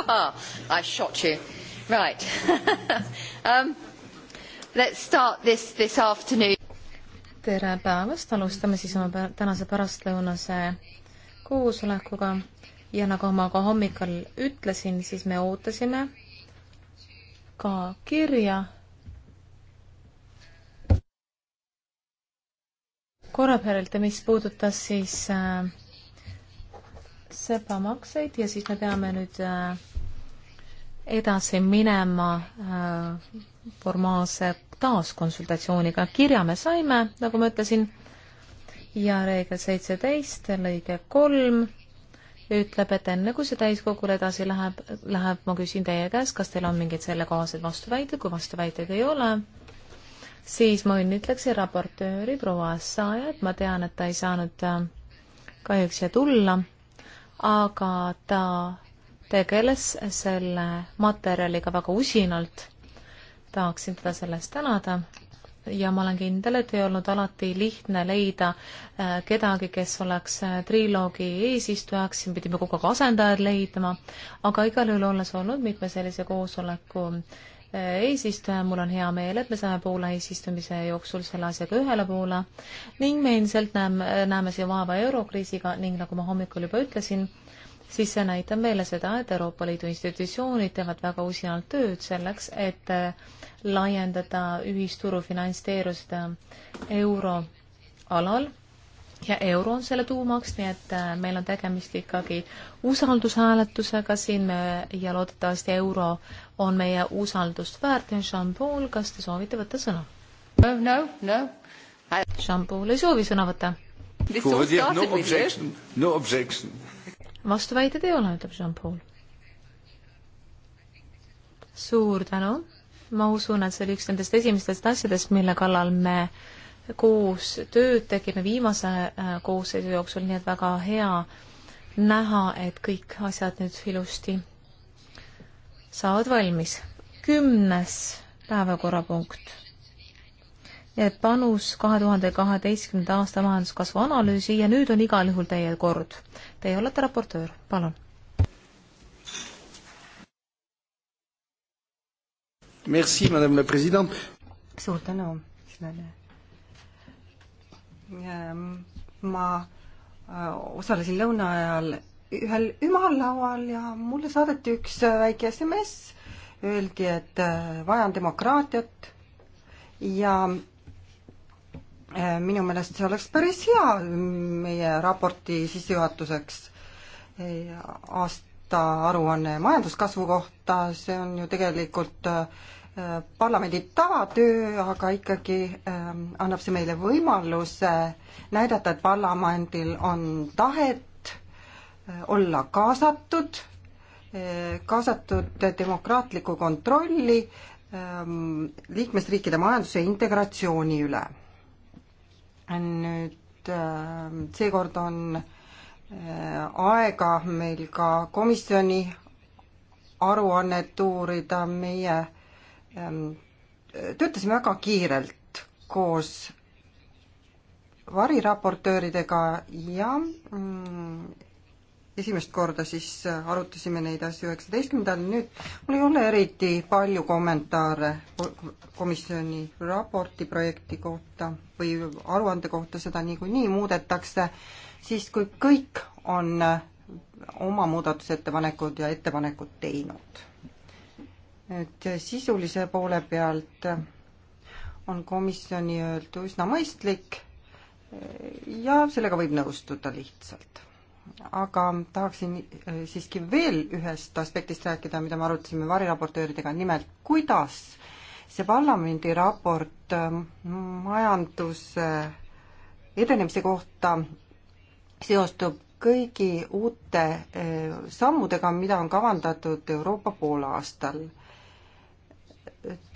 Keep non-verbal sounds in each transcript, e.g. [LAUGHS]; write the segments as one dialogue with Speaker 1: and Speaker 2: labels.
Speaker 1: [LAUGHS] I shot you. Right. [LAUGHS] um, let's start this, this afternoon. tere päevast, alustame siis oma tänase
Speaker 2: pärastlõunase koosolekuga ja nagu ma ka hommikul ütlesin, siis me ootasime ka kirja korrapärilt ja mis puudutas siis äh, sepamakseid ja siis me peame nüüd äh, edasi minema äh, formaalse taaskonsultatsiooniga. kirja me saime, nagu ma ütlesin, ja reegel seitseteist lõige kolm ütleb, et enne kui see täiskogule edasi läheb, läheb, ma küsin teie käest, kas teil on mingeid sellekohaseid vastuväiteid, kui vastuväiteid ei ole, siis ma õnnitleksin raportööri proua Assajat, ma tean, et ta ei saanud äh, kahjuks siia tulla, aga ta tegeles selle materjaliga väga usinalt. tahaksin teda selle eest tänada ja ma olen kindel, et ei olnud alati lihtne leida äh, kedagi, kes oleks äh, triloogi eesistujaks, siin pidime kogu aeg asendajad leidma, aga igal juhul olles olnud mitme sellise koosoleku äh, eesistuja, mul on hea meel, et me saame Poola eesistumise jooksul selle asjaga ühele poole ning me ilmselt näeme, näeme siia vaeva eurokriisiga ning nagu ma hommikul juba ütlesin, siis see näitab meile seda, et Euroopa Liidu institutsioonid teevad väga usinalt tööd selleks, et äh, laiendada ühisturu finantsteenuste äh, euroalal ja euro on selle tuumaks, nii et äh, meil on tegemist ikkagi usaldushääletusega siin me, ja loodetavasti euro on meie usaldust väärt ja Jean-Paul, kas te soovite võtta sõna? no, no, no. Jean-Paul ei soovi sõna võtta. No objection,
Speaker 3: no objection
Speaker 2: vastuväiteid ei ole, ütleb Jean-Paul. suur tänu, ma usun, et see oli üks nendest esimestest asjadest, mille kallal me koos tööd tegime viimase äh, koosseisu jooksul, nii et väga hea näha, et kõik asjad nüüd ilusti saavad valmis. kümnes päevakorrapunkt panus kahe tuhande kaheteistkümnenda aasta majanduskasvu analüüsi ja nüüd on igal juhul teie kord. Teie olete raportöör, palun.
Speaker 4: Merci, madame la president.
Speaker 5: suur tänu. Ehm, ma äh, osalesin lõuna ajal ühel ümarlaual ja mulle saadeti üks äh, väike SMS, öeldi, et äh, vajan demokraatiat ja Äh, minu meelest see oleks päris hea mm, meie raporti sissejuhatuseks. Äh, aasta aruanne majanduskasvu kohta, see on ju tegelikult äh, parlamendi tavatöö, aga ikkagi annab see meile võimaluse näidata, et parlamendil on tahet olla kaasatud, kaasatud demokraatlikku kontrolli ähm, liikmesriikide majanduse integratsiooni üle nüüd ähm, seekord on äh, aega meil ka komisjoni aruannet uurida, meie ähm, töötasime väga kiirelt koos variraportööridega ja mm, esimest korda siis äh, arutasime neid asju üheksateistkümnendal, nüüd mul ei ole eriti palju kommentaare komisjoni raporti projekti kohta või aruande kohta, seda niikuinii muudetakse, siis kui kõik on äh, oma muudatusettepanekud ja ettepanekud teinud. et äh, sisulise poole pealt on komisjoni öeldu üsna mõistlik ja sellega võib nõustuda lihtsalt aga tahaksin äh, siiski veel ühest aspektist rääkida, mida me arutasime variraportööridega, nimelt kuidas see parlamendi raport äh, majanduse edenemise kohta seostub kõigi uute äh, sammudega, mida on kavandatud Euroopa poolaastal.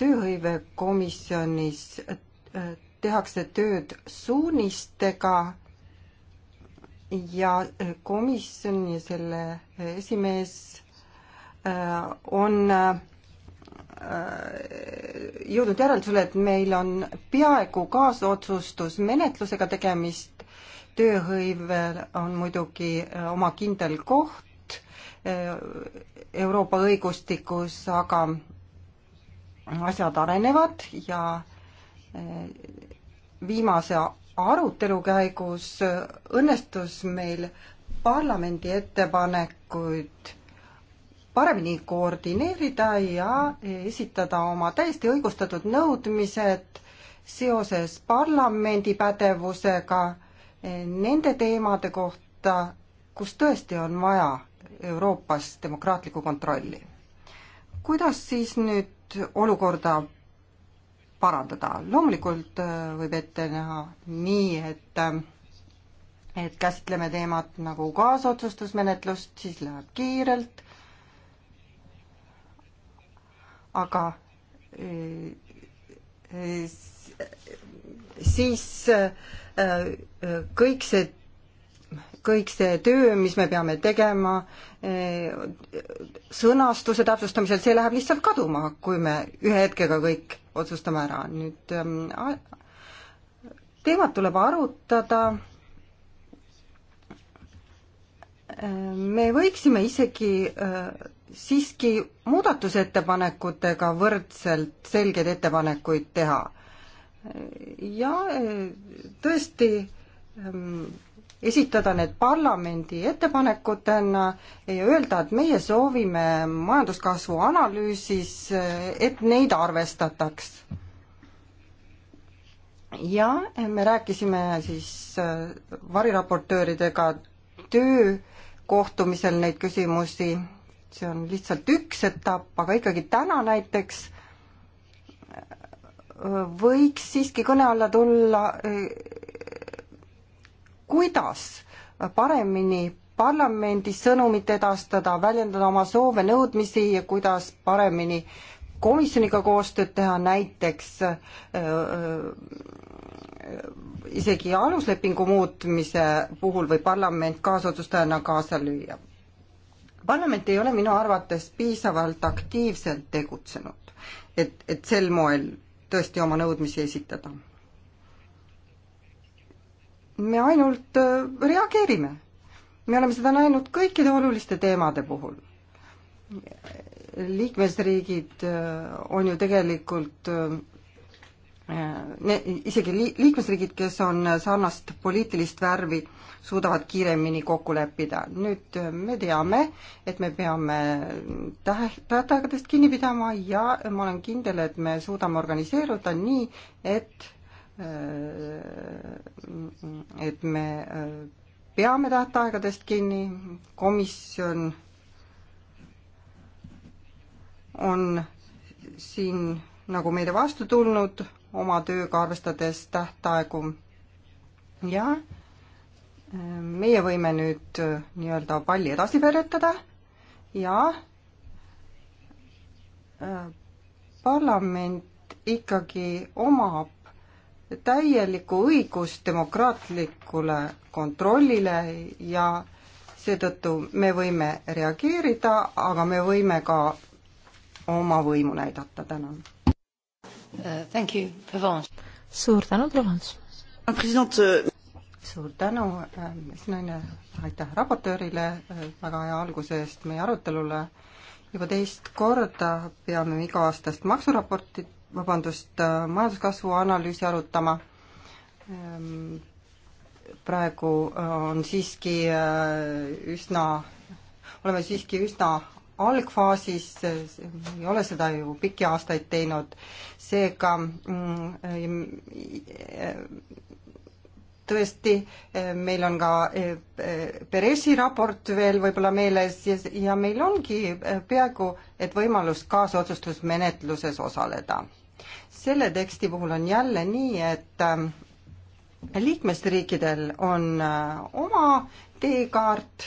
Speaker 5: tööhõivekomisjonis tehakse tööd suunistega ja äh, komisjon ja selle äh, esimees äh, on jõudnud järeldusele, et meil on peaaegu kaasotsustusmenetlusega tegemist, tööhõivel on muidugi oma kindel koht Euroopa õigustikus, aga asjad arenevad ja viimase arutelu käigus õnnestus meil parlamendi ettepanekuid paremini koordineerida ja esitada oma täiesti õigustatud nõudmised seoses parlamendi pädevusega nende teemade kohta, kus tõesti on vaja Euroopas demokraatlikku kontrolli. kuidas siis nüüd olukorda parandada. loomulikult äh, võib ette näha nii, et äh, et käsitleme teemat nagu kaasotsustusmenetlust, siis läheb kiirelt, aga äh, siis kõik see kõik see töö, mis me peame tegema sõnastuse täpsustamisel, see läheb lihtsalt kaduma, kui me ühe hetkega kõik otsustame ära. nüüd ähm, teemat tuleb arutada me võiksime isegi äh, siiski muudatusettepanekutega võrdselt selgeid ettepanekuid teha. ja äh, tõesti ähm, esitada need parlamendi ettepanekutena ja öelda, et meie soovime majanduskasvu analüüsis, et neid arvestataks. ja me rääkisime siis äh, variraportööridega töökohtumisel neid küsimusi, see on lihtsalt üks etapp, aga ikkagi täna näiteks äh, võiks siiski kõne alla tulla äh, kuidas paremini parlamendi sõnumit edastada, väljendada oma soove, nõudmisi ja kuidas paremini komisjoniga koostööd teha, näiteks öö, äh, öö, äh, isegi aluslepingu muutmise puhul võib parlament kaasotsustajana kaasa lüüa. parlament ei ole minu arvates piisavalt aktiivselt tegutsenud, et, et sel moel tõesti oma nõudmisi esitada me ainult äh, reageerime. me oleme seda näinud kõikide oluliste teemade puhul. liikmesriigid äh, on ju tegelikult äh, ne-, isegi li-, liikmesriigid, kes on sarnast poliitilist värvi, suudavad kiiremini kokku leppida. nüüd me teame, et me peame tähe, tähtaegadest kinni pidama ja ma olen kindel, et me suudame organiseeruda nii, et Äh, et me äh, peame tähtaegadest kinni, komisjon on siin nagu meile vastu tulnud oma tööga, arvestades tähtaegu ja äh, meie võime nüüd nii-öelda palli edasi veeretada ja parlament ikkagi oma täielikku õigust demokraatlikule kontrollile ja seetõttu me võime reageerida, aga me võime ka oma võimu näidata, tänan uh,. suur tänu, Provence! Euh, suur tänu, esinaine, äh, aitäh raportöörile äh, väga hea alguse eest meie arutelule juba teist korda peame iga-aastast maksuraportit vabandust, äh, majanduskasvu analüüsi arutama. Ehm, praegu äh, on siiski äh, üsna, oleme siiski üsna algfaasis, ei ole seda ju pikki aastaid teinud, seega mm, tõesti, meil on ka Peresi raport veel võib-olla meeles ja, ja meil ongi peaaegu et võimalus kaasotsustusmenetluses osaleda selle teksti puhul on jälle nii, et äh, liikmesriikidel on äh, oma teekaart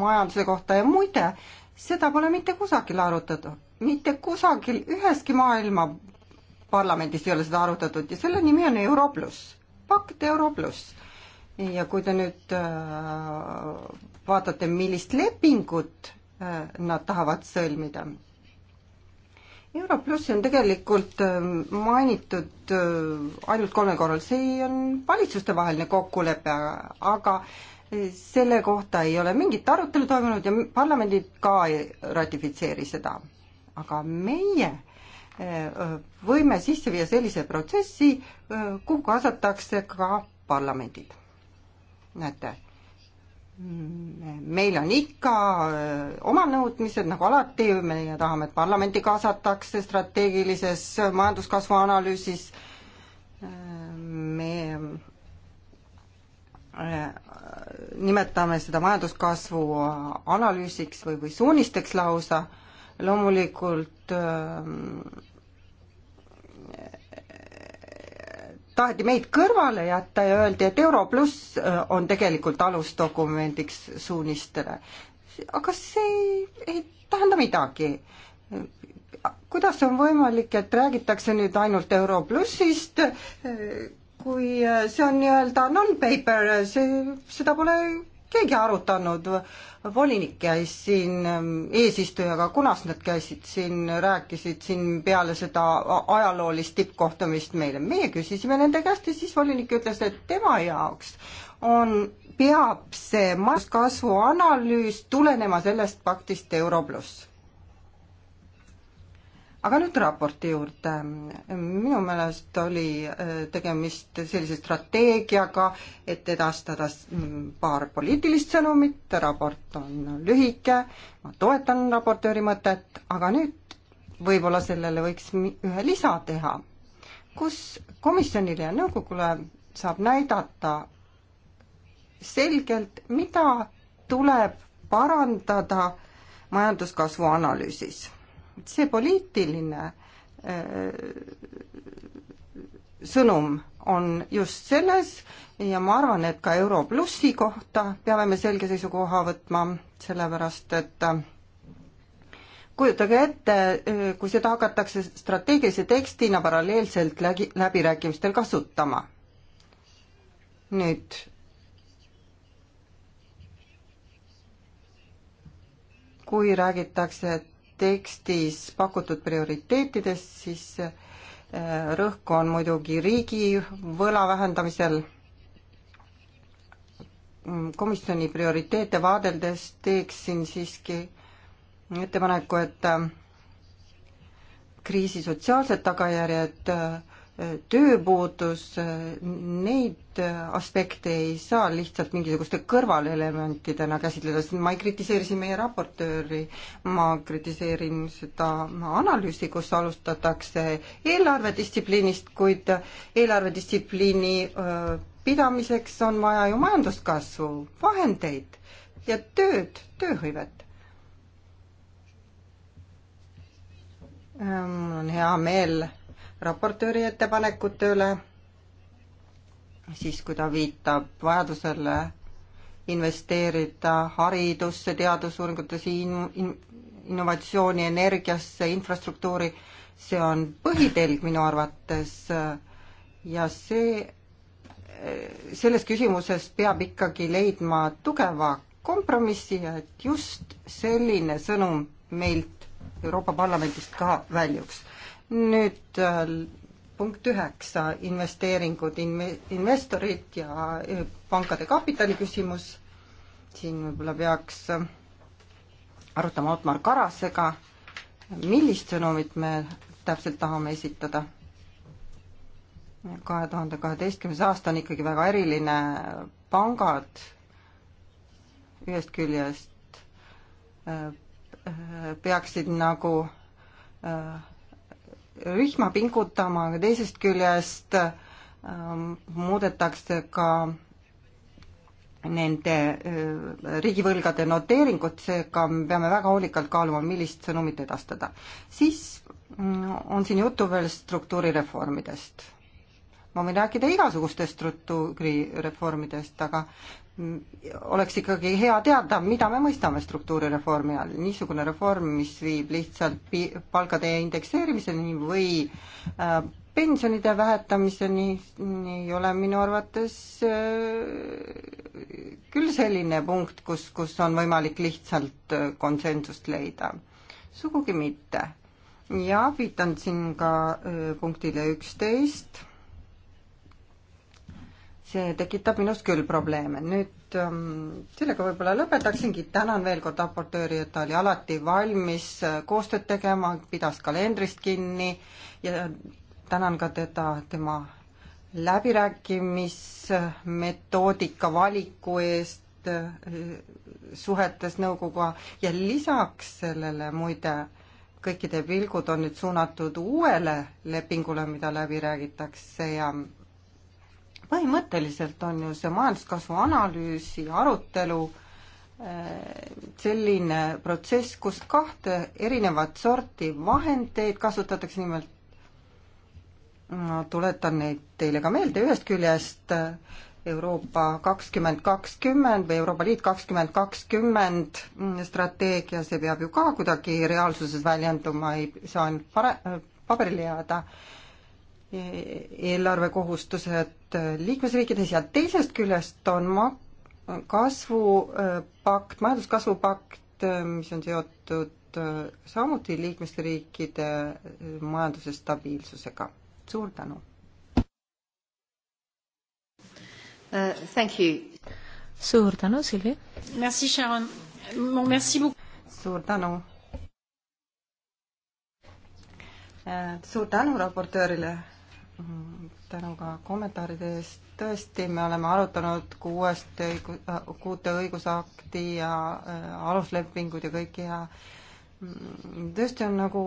Speaker 5: majanduse kohta ja muide, seda pole mitte kusagil arutatud, mitte kusagil üheski maailma parlamendis ei ole seda arutatud ja selle nimi on Euro pluss, pakt Euro pluss. ja kui te nüüd äh, vaatate, millist lepingut nad tahavad sõlmida, Europlussi on tegelikult äh, mainitud äh, ainult kolmel korral, see on valitsustevaheline kokkulepe, aga äh, selle kohta ei ole mingit arutelu toimunud ja parlamendid ka ei ratifitseeri seda. aga meie võime sisse viia sellise protsessi, kuhu kaasatakse ka parlamendid. näete meil on ikka äh, oma nõudmised, nagu alati, meie tahame, et parlamenti kaasatakse strateegilises majanduskasvu analüüsis, äh, me äh, nimetame seda majanduskasvu analüüsiks või, või suunisteks lausa, loomulikult taheti meid kõrvale jätta ja öeldi, et Euro pluss äh, on tegelikult alusdokumendiks suunistele. aga see ei, ei tähenda midagi. kuidas on võimalik, et räägitakse nüüd ainult Euro plussist, äh, kui äh, see on nii-öelda non-paper, see, seda pole keegi arutanud, volinik käis siin ähm, eesistujaga, kunas nad käisid siin, rääkisid siin peale seda ajaloolist tippkohtumist meile, meie küsisime nende käest ja siis volinik ütles, et tema jaoks on, peab see majanduskasvu analüüs tulenema sellest paktist Euro pluss aga nüüd raporti juurde. minu meelest oli äh, tegemist sellise strateegiaga, et edastada paar poliitilist sõnumit, raport on lühike, ma toetan raportööri mõtet, aga nüüd võib-olla sellele võiks ühe lisa teha, kus komisjonile ja nõukogule saab näidata selgelt, mida tuleb parandada majanduskasvu analüüsis see poliitiline äh, sõnum on just selles ja ma arvan, et ka Euro plussi kohta peame me selge seisukoha võtma, sellepärast et äh, kujutage ette, äh, kui seda hakatakse strateegilise tekstina paralleelselt läbi, läbirääkimistel kasutama. nüüd kui räägitakse, et tekstis pakutud prioriteetidest, siis äh, rõhk on muidugi riigivõla vähendamisel. Mm, komisjoni prioriteete vaadeldes teeksin siiski ettepaneku, et äh, kriisi sotsiaalsed tagajärjed äh, tööpuudus, neid aspekte ei saa lihtsalt mingisuguste kõrvalelementidena käsitleda, sest ma ei kritiseeri siin meie raportööri, ma kritiseerin seda analüüsi, kus alustatakse eelarvedistsipliinist, kuid eelarvedistsipliini pidamiseks on vaja ju majanduskasvu, vahendeid ja tööd, tööhõivet mul on hea meel raportööri ettepanekute üle, siis kui ta viitab vajadusele investeerida haridusse, teadusuuringutesse in,, in, innovatsiooni, energiasse, infrastruktuuri, see on põhitelg minu arvates ja see, selles küsimuses peab ikkagi leidma tugeva kompromissi ja et just selline sõnum meilt Euroopa Parlamendist ka väljuks nüüd äh, punkt üheksa, investeeringud, investorid ja äh, pankade kapitali küsimus. siin võib-olla peaks äh, arutama Otmar Karasega, millist sõnumit me täpselt tahame esitada. kahe tuhande kaheteistkümnes aasta on ikkagi väga eriline, pangad ühest küljest peaksid nagu äh, rühma pingutama, aga teisest küljest ähm, muudetakse ka nende äh, riigivõlgade noteeringut, seega me peame väga hoolikalt kaaluma, millist sõnumit edastada. siis mm, on siin juttu veel struktuurireformidest. ma võin rääkida igasugustest struktuurireformidest, aga oleks ikkagi hea teada, mida me mõistame struktuurireformi all. niisugune reform, mis viib lihtsalt pi-, palkade indekseerimiseni või äh, pensionide vähetamiseni, ei ole minu arvates äh, küll selline punkt, kus, kus on võimalik lihtsalt äh, konsensust leida. sugugi mitte. ja viitan siin ka äh, punktile üksteist see tekitab minus küll probleeme. nüüd ähm, sellega võib-olla lõpetaksingi, tänan veel kord raportööri, et ta oli alati valmis äh, koostööd tegema, pidas kalendrist kinni ja tänan ka teda tema läbirääkimismetoodika valiku eest äh, suhetes nõukoguga ja lisaks sellele muide kõikide pilgud on nüüd suunatud uuele lepingule, mida läbi räägitakse ja põhimõtteliselt on ju see majanduskasvu analüüsi arutelu eh, selline protsess, kus kahte erinevat sorti vahendeid kasutatakse, nimelt ma tuletan neid teile ka meelde, ühest küljest eh, Euroopa kakskümmend kakskümmend või Euroopa Liit kakskümmend kakskümmend mm, strateegia, see peab ju ka kuidagi reaalsuses väljenduma, ei saa ainult pare-, eh, paberile jääda eelarvekohustused liikmesriikides ja teisest küljest on mak-, kasvupakt, äh, majanduskasvupakt, äh, mis on seotud äh, samuti liikmesriikide majanduse stabiilsusega. suur tänu uh,! Thank you! suur tänu, Silvi! Merci, Sharon! Merci beaucoup! suur tänu! suur tänu raportöörile tänu ka kommentaaride eest. tõesti, me oleme arutanud kuuest õigu-, äh, kuute õigusakti ja äh, aluslepingud ja kõiki ja mm, tõesti on nagu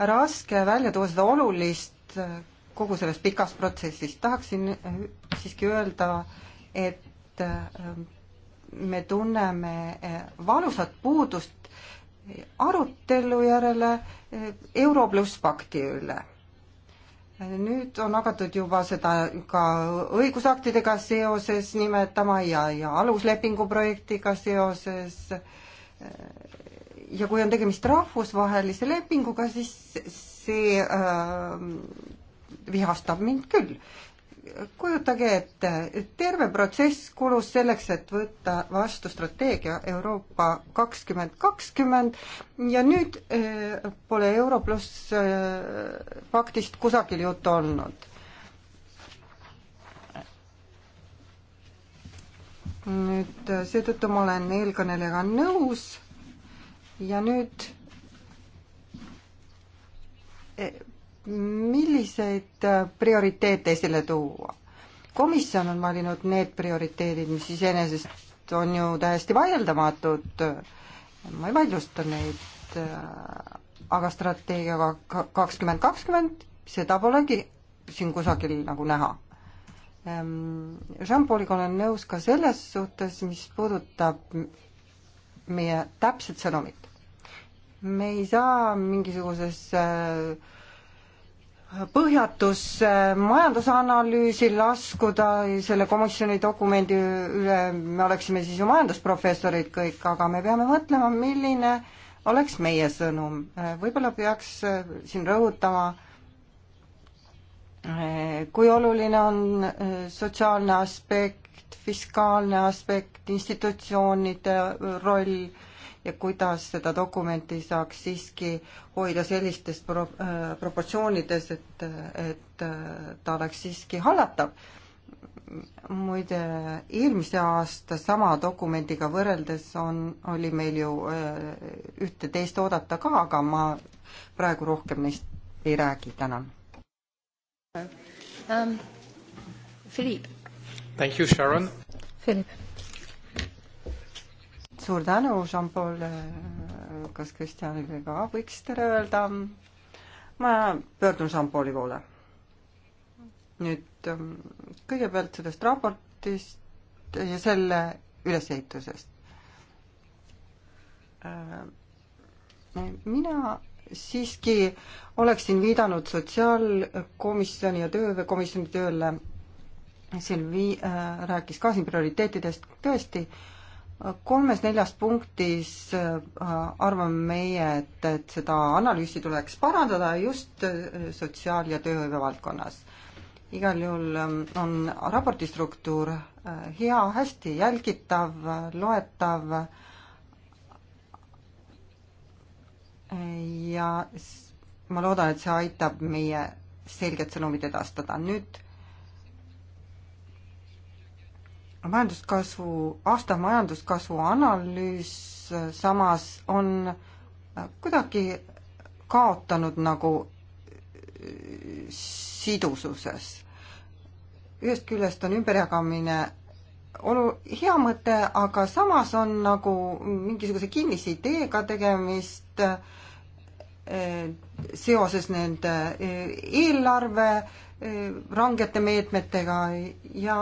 Speaker 5: raske välja tuua seda olulist äh, kogu selles pikas protsessis. tahaksin siiski öelda, et me tunneme valusat puudust arutelu järele Euro pluss pakti üle nüüd on hakatud juba seda ka õigusaktidega seoses nimetama ja, ja aluslepingu projektiga seoses. ja kui on tegemist rahvusvahelise lepinguga, siis see äh, vihastab mind küll kujutage ette, terve protsess kulus selleks, et võtta vastu strateegia Euroopa kakskümmend kakskümmend ja nüüd eh, pole Euro pluss eh, paktist kusagil juttu olnud. nüüd eh, seetõttu ma olen eelkõnelejaga nõus ja nüüd milliseid äh, prioriteete esile tuua? komisjon on valinud need prioriteedid, mis iseenesest on ju täiesti vaieldamatud, ma ei vaidlusta neid, äh, aga strateegia kakskümmend kakskümmend, seda polegi siin kusagil nagu näha. Ähm, Jean-Pauliga olen nõus ka selles suhtes, mis puudutab meie täpset sõnumit. me ei saa mingisugusesse äh, põhjatus äh, majandusanalüüsi laskuda selle komisjoni dokumendi üle, me oleksime siis ju majandusprofessorid kõik, aga me peame mõtlema, milline oleks meie sõnum. Äh, võib-olla peaks äh, siin rõhutama, kui oluline on sotsiaalne aspekt, fiskaalne aspekt, institutsioonide roll ja kuidas seda dokumenti saaks siiski hoida sellistes pro-, äh, proportsioonides, et, et äh, ta oleks siiski hallatav. muide, eelmise aasta sama dokumendiga võrreldes on, oli meil ju äh, ühte-teist oodata ka, aga ma praegu rohkem neist ei räägi, tänan um,. Philippe.
Speaker 1: Thank you, Sharon.
Speaker 5: Philippe suur tänu, Jean-Paul, kas Kristjanile ka võiks tere öelda? ma pöördun Jean-Pauli poole. nüüd ähm, kõigepealt sellest raportist ja selle ülesehitusest. Äh, mina siiski oleksin viidanud sotsiaalkomisjoni ja töökomisjoni tööle, siin vii- äh,, rääkis ka siin prioriteetidest, tõesti äh,, kolmes-neljas punktis äh, arvame meie, et, et seda analüüsi tuleks parandada just äh, sotsiaal- ja tööhõive valdkonnas. igal juhul ähm, on raporti struktuur äh, hea, hästi jälgitav, loetav ja ma loodan, et see aitab meie selget sõnumit edastada. nüüd majanduskasvu, aasta majanduskasvu analüüs äh, samas on äh, kuidagi kaotanud nagu äh, sidususes. ühest küljest on ümberjagamine olu-, hea mõte, aga samas on nagu mingisuguse kinnise ideega tegemist seoses nende eelarve rangete meetmetega ja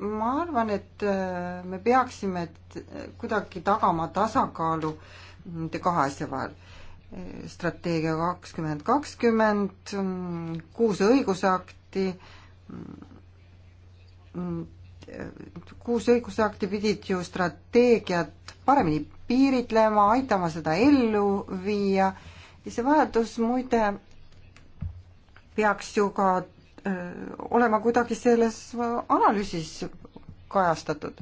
Speaker 5: ma arvan, et äh, me peaksime äh, kuidagi tagama tasakaalu nende kahe asja vahel. Äh, strateegia kakskümmend kakskümmend, mm, kuus õigusakti, mm, mm, kuus õigusakti pidid ju strateegiat paremini piiritlema, aitama seda ellu viia ja see vajadus muide peaks ju ka Äh, olema kuidagi selles analüüsis kajastatud.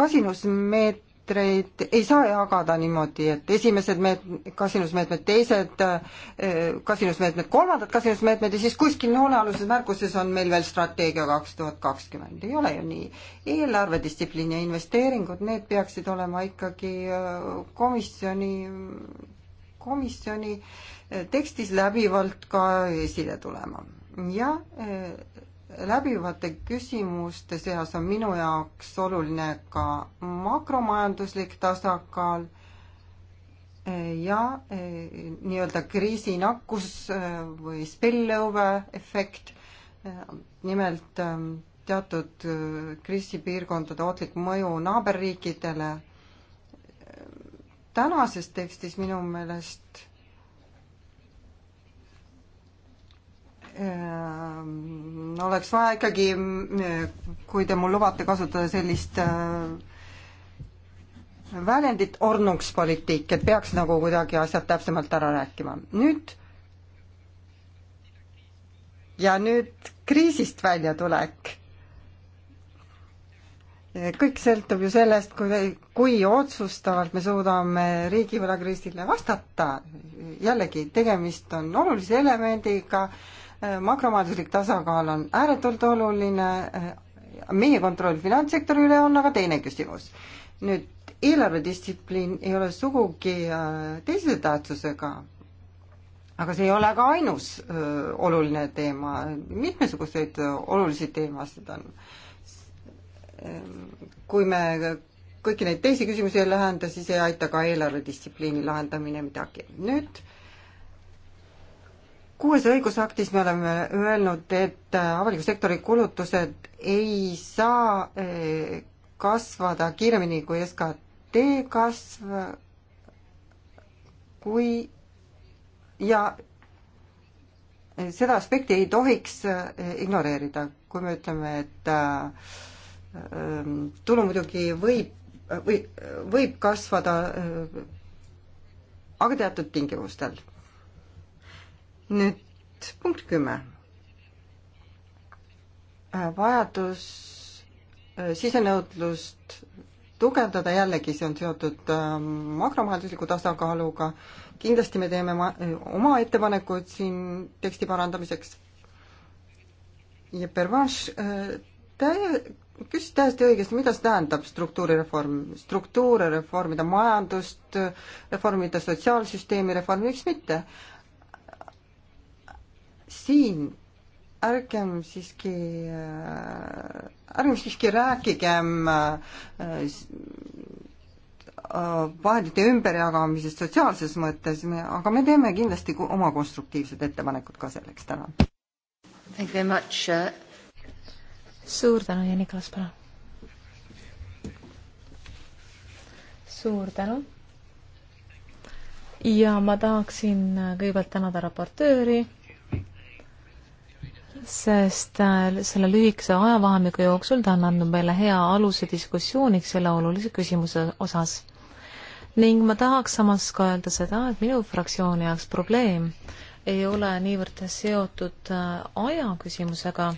Speaker 5: kasinusmeetreid ei saa jagada niimoodi, et esimesed meet-, kasinusmeetmed, teised äh, kasinusmeetmed, kolmandad kasinusmeetmed ja siis kuskil hoonealuses märkuses on meil veel strateegia kaks tuhat kakskümmend, ei ole ju nii. eelarvedistsipliin ja investeeringud, need peaksid olema ikkagi äh, komisjoni komisjoni eh, tekstis läbivalt ka esile tulema. ja eh, läbivate küsimuste seas on minu jaoks oluline ka makromajanduslik tasakaal eh, ja nii-öelda kriisinakkus või spillover efekt, nimelt teatud kriisipiirkondade ohtlik mõju naaberriikidele tänases tekstis minu meelest ähm, oleks vaja ikkagi, äh, kui te mul lubate kasutada sellist äh, väljendit ornungspoliitik, et peaks nagu kuidagi asjad täpsemalt ära rääkima. nüüd ja nüüd kriisist väljatulek kõik sõltub ju sellest, kui, kui otsustavalt me suudame riigivõlakriisile vastata. jällegi, tegemist on olulise elemendiga, makromajanduslik tasakaal on ääretult oluline, meie kontroll finantssektori üle on aga teine küsimus. nüüd eelarvedistsipliin ei ole sugugi äh, teise tähtsusega, aga see ei ole ka ainus öö, äh, oluline teema, mitmesuguseid äh, olulisi teemasid on kui me kõiki neid teisi küsimusi ei lahenda, siis ei aita ka eelarvedistsipliini lahendamine midagi. nüüd kuues õigusaktis me oleme öelnud, et avaliku sektori kulutused ei saa eh, kasvada kiiremini kui SKT kasv, kui ja seda aspekti ei tohiks eh, ignoreerida, kui me ütleme, et Ehm, tulu muidugi võib, või võib kasvada, ehm, aga teatud tingimustel. nüüd punkt kümme. Ehm, vajadus sisenõudlust tugevdada, jällegi see on seotud makromajandusliku tasakaaluga, kindlasti me teeme ma-, oma ettepanekuid siin teksti parandamiseks ja Pervanš, täie-, küsisid täiesti õigesti, mida see tähendab, struktuurireform, struktuure reformida, majandust reformida, sotsiaalsüsteemi reformida, miks mitte? siin ärgem siiski, ärgem siiski rääkigem äh, vahendite ümberjagamisest sotsiaalses mõttes, me, aga me teeme kindlasti oma konstruktiivsed ettepanekud ka selleks, tänan
Speaker 1: suur tänu ja Niklas, palun. suur
Speaker 2: tänu. ja ma tahaksin kõigepealt tänada raportööri, sest äh, selle lühikese ajavahemiku jooksul ta on andnud meile hea aluse diskussiooniks selle olulise küsimuse osas. ning ma tahaks samas ka öelda seda, et minu fraktsiooni jaoks probleem ei ole niivõrd seotud äh, aja küsimusega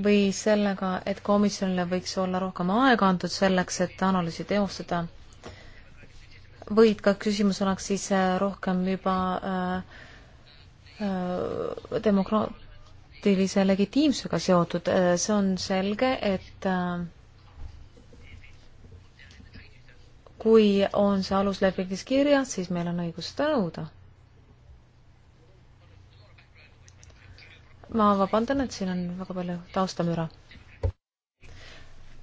Speaker 2: või sellega, et komisjonile võiks olla rohkem aega antud selleks, et analüüsi teostada? või et ka küsimus oleks siis äh, rohkem juba äh, äh, demokraatilise legitiimsusega seotud, äh, see on selge, et äh, kui on see aluslepingus kirjas, siis meil on õigus seda nõuda ma vabandan, et siin on väga palju taustamüra.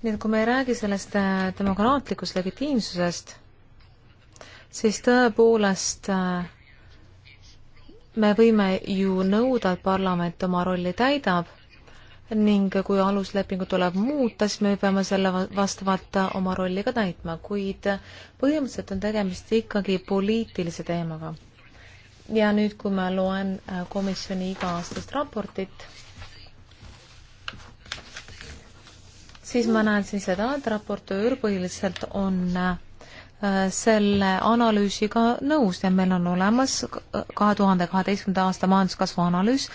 Speaker 2: nii et kui me ei räägi sellest äh, demokraatlikust legitiimsusest, siis tõepoolest äh, me võime ju nõuda, et parlament oma rolli täidab ning kui aluslepingu tuleb muuta, siis me peame selle vastavalt äh, oma rolli ka täitma, kuid põhimõtteliselt on tegemist ikkagi poliitilise teemaga ja nüüd, kui ma loen äh, komisjoni iga-aastast raportit, siis ma näen siin seda, et raportöör põhiliselt on äh, selle analüüsiga nõus ja meil on olemas kahe tuhande kaheteistkümnenda aasta majanduskasvu analüüs,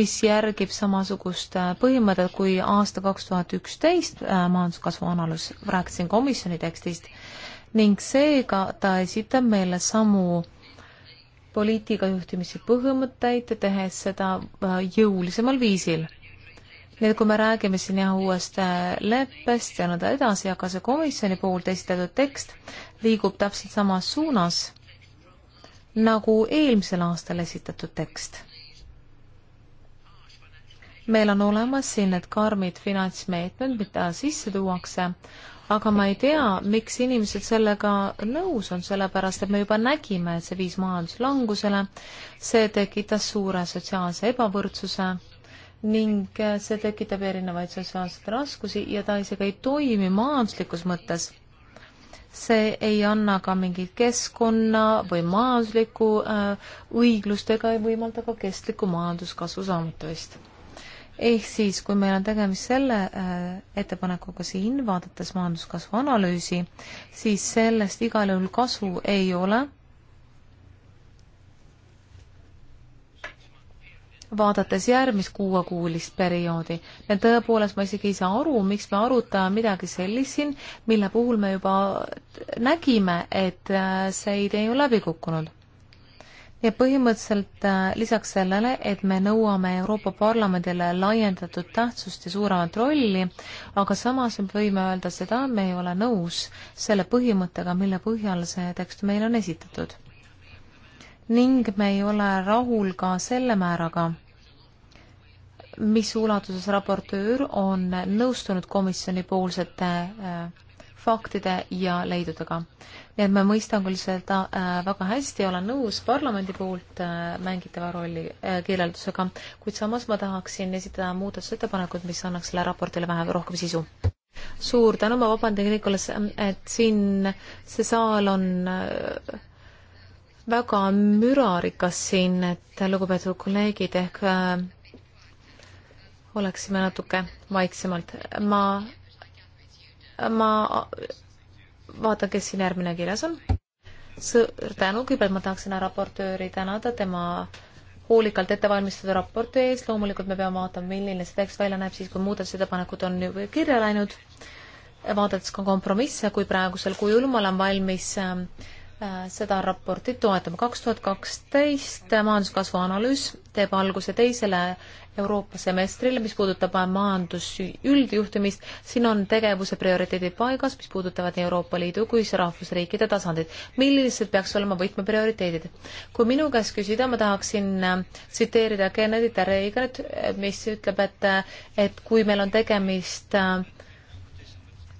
Speaker 2: mis järgib samasugust äh, põhimõtet kui aasta kaks tuhat üksteist majanduskasvu analüüs, rääkisin komisjoni tekstist, ning seega ta esitab meile samu äh, poliitikajuhtimise põhimõtteid, tehes seda äh, jõulisemal viisil. nii et kui me räägime siin jah uuest äh, leppest ja nõnda edasi, aga see komisjoni poolt esitatud tekst liigub täpselt samas suunas nagu eelmisel aastal esitatud tekst. meil on olemas siin need karmid finantsmeetmed, mida sisse tuuakse, aga ma ei tea, miks inimesed sellega nõus on, sellepärast et me juba nägime, et see viis majanduslangusele, see tekitas suure sotsiaalse ebavõrdsuse ning see tekitab erinevaid sotsiaalseid raskusi ja ta isegi ei toimi majanduslikus mõttes. see ei anna ka mingit keskkonna või majanduslikku äh, õiglust ega ei võimalda ka kestlikku majanduskasvu saavutamist ehk siis, kui meil on tegemist selle äh, ettepanekuga siin, vaadates majanduskasvu analüüsi, siis sellest igal juhul kasu ei ole. vaadates järgmist kuuekuulist perioodi, me tõepoolest, ma isegi ei saa aru, miks me arutame midagi sellist siin, mille puhul me juba nägime, et äh, see idee on läbi kukkunud ja põhimõtteliselt äh, lisaks sellele, et me nõuame Euroopa Parlamendile laiendatud tähtsust ja suuremat rolli, aga samas me võime öelda seda, me ei ole nõus selle põhimõttega, mille põhjal see tekst meile on esitatud. ning me ei ole rahul ka selle määraga, mis ulatuses raportöör on nõustunud komisjonipoolsete äh, faktide ja leidudega nii et ma mõistan küll seda äh, väga hästi, olen nõus parlamendi poolt äh, mängitava rolli äh, kirjeldusega, kuid samas ma tahaksin esitada muudatusettepanekud, mis annaks selle raportile vähe rohkem sisu. suur tänu, ma vabandan, Nikolas, et siin see saal on väga mürarikas siin, et lugupeetud kolleegid ehk äh, oleksime natuke vaiksemalt. ma, ma vaatan, kes siin järgmine kirjas on. suur tänu, kõigepealt ma tahaksin raportööri tänada tema hoolikalt ette valmistatud raporti ees, loomulikult me peame vaatama, milline see tekst välja näeb siis, kui muudatusettepanekud on juba kirja läinud, vaadates ka kompromisse, kui praegusel kujul ma olen valmis äh, Äh, seda raportit toetama. kaks tuhat kaksteist majanduskasvu analüüs teeb alguse teisele Euroopa semestrile, mis puudutab majandus üldjuhtimist. siin on tegevuse prioriteedid paigas, mis puudutavad nii Euroopa Liidu kui rahvusriikide tasandit. millised peaks olema võtmeprioriteedid? kui minu käest küsida, ma tahaksin äh, tsiteerida Kennedy Reaganit, mis ütleb, et, äh, et kui meil on tegemist äh,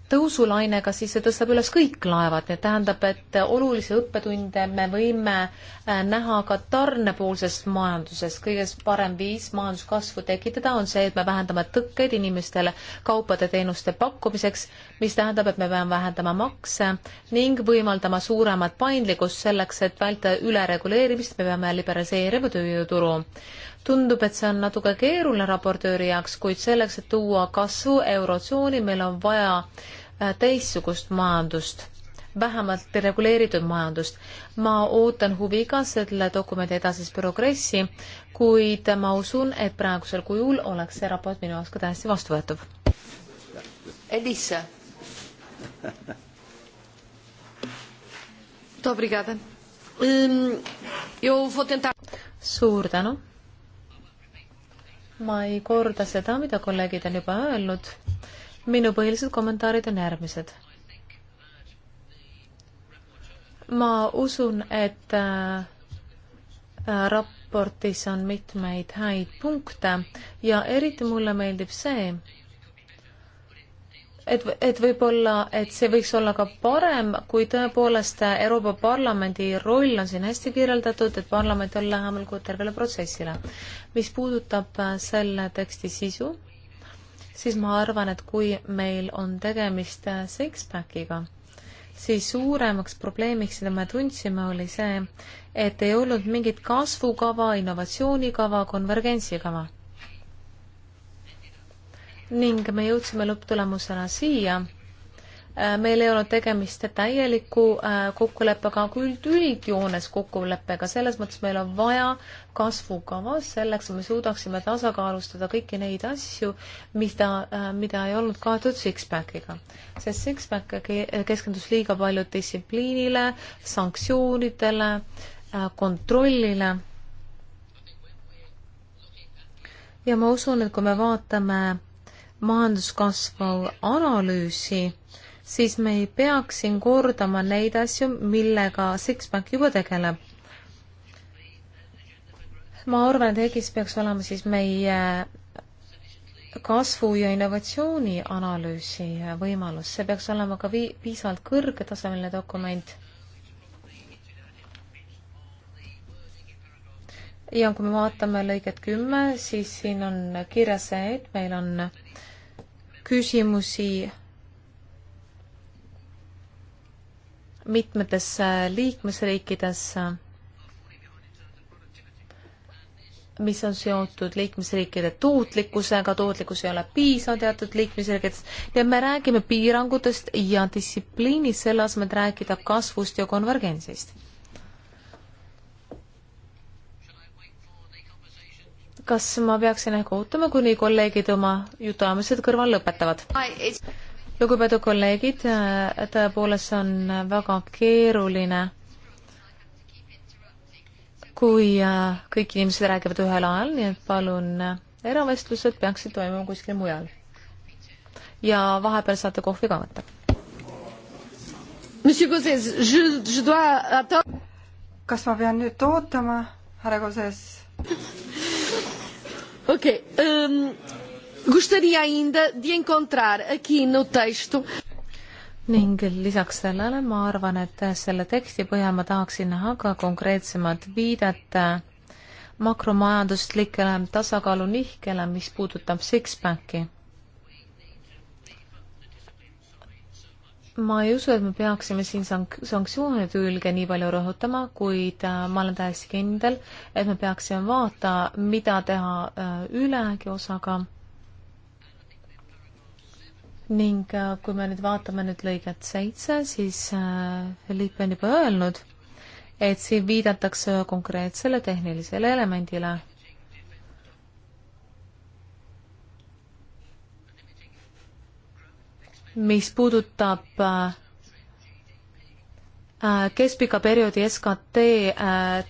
Speaker 2: tõusulainega, siis see tõstab üles kõik laevad, nii et tähendab, et olulisi õppetunde me võime äh, näha ka tarnepoolses majanduses. kõige parem viis majanduskasvu tekitada on see, et me vähendame tõkkeid inimestele kaupade-teenuste pakkumiseks, mis tähendab, et me peame vähendama makse ning võimaldama suuremat paindlikkust selleks, et vältida ülereguleerimist, me peame liberaliseerima tööjõuturu tundub, et see on natuke keeruline raportööri jaoks, kuid selleks, et tuua kasvu eurotsooni, meil on vaja äh, Äh, teistsugust majandust, vähemalt reguleeritud majandust. ma ootan huviga selle dokumendi edasist progressi, kuid ma usun, et praegusel kujul oleks see raport minu jaoks ka täiesti
Speaker 1: vastuvõetav. Elisa. Obrigada. Hum, eu vou tentar...
Speaker 2: Suur tänu. ma ei korda seda, mida kolleegid on juba öelnud minu põhilised kommentaarid on järgmised. ma usun, et äh, äh, raportis on mitmeid häid punkte ja eriti mulle meeldib see, et, et võib-olla, et see võiks olla ka parem, kui tõepoolest Euroopa Parlamendi roll on siin hästi kirjeldatud, et parlament on lähemal kui tervele protsessile. mis puudutab äh, selle teksti sisu, siis ma arvan, et kui meil on tegemist äh, six-packiga, siis suuremaks probleemiks, mida me tundsime, oli see, et ei olnud mingit kasvukava, innovatsioonikava, konvergentsikava. ning me jõudsime lõpptulemusena siia, Äh, meil ei olnud tegemist täieliku äh, kokkuleppega, kuid üldjoones kokkuleppega, selles mõttes meil on vaja kasvukava selleks, et me suudaksime tasakaalustada kõiki neid asju, mida, äh, mida ei olnud kaetud Sixpackiga. sest Sixpack keskendus liiga palju distsipliinile, sanktsioonidele, kontrollile. ja ma usun, et kui me vaatame majanduskasvu analüüsi, siis me ei peaks siin kordama neid asju, millega Sixpack juba tegeleb. ma arvan, et EGIS peaks olema siis meie kasvu ja innovatsiooni analüüsi võimalus, see peaks olema ka vi-, piisavalt kõrgetasemeline dokument ja kui me vaatame lõiget kümme, siis siin on kirjas see, et meil on küsimusi mitmetesse äh, liikmesriikidesse, mis on seotud liikmesriikide tootlikkusega, tootlikkus ei ole piisav teatud liikmesriikides ja me räägime piirangutest ja distsipliinist, selle asemel, et rääkida kasvust ja konvergentsist. kas ma peaksin ehk ootama, kuni kolleegid oma jutuajamised kõrval lõpetavad? lugupeetud kolleegid, tõepoolest see on väga keeruline, kui äh, kõik inimesed räägivad ühel ajal, nii et palun, äh, eravestlused peaksid toimuma kuskil mujal. ja vahepeal saate kohvi ka võtta.
Speaker 5: kas ma pean nüüd ootama, härra Koses? okei okay, um Gostaria
Speaker 1: ainda de encontrar aqui no texto
Speaker 2: ning lisaks sellele ma arvan, et selle teksti põhjal ma tahaksin näha ka konkreetsemat viidet makromajanduslikele tasakaalu nihkele, mis puudutab six-packi. ma ei usu, et me peaksime siin sank-, sanktsioonide külge nii palju rõhutama, kuid äh, ma olen täiesti kindel, et me peaksime vaata, mida teha äh, ülejäägi osaga ning äh, kui me nüüd vaatame nüüd lõiget seitse, siis äh, Philippe on juba öelnud, et siin viidatakse konkreetsele tehnilisele elemendile. mis puudutab äh, keskpika perioodi SKT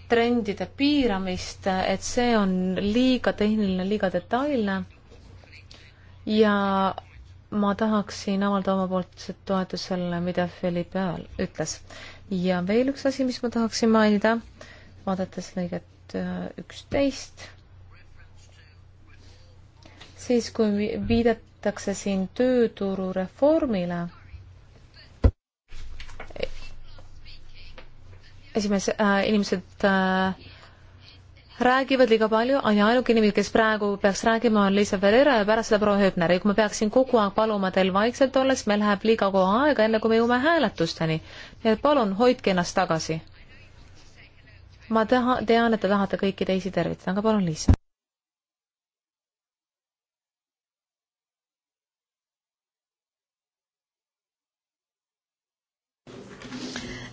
Speaker 2: trendide piiramist, et see on liiga tehniline, liiga detailne ja ma tahaksin avaldada omapoolset toetust sellele, mida Felipe ütles. ja veel üks asi, mis ma tahaksin mainida, vaadates lõiget äh, üksteist, siis kui viidatakse siin tööturureformile, esimesed äh, inimesed äh, räägivad liiga palju ja ainuke inimene, kes praegu peaks rääkima, on Liisa Ferreira ja pärast seda proua Hööpner ja kui ma peaksin kogu aeg paluma teil vaikselt olla, siis meil läheb liiga kaua aega, enne kui me jõuame hääletusteni. nii et palun, hoidke ennast tagasi. ma taha, tean, et te tahate kõiki teisi tervitada, aga palun, Liisa.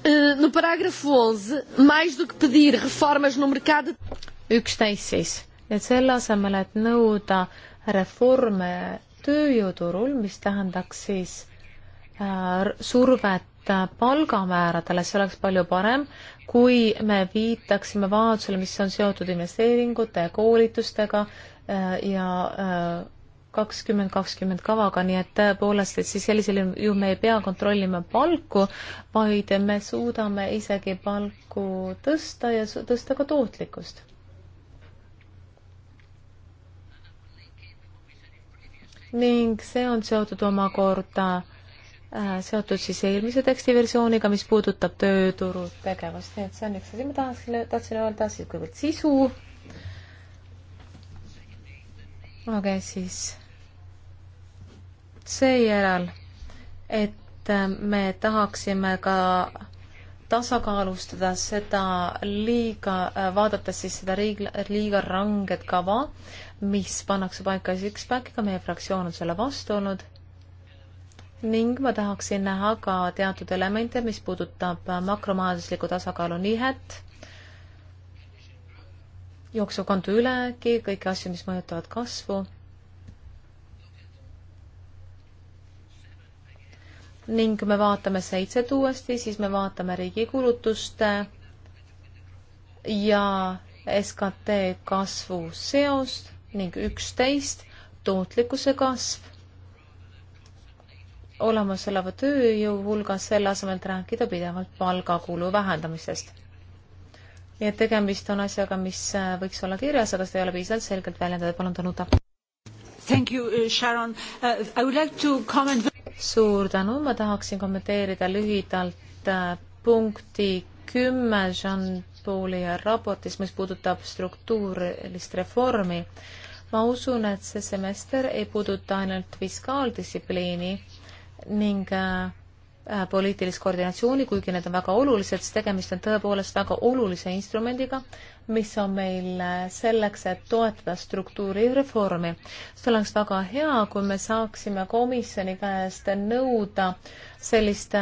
Speaker 1: Eh, no parágrafo 11, mais do que pedir reformas no mercado
Speaker 2: üksteist siis, et selle asemel, et nõuda reforme tööjõuturul, mis tähendaks siis äh, survet äh, palgamääradele, see oleks palju parem, kui me viitaksime vajadusele, mis on seotud investeeringute ja koolitustega äh, ja äh, kakskümmend kakskümmend kavaga, nii et tõepoolest, et siis sellisel juhul me ei pea kontrollima palku, vaid me suudame isegi palku tõsta ja tõsta ka tootlikkust ning see on seotud omakorda äh, seotud siis eelmise tekstiversiooniga, mis puudutab tööturu tegevust, nii et see on üks asi, ma tahaksin, tahtsin öelda siis kõigepealt sisu. aga siis seejärel, et äh, me tahaksime ka tasakaalustada seda liiga, äh, vaadates siis seda liiga ranget kava, mis pannakse paika six-packiga, meie fraktsioon on selle vastu olnud ning ma tahaksin näha ka teatud elemente, mis puudutab makromajandusliku tasakaalu nihet, jooksuvkonto ülejääki, kõiki asju, mis mõjutavad kasvu ning kui me vaatame seitset uuesti, siis me vaatame riigi kulutuste ja SKT kasvu seost ning üksteist tootlikkuse kasv olemasoleva tööjõu hulgas, selle asemel, et rääkida pidevalt palgakulu vähendamisest. nii et tegemist on asjaga, mis võiks olla kirjas, aga seda ei ole piisavalt selgelt väljendatud, palun Danuta. Thank you, uh, Sharon uh,. I would like to comment suur tänu, ma tahaksin kommenteerida lühidalt uh, punkti kümme Jean Paulier raportis, mis puudutab struktuurilist reformi ma usun, et see semester ei puuduta ainult fiskaaldistsipliini ning äh, äh, poliitilist koordinatsiooni, kuigi need on väga olulised, siis tegemist on tõepoolest väga olulise instrumendiga, mis on meil selleks, et toetada struktuurireformi. see oleks väga hea, kui me saaksime komisjoni käest nõuda sellist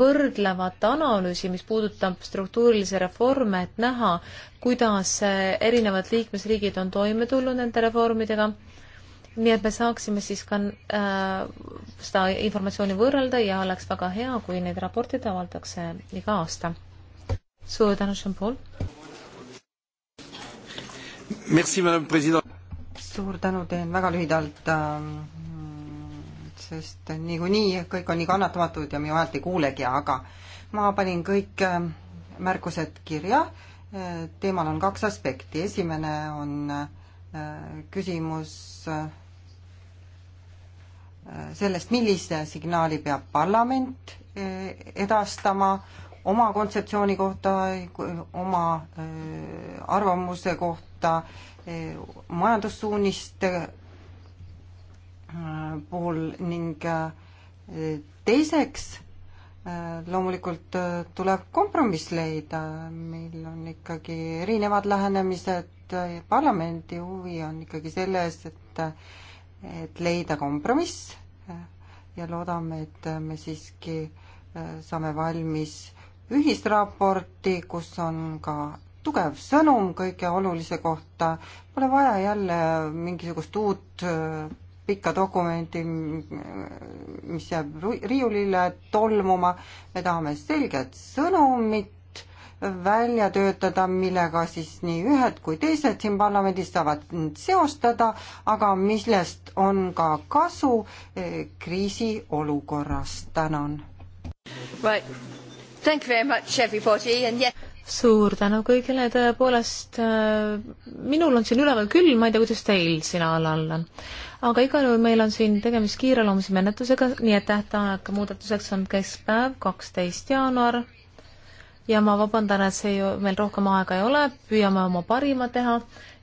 Speaker 2: võrdlevat analüüsi, mis puudutab struktuurilisi reforme, et näha, kuidas erinevad liikmesriigid on toime tulnud nende reformidega nii et me saaksime siis ka äh, seda informatsiooni võrrelda ja oleks väga hea, kui neid raporteid avaldakse
Speaker 5: iga aasta. suur tänu, Jean-Paul! suur tänu, teen väga lühidalt, ähm, sest niikuinii kõik on nii kannatamatud ja minu häält ei kuulegi, aga ma panin kõik ähm, märkused kirja. Äh, teemal on kaks aspekti, esimene on äh, küsimus äh, sellest, millise signaali peab parlament edastama oma kontseptsiooni kohta, oma arvamuse kohta, majandussuuniste puhul ning teiseks loomulikult tuleb kompromiss leida, meil on ikkagi erinevad lähenemised, parlamendi huvi on ikkagi selles, et et leida kompromiss ja loodame, et me siiski saame valmis ühisraporti, kus on ka tugev sõnum kõige olulise kohta, pole vaja jälle mingisugust uut äh, pikka dokumenti, mis jääb riiulile tolmuma, me tahame selget sõnumit välja töötada, millega siis nii ühed kui teised siin parlamendis saavad seostada, aga millest on ka kasu äh, kriisiolukorras, tänan right.. Thank
Speaker 1: you very much everybody and yeah
Speaker 5: suur tänu kõigile, tõepoolest äh,
Speaker 2: minul on siin üleval küll, ma ei tea, kuidas teil siin all all on. aga igal juhul meil on siin tegemist kiireloomulise menetlusega, nii et tähtaeg muudatuseks on keskpäev, kaksteist jaanuar. ja ma vabandan, et see ju meil rohkem aega ei ole, püüame oma parima teha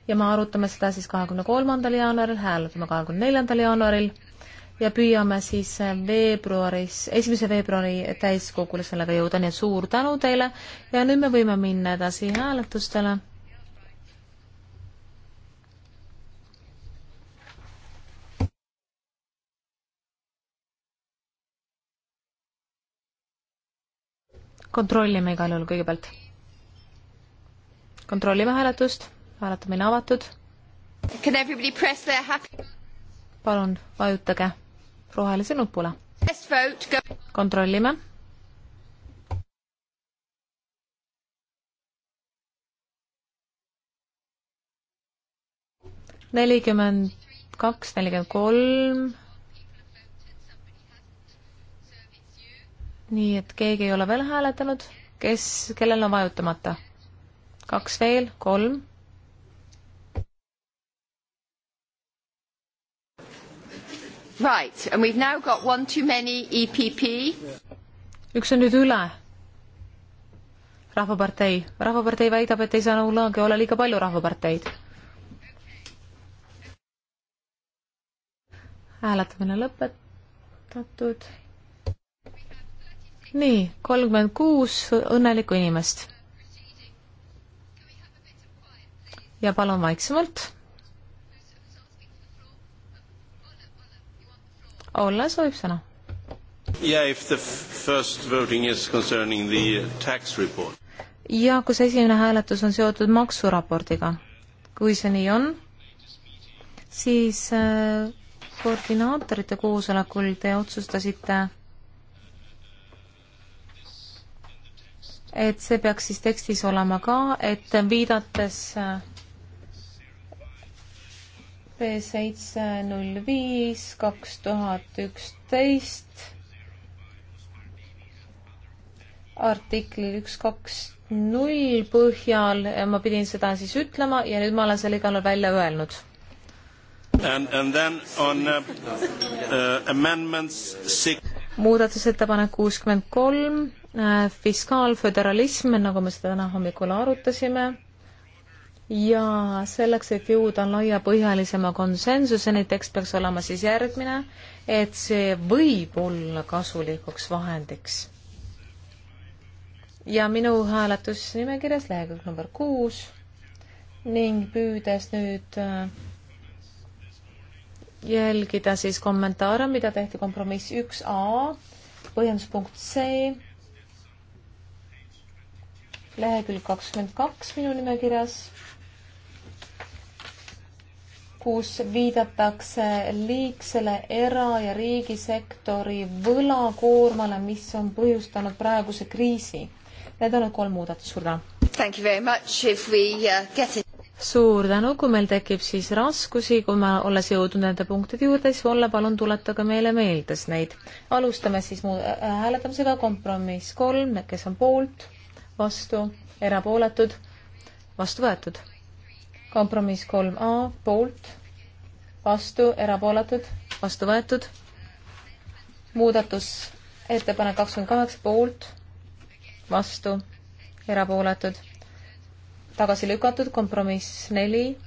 Speaker 2: ja me arutame seda siis kahekümne kolmandal jaanuaril, hääletame kahekümne neljandal jaanuaril ja püüame siis veebruaris, esimese veebruari täiskogule sellega jõuda, nii et suur tänu teile ja nüüd me võime minna edasi hääletustele. kontrollime igal juhul kõigepealt. kontrollime hääletust, hääletamine avatud. palun vajutage rohelise nupule. kontrollime. nelikümmend kaks, nelikümmend kolm. nii et keegi ei ole veel hääletanud, kes, kellel on vajutamata? kaks veel, kolm
Speaker 1: Right, and we've now got one too many EPP. üks on nüüd üle.
Speaker 2: rahvapartei, Rahvapartei väidab, et ei saa kunagi olla liiga palju rahvaparteid. hääletamine lõpetatud. nii, kolmkümmend kuus õnnelikku inimest. ja palun vaiksemalt Olle soovib sõna.
Speaker 5: Yeah, if the first voting is concerning the
Speaker 3: uh, tax report.
Speaker 2: ja kus esimene hääletus on seotud maksuraportiga. kui see nii on, siis äh, koordinaatorite koosolekul te otsustasite, et see peaks siis tekstis olema ka, et viidates äh, seitse null viis kaks tuhat üksteist artiklil üks kaks null põhjal, ma pidin seda siis ütlema ja nüüd ma olen selle igal juhul välja öelnud. And, and then on uh, uh, amendments six muudatusettepanek kuuskümmend kolm, uh, fiskaalföderalism, nagu me seda täna hommikul arutasime ja selleks, et jõuda laiapõhjalisema konsensuseni, tekst peaks olema siis järgmine, et see võib olla kasulikuks vahendiks. ja minu hääletusnimekirjas lehekülg number kuus ning püüdes nüüd äh, jälgida siis kommentaare, mida tehti kompromiss üks A, põhjenduspunkt C lehekülg kakskümmend kaks minu nimekirjas kus viidatakse liigsele era- ja riigisektori võlakoormale, mis on põhjustanud praeguse kriisi. Need on need kolm muudatust, suur tänu! Uh, suur tänu, kui meil tekib siis raskusi, kui me, olles jõudnud nende punktide juurde, siis Olle, palun tuletage meile meelde neid. alustame siis mu äh, äh, hääletamisega, kompromiss kolm, kes on poolt, vastu, erapooletud, vastu võetud kompromiss kolm A poolt, vastu, erapooletud, vastu võetud. muudatusettepanek kakskümmend kaheksa poolt, vastu, erapooletud, tagasi lükatud, kompromiss neli.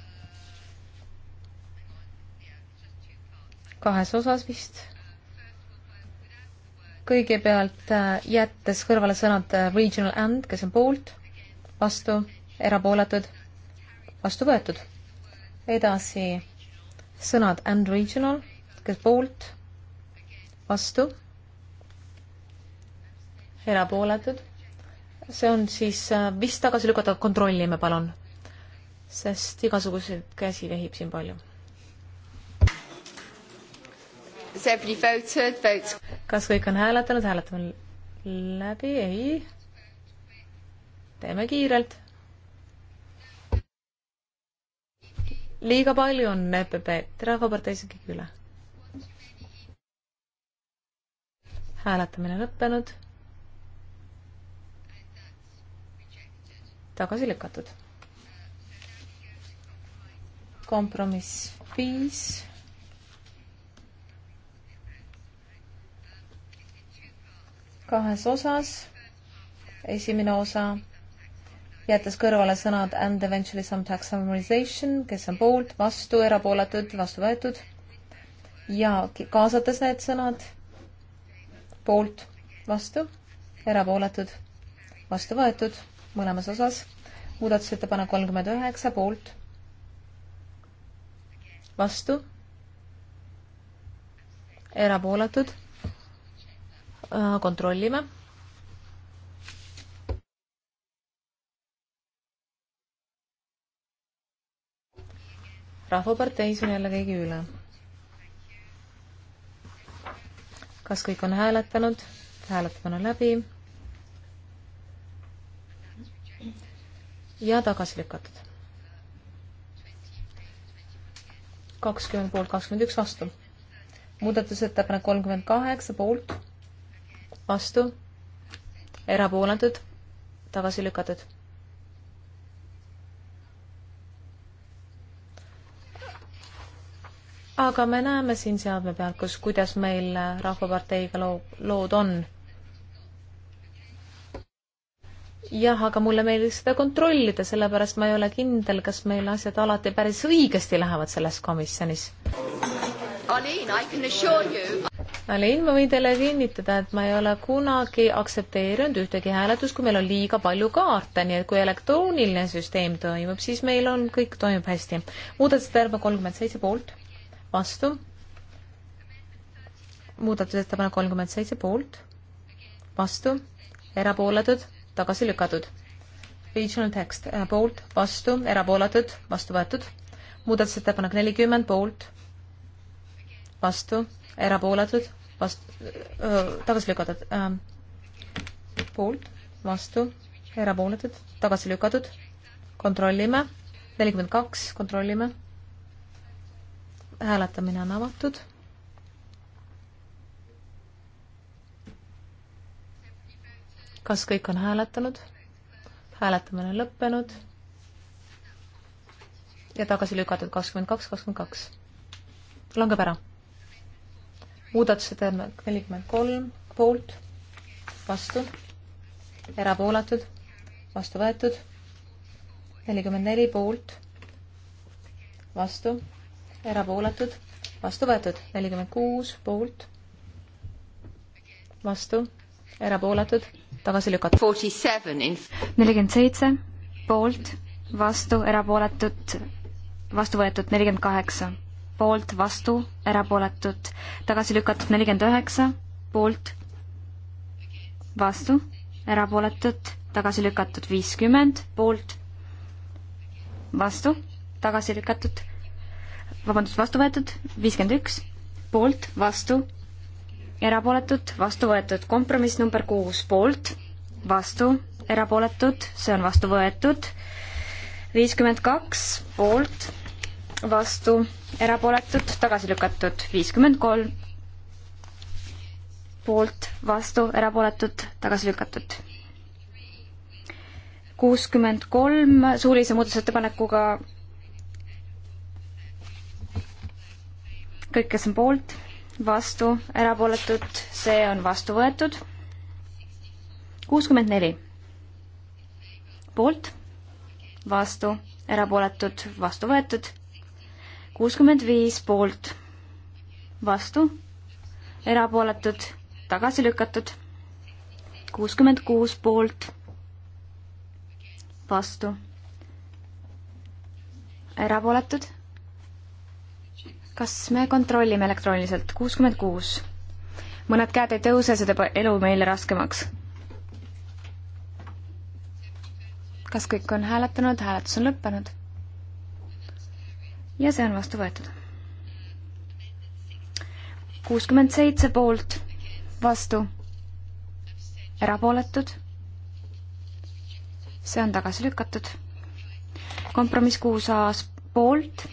Speaker 2: kahes osas vist. kõigepealt äh, jättes kõrvale sõnad äh, regional and, kes on poolt, vastu, erapooletud vastu võetud. edasi sõnad and regional, kes poolt, vastu, erapooletud. see on siis äh, vist tagasi lükata, kontrollime palun, sest igasuguseid käsi vehib siin palju. kas kõik on hääletanud, hääletame läbi, ei? teeme kiirelt liiga palju on EPP-d, Rahvaparteis on keegi üle. hääletamine lõppenud. tagasi lükatud. kompromiss viis. kahes osas. esimene osa jättes kõrvale sõnad and eventually some tax summarization, kes on poolt, vastu, erapooletud, vastu võetud. ja kaasates need sõnad poolt, vastu, erapooletud, vastu võetud mõlemas osas. muudatusettepanek kolmkümmend üheksa poolt, vastu, erapooletud. Äh, kontrollime rahvaparteis on jälle keegi üle. kas kõik on hääletanud? hääletamine on läbi. ja tagasi lükatud. kakskümmend poolt, kakskümmend üks vastu. muudatusettepanek kolmkümmend kaheksa poolt, vastu, erapooletud, tagasi lükatud aga me näeme siin seadme peal, kus, kuidas meil Rahvaparteiga loo, lood on. jah, aga mulle meeldib seda kontrollida, sellepärast ma ei ole kindel, kas meil asjad alati päris õigesti lähevad selles komisjonis. Aliin, ma võin teile kinnitada, et ma ei ole kunagi aktsepteerinud ühtegi hääletust, kui meil on liiga palju kaarte, nii et kui elektrooniline süsteem toimub, siis meil on, kõik toimub hästi. muudatusettepanek kolmkümmend seitse poolt vastu. muudatusettepanek kolmkümmend seitse poolt, vastu, erapooletud, tagasi lükatud. Regional text äh, poolt, vastu, erapooletud, vastu võetud. muudatusettepanek nelikümmend poolt, vastu, erapooletud, vastu, tagasi lükatud äh,. poolt, vastu, erapooletud, tagasi lükatud. kontrollime, nelikümmend kaks, kontrollime hääletamine on avatud. kas kõik on hääletanud? hääletamine on lõppenud ja tagasi lükatud kakskümmend kaks, kakskümmend kaks. langeb ära. muudatusettepanek nelikümmend kolm poolt, vastu, erapooletud, vastu võetud, nelikümmend neli poolt, vastu erapooletud, vastu võetud, nelikümmend kuus poolt, vastu, erapooletud, tagasi lükatud.
Speaker 4: nelikümmend seitse poolt, vastu, erapooletud, vastu võetud, nelikümmend kaheksa poolt, vastu, erapooletud, tagasi lükatud, nelikümmend üheksa poolt, vastu, erapooletud, tagasi lükatud, viiskümmend poolt, vastu, tagasi lükatud vabandust, vastu võetud, viiskümmend üks, poolt, vastu, erapooletud, vastu võetud, kompromiss number kuus, poolt, vastu, erapooletud, see on vastu võetud, viiskümmend kaks, poolt, vastu, erapooletud, tagasi lükatud, viiskümmend kolm, poolt, vastu, erapooletud, tagasi lükatud. kuuskümmend kolm suulise muudatusettepanekuga kõik, kes on poolt, vastu, erapooletud, see on vastu võetud. kuuskümmend neli. poolt, vastu, erapooletud, vastu võetud. kuuskümmend viis poolt, vastu, erapooletud, tagasi lükatud. kuuskümmend kuus poolt, vastu, erapooletud kas me kontrollime elektrooniliselt? kuuskümmend kuus. mõned käed ei tõuse, see teeb elu meile raskemaks. kas kõik on hääletanud? hääletus on lõppenud. ja see on vastu võetud. kuuskümmend seitse poolt, vastu, erapooletud. see on tagasi lükatud. kompromiss kuus A-s poolt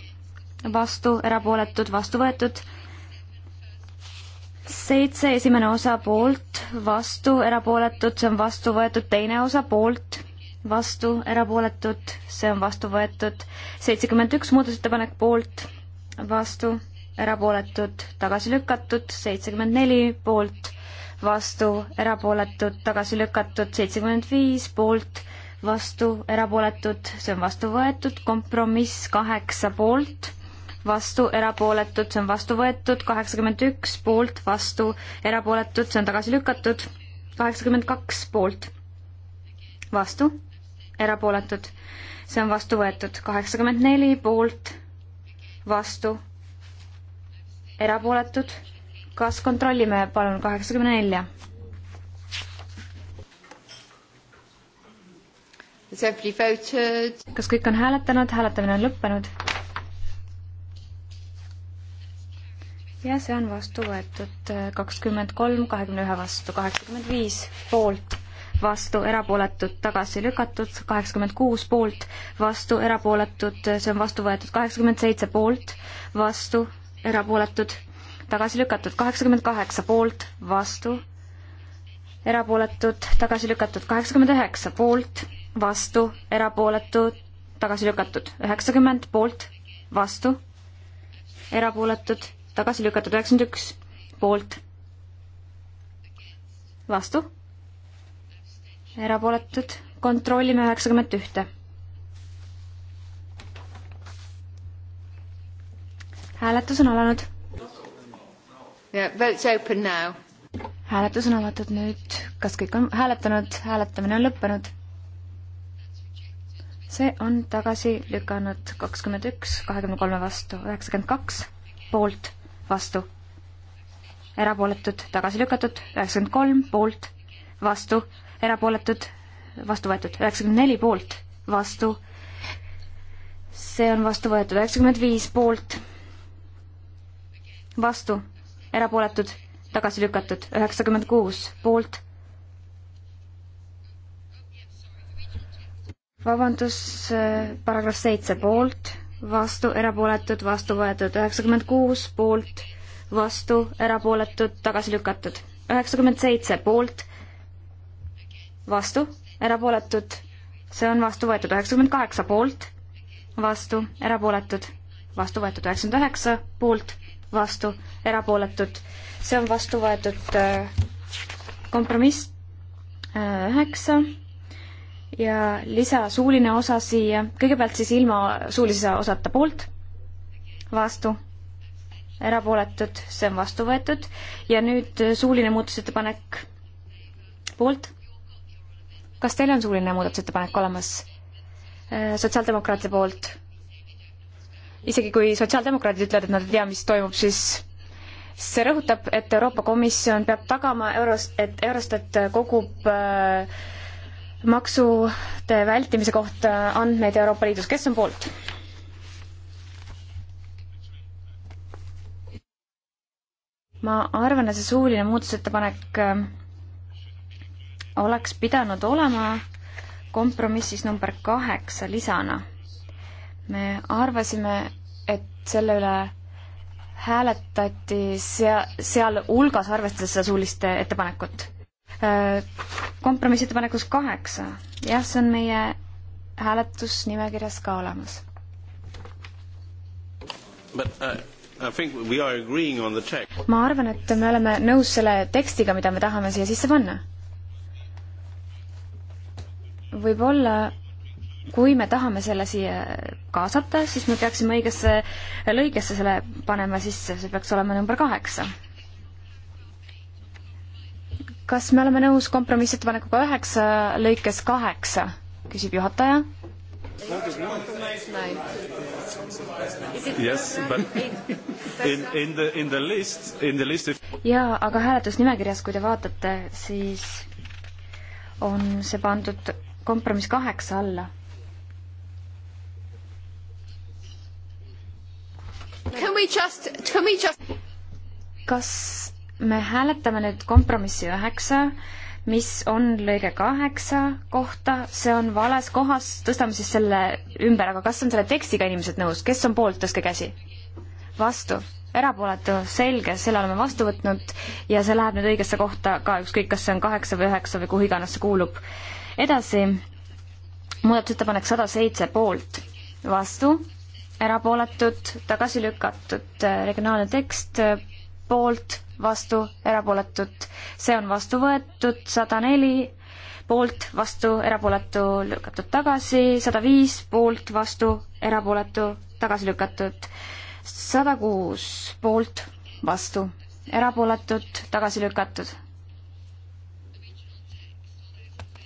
Speaker 4: vastu, erapooletud, vastu võetud. seitse, esimene osa poolt, vastu, erapooletud, see on vastu võetud, teine osa poolt, vastu, erapooletud, see on vastu võetud. seitsekümmend üks muudatusettepanek poolt, vastu, erapooletud, tagasi lükatud, seitsekümmend neli poolt, vastu, erapooletud, tagasi lükatud, seitsekümmend viis poolt vastu, erapooletud, see on vastu võetud, kompromiss kaheksa poolt, vastu, erapooletud, see on vastu võetud, kaheksakümmend üks poolt, vastu, erapooletud, see on tagasi lükatud, kaheksakümmend kaks poolt, vastu, erapooletud, see on vastu võetud, kaheksakümmend neli poolt, vastu, erapooletud, kas kontrollime palun kaheksakümne nelja?
Speaker 1: kas
Speaker 4: kõik on hääletanud, hääletamine on lõppenud? ja see on vastu võetud äh, kakskümmend kolm, kahekümne ühe vastu, kaheksakümmend viis poolt, vastu erapooletud, tagasi lükatud, kaheksakümmend kuus poolt, vastu erapooletud, äh, see on vastu võetud, kaheksakümmend seitse poolt, vastu erapooletud, tagasi lükatud, kaheksakümmend kaheksa poolt, vastu erapooletud, tagasi lükatud, kaheksakümmend üheksa poolt, vastu erapooletud, tagasi lükatud, üheksakümmend poolt, vastu erapooletud tagasi lükatud üheksakümmend üks poolt, vastu, erapooletud, kontrollime üheksakümmet ühte. hääletus on alanud yeah,. Vote's open now. hääletus on avatud nüüd, kas kõik on hääletanud, hääletamine on lõppenud see on tagasi lükanud kakskümmend üks, kahekümne kolme vastu, üheksakümmend kaks poolt, vastu, erapooletud, tagasi lükatud, üheksakümmend kolm poolt, vastu, erapooletud, vastu võetud, üheksakümmend neli poolt, vastu, see on vastu võetud, üheksakümmend viis poolt, vastu, erapooletud, tagasi lükatud, üheksakümmend kuus poolt vabandus, äh, paragrahv seitse poolt, vastu, erapooletud, vastu võetud, üheksakümmend kuus poolt, vastu, erapooletud, tagasi lükatud, üheksakümmend seitse poolt, vastu, erapooletud, see on vastu võetud, üheksakümmend kaheksa poolt, vastu, erapooletud, vastu võetud, üheksakümmend üheksa poolt, vastu, erapooletud, see on vastu võetud äh, kompromiss äh, üheksa äh,, ja lisasuuline osa siia, kõigepealt siis ilma suulise osata poolt, vastu, erapooletud, see on vastu võetud ja nüüd suuline muudatusettepanek poolt. kas teil on suuline muudatusettepanek olemas äh, sotsiaaldemokraatide poolt? isegi kui sotsiaaldemokraadid ütlevad, et nad ei tea, mis toimub, siis see rõhutab, et Euroopa Komisjon peab tagama euros, et Eurostat kogub äh, maksude vältimise kohta andmeid Euroopa Liidus, kes on poolt? ma arvan, et see suuline muudatusettepanek äh, oleks pidanud olema kompromissis number kaheksa lisana. me arvasime, et selle üle hääletati sea-, sealhulgas arvestades seda suulist ettepanekut Äh, kompromissettepanekus kaheksa, jah, see on meie hääletusnimekirjas ka olemas. Uh, ma arvan, et me oleme nõus selle tekstiga, mida me tahame siia sisse panna. võib-olla kui me tahame selle siia kaasata, siis me peaksime õigesse lõigesse selle panema sisse, see peaks olema number kaheksa kas me oleme nõus kompromissettepanekuga üheksa lõikes kaheksa, küsib juhataja.
Speaker 3: Yes, but in, in the, in the list, in the list if...
Speaker 4: jaa, aga hääletusnimekirjas, kui te vaatate, siis on see pandud kompromiss kaheksa alla
Speaker 1: Can we just, can we just...
Speaker 4: kas me hääletame nüüd kompromissi üheksa, mis on lõige kaheksa kohta, see on vales kohas, tõstame siis selle ümber, aga kas on selle tekstiga inimesed nõus, kes on poolt, tõstke käsi. vastu erapooletu, selge, selle oleme vastu võtnud ja see läheb nüüd õigesse kohta ka, ükskõik, kas see on kaheksa või üheksa või kuhu iganes see kuulub. edasi, muudatusettepanek sada seitse poolt, vastu, erapooletud, tagasi lükatud, regionaalne tekst poolt, vastu, erapooletud, see on vastu võetud, sada neli poolt, vastu, erapooletu, lükatud tagasi, sada viis poolt, vastu, erapooletu, tagasi lükatud, sada kuus poolt, vastu, erapooletud, tagasi lükatud.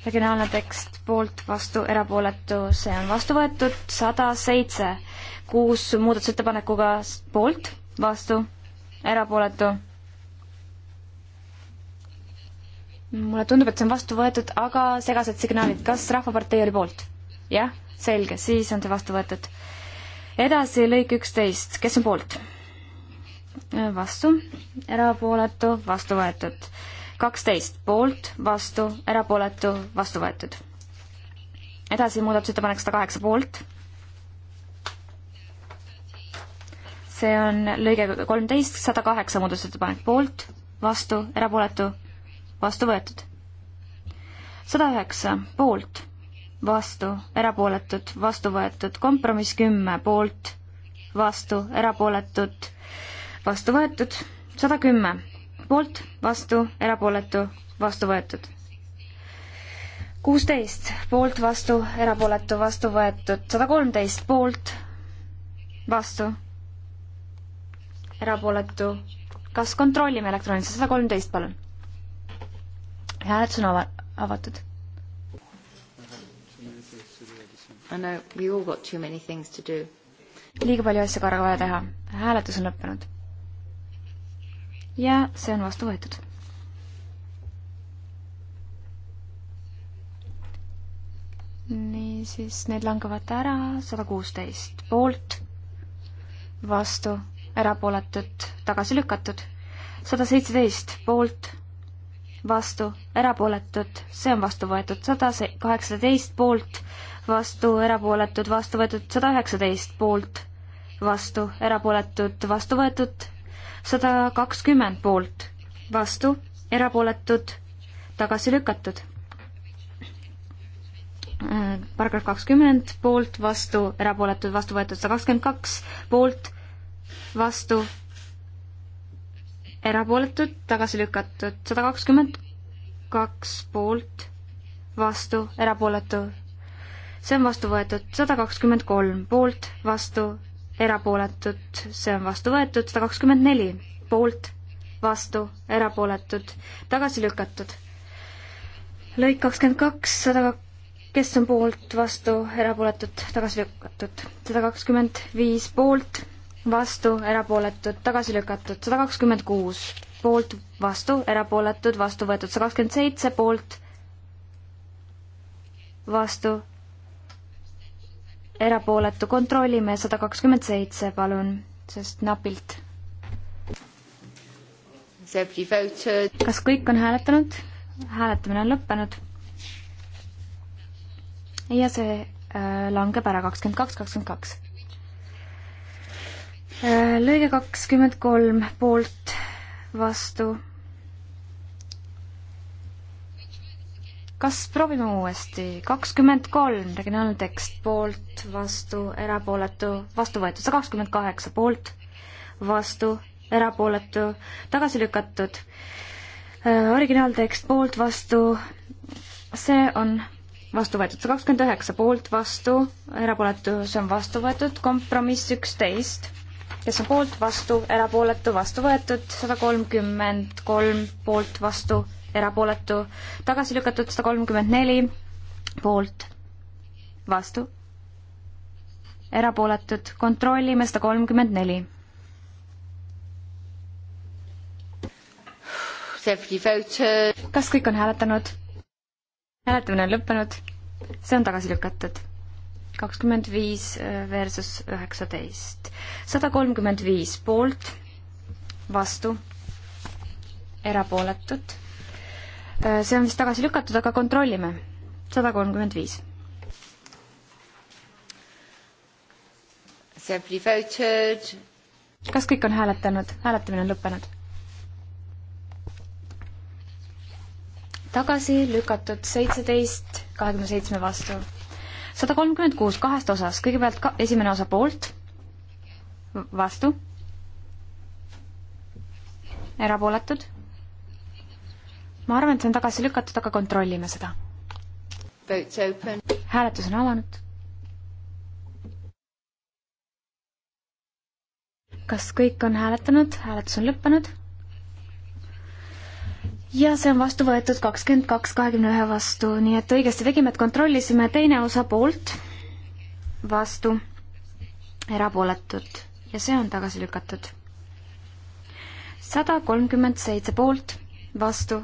Speaker 4: regionaalne tekst poolt, vastu, erapooletu, see on vastu võetud, sada seitse, kuus muudatusettepanekuga poolt, vastu erapooletu. mulle tundub, et see on vastu võetud, aga segased signaalid, kas Rahvapartei oli poolt? jah, selge, siis on see vastu võetud. edasi lõik üksteist, kes on poolt? vastu, erapooletu, vastu võetud. kaksteist poolt, vastu, erapooletu, vastu võetud. edasi muudatusettepanek sada kaheksa poolt see on lõige kolmteist, sada kaheksa muudatusettepanek poolt, vastu, erapooletu, vastu võetud. sada üheksa poolt, vastu, erapooletud, vastu võetud, kompromiss kümme poolt, vastu, erapooletud, vastu võetud, sada kümme poolt, vastu, erapooletu, vastu võetud kuusteist poolt, vastu, erapooletu, vastu võetud, sada kolmteist poolt, vastu, erapooletu. kas kontrollime elektrooniliselt, sada kolmteist, palun. hääletus on ava-, avatud. I know we all got too many things to do. liiga palju asju korraga vaja teha. hääletus on lõppenud. ja see on vastu võetud. niisiis, need langevad ära, sada kuusteist poolt, vastu erapooletut tagasi lükatud. sada seitseteist poolt, vastu, erapooletud, see on vastu võetud. sada kaheksateist poolt, vastu, erapooletud, vastu võetud. sada üheksateist poolt, vastu, erapooletud, vastu võetud. sada kakskümmend poolt, vastu, erapooletud, tagasi lükatud äh, paragrahv kakskümmend, poolt, vastu, erapooletud, vastu võetud sada kakskümmend kaks, poolt, vastu, erapooletud, tagasi lükatud, sada kakskümmend kaks poolt, vastu, erapooletu. see on vastu võetud, sada kakskümmend kolm poolt, vastu, erapooletud, see on vastu võetud, sada kakskümmend neli poolt, vastu, erapooletud, tagasi lükatud. lõik kakskümmend kaks, sada, kes on poolt, vastu, erapooletud, tagasi lükatud, sada kakskümmend viis poolt vastu, erapooletud, tagasi lükatud, sada kakskümmend kuus, poolt, vastu, erapooletud, vastu võetud, sada kakskümmend seitse, poolt, vastu, erapooletu, kontrollime, sada kakskümmend seitse, palun, sest napilt. kas kõik on hääletanud? hääletamine on lõppenud. ja see äh, langeb ära, kakskümmend kaks, kakskümmend kaks Äh, lõige kakskümmend kolm poolt, vastu. kas proovime uuesti? kakskümmend kolm, regionaalne tekst, poolt, vastu, erapooletu, vastu võetud, sada kakskümmend kaheksa, poolt, vastu, erapooletu, tagasi lükatud. Äh, originaaltekst poolt, vastu, see on vastu võetud, sada kakskümmend üheksa, poolt, vastu, erapooletu, see on vastu võetud, kompromiss üksteist kes on poolt, vastu, erapooletu, vastu võetud, sada kolmkümmend kolm poolt, vastu, erapooletu, tagasi lükatud, sada kolmkümmend neli poolt, vastu, erapooletud, kontrollime sada kolmkümmend neli. kas kõik on hääletanud? hääletamine on lõppenud, see on tagasi lükatud kakskümmend viis eh, versus üheksateist. sada kolmkümmend viis poolt, vastu, erapooletud. Eh, see on vist tagasi lükatud, aga kontrollime. sada kolmkümmend viis. Simply voted. kas kõik on hääletanud? hääletamine on lõppenud. tagasi lükatud seitseteist kahekümne seitsme vastu sada kolmkümmend kuus kahest osas, kõigepealt ka esimene osa poolt, vastu, erapooletud. ma arvan, et see on tagasi lükatud, aga kontrollime seda. hääletus on alanud. kas kõik on hääletanud, hääletus on lõppenud ja see on vastu võetud kakskümmend kaks kahekümne ühe vastu, nii et õigesti tegime, et kontrollisime teine osa poolt, vastu, erapooletud ja see on tagasi lükatud. sada kolmkümmend seitse poolt, vastu,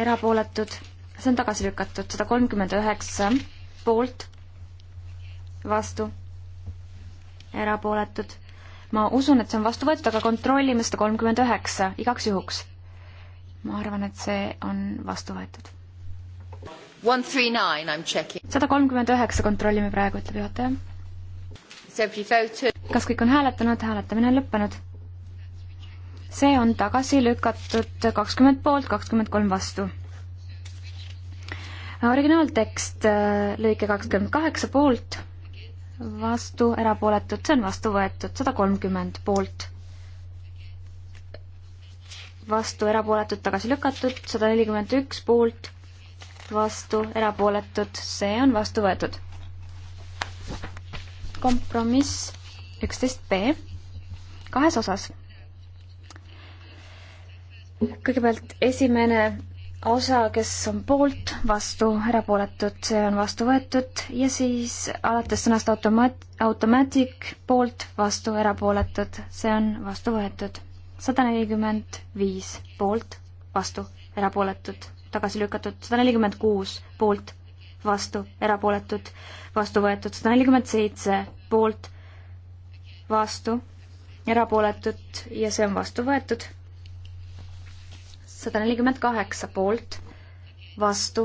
Speaker 4: erapooletud, see on tagasi lükatud, sada kolmkümmend üheksa poolt, vastu, erapooletud. ma usun, et see on vastu võetud, aga kontrollime sada kolmkümmend üheksa igaks juhuks ma arvan, et see on vastu võetud. sada kolmkümmend üheksa kontrollime praegu, ütleb juhataja. kas kõik on hääletanud, hääletamine on lõppenud? see on tagasi lükatud kakskümmend poolt, kakskümmend kolm vastu. originaaltekst äh, lõike kakskümmend kaheksa poolt, vastu, erapooletud, see on vastu võetud, sada kolmkümmend poolt vastu, erapooletud, tagasi lükatud, sada nelikümmend üks poolt, vastu, erapooletud, see on vastu võetud. kompromiss üksteist B kahes osas. kõigepealt esimene osa, kes on poolt, vastu, erapooletud, see on vastu võetud ja siis alates sõnast automaat-, automatic, poolt, vastu, erapooletud, see on vastu võetud sada nelikümmend viis poolt, vastu, erapooletud, tagasi lükatud, sada nelikümmend kuus poolt, vastu, erapooletud, vastu võetud, sada nelikümmend seitse poolt, vastu, erapooletud ja see on vastu võetud. sada nelikümmend kaheksa poolt, vastu,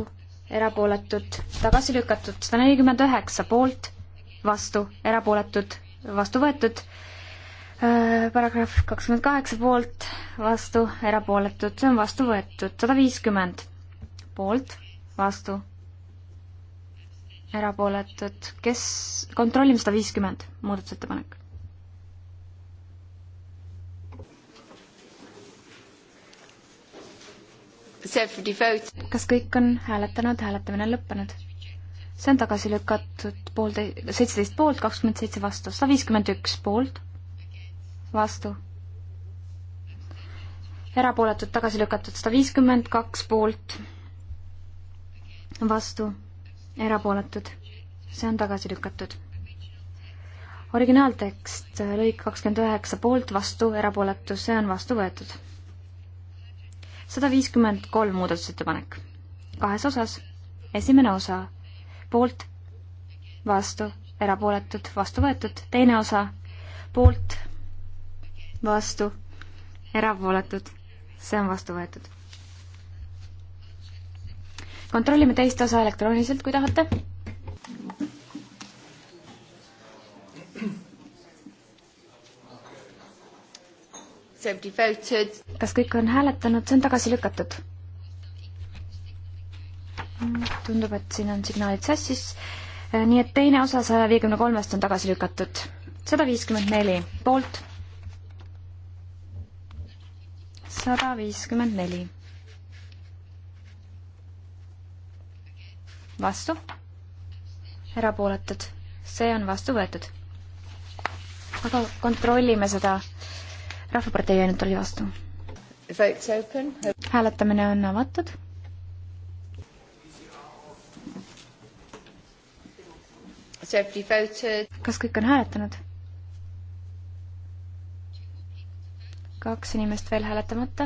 Speaker 4: erapooletud, tagasi lükatud, sada nelikümmend üheksa poolt, vastu, erapooletud, vastu võetud Äh, paragrahv kakskümmend kaheksa poolt, vastu, erapooletud, see on vastu võetud, sada viiskümmend poolt, vastu, erapooletud, kes, kontrollime sada viiskümmend, muudatusettepanek. kas kõik on hääletanud, hääletamine on lõppenud? see on tagasi lükatud poolte-, seitseteist poolt, kakskümmend seitse vastu, sada viiskümmend üks poolt vastu. erapooletud tagasi lükatud sada viiskümmend kaks poolt, vastu, erapooletud, see on tagasi lükatud. originaaltekst lõik kakskümmend üheksa poolt, vastu, erapooletu, see on vastu võetud. sada viiskümmend kolm muudatusettepanek, kahes osas, esimene osa poolt, vastu, erapooletud, vastu võetud, teine osa poolt vastu, erapooletud, see on vastu võetud. kontrollime teist osa elektrooniliselt, kui tahate. kas kõik on hääletanud, see on tagasi lükatud? tundub, et siin on signaalid sassis. nii et teine osa saja viiekümne kolmest on tagasi lükatud. sada viiskümmend neli poolt sada viiskümmend neli. vastu, erapooletud, see on vastu võetud. aga kontrollime seda. rahvapartei ainult oli vastu. hääletamine on avatud kas kõik on hääletanud? kaks inimest veel hääletamata.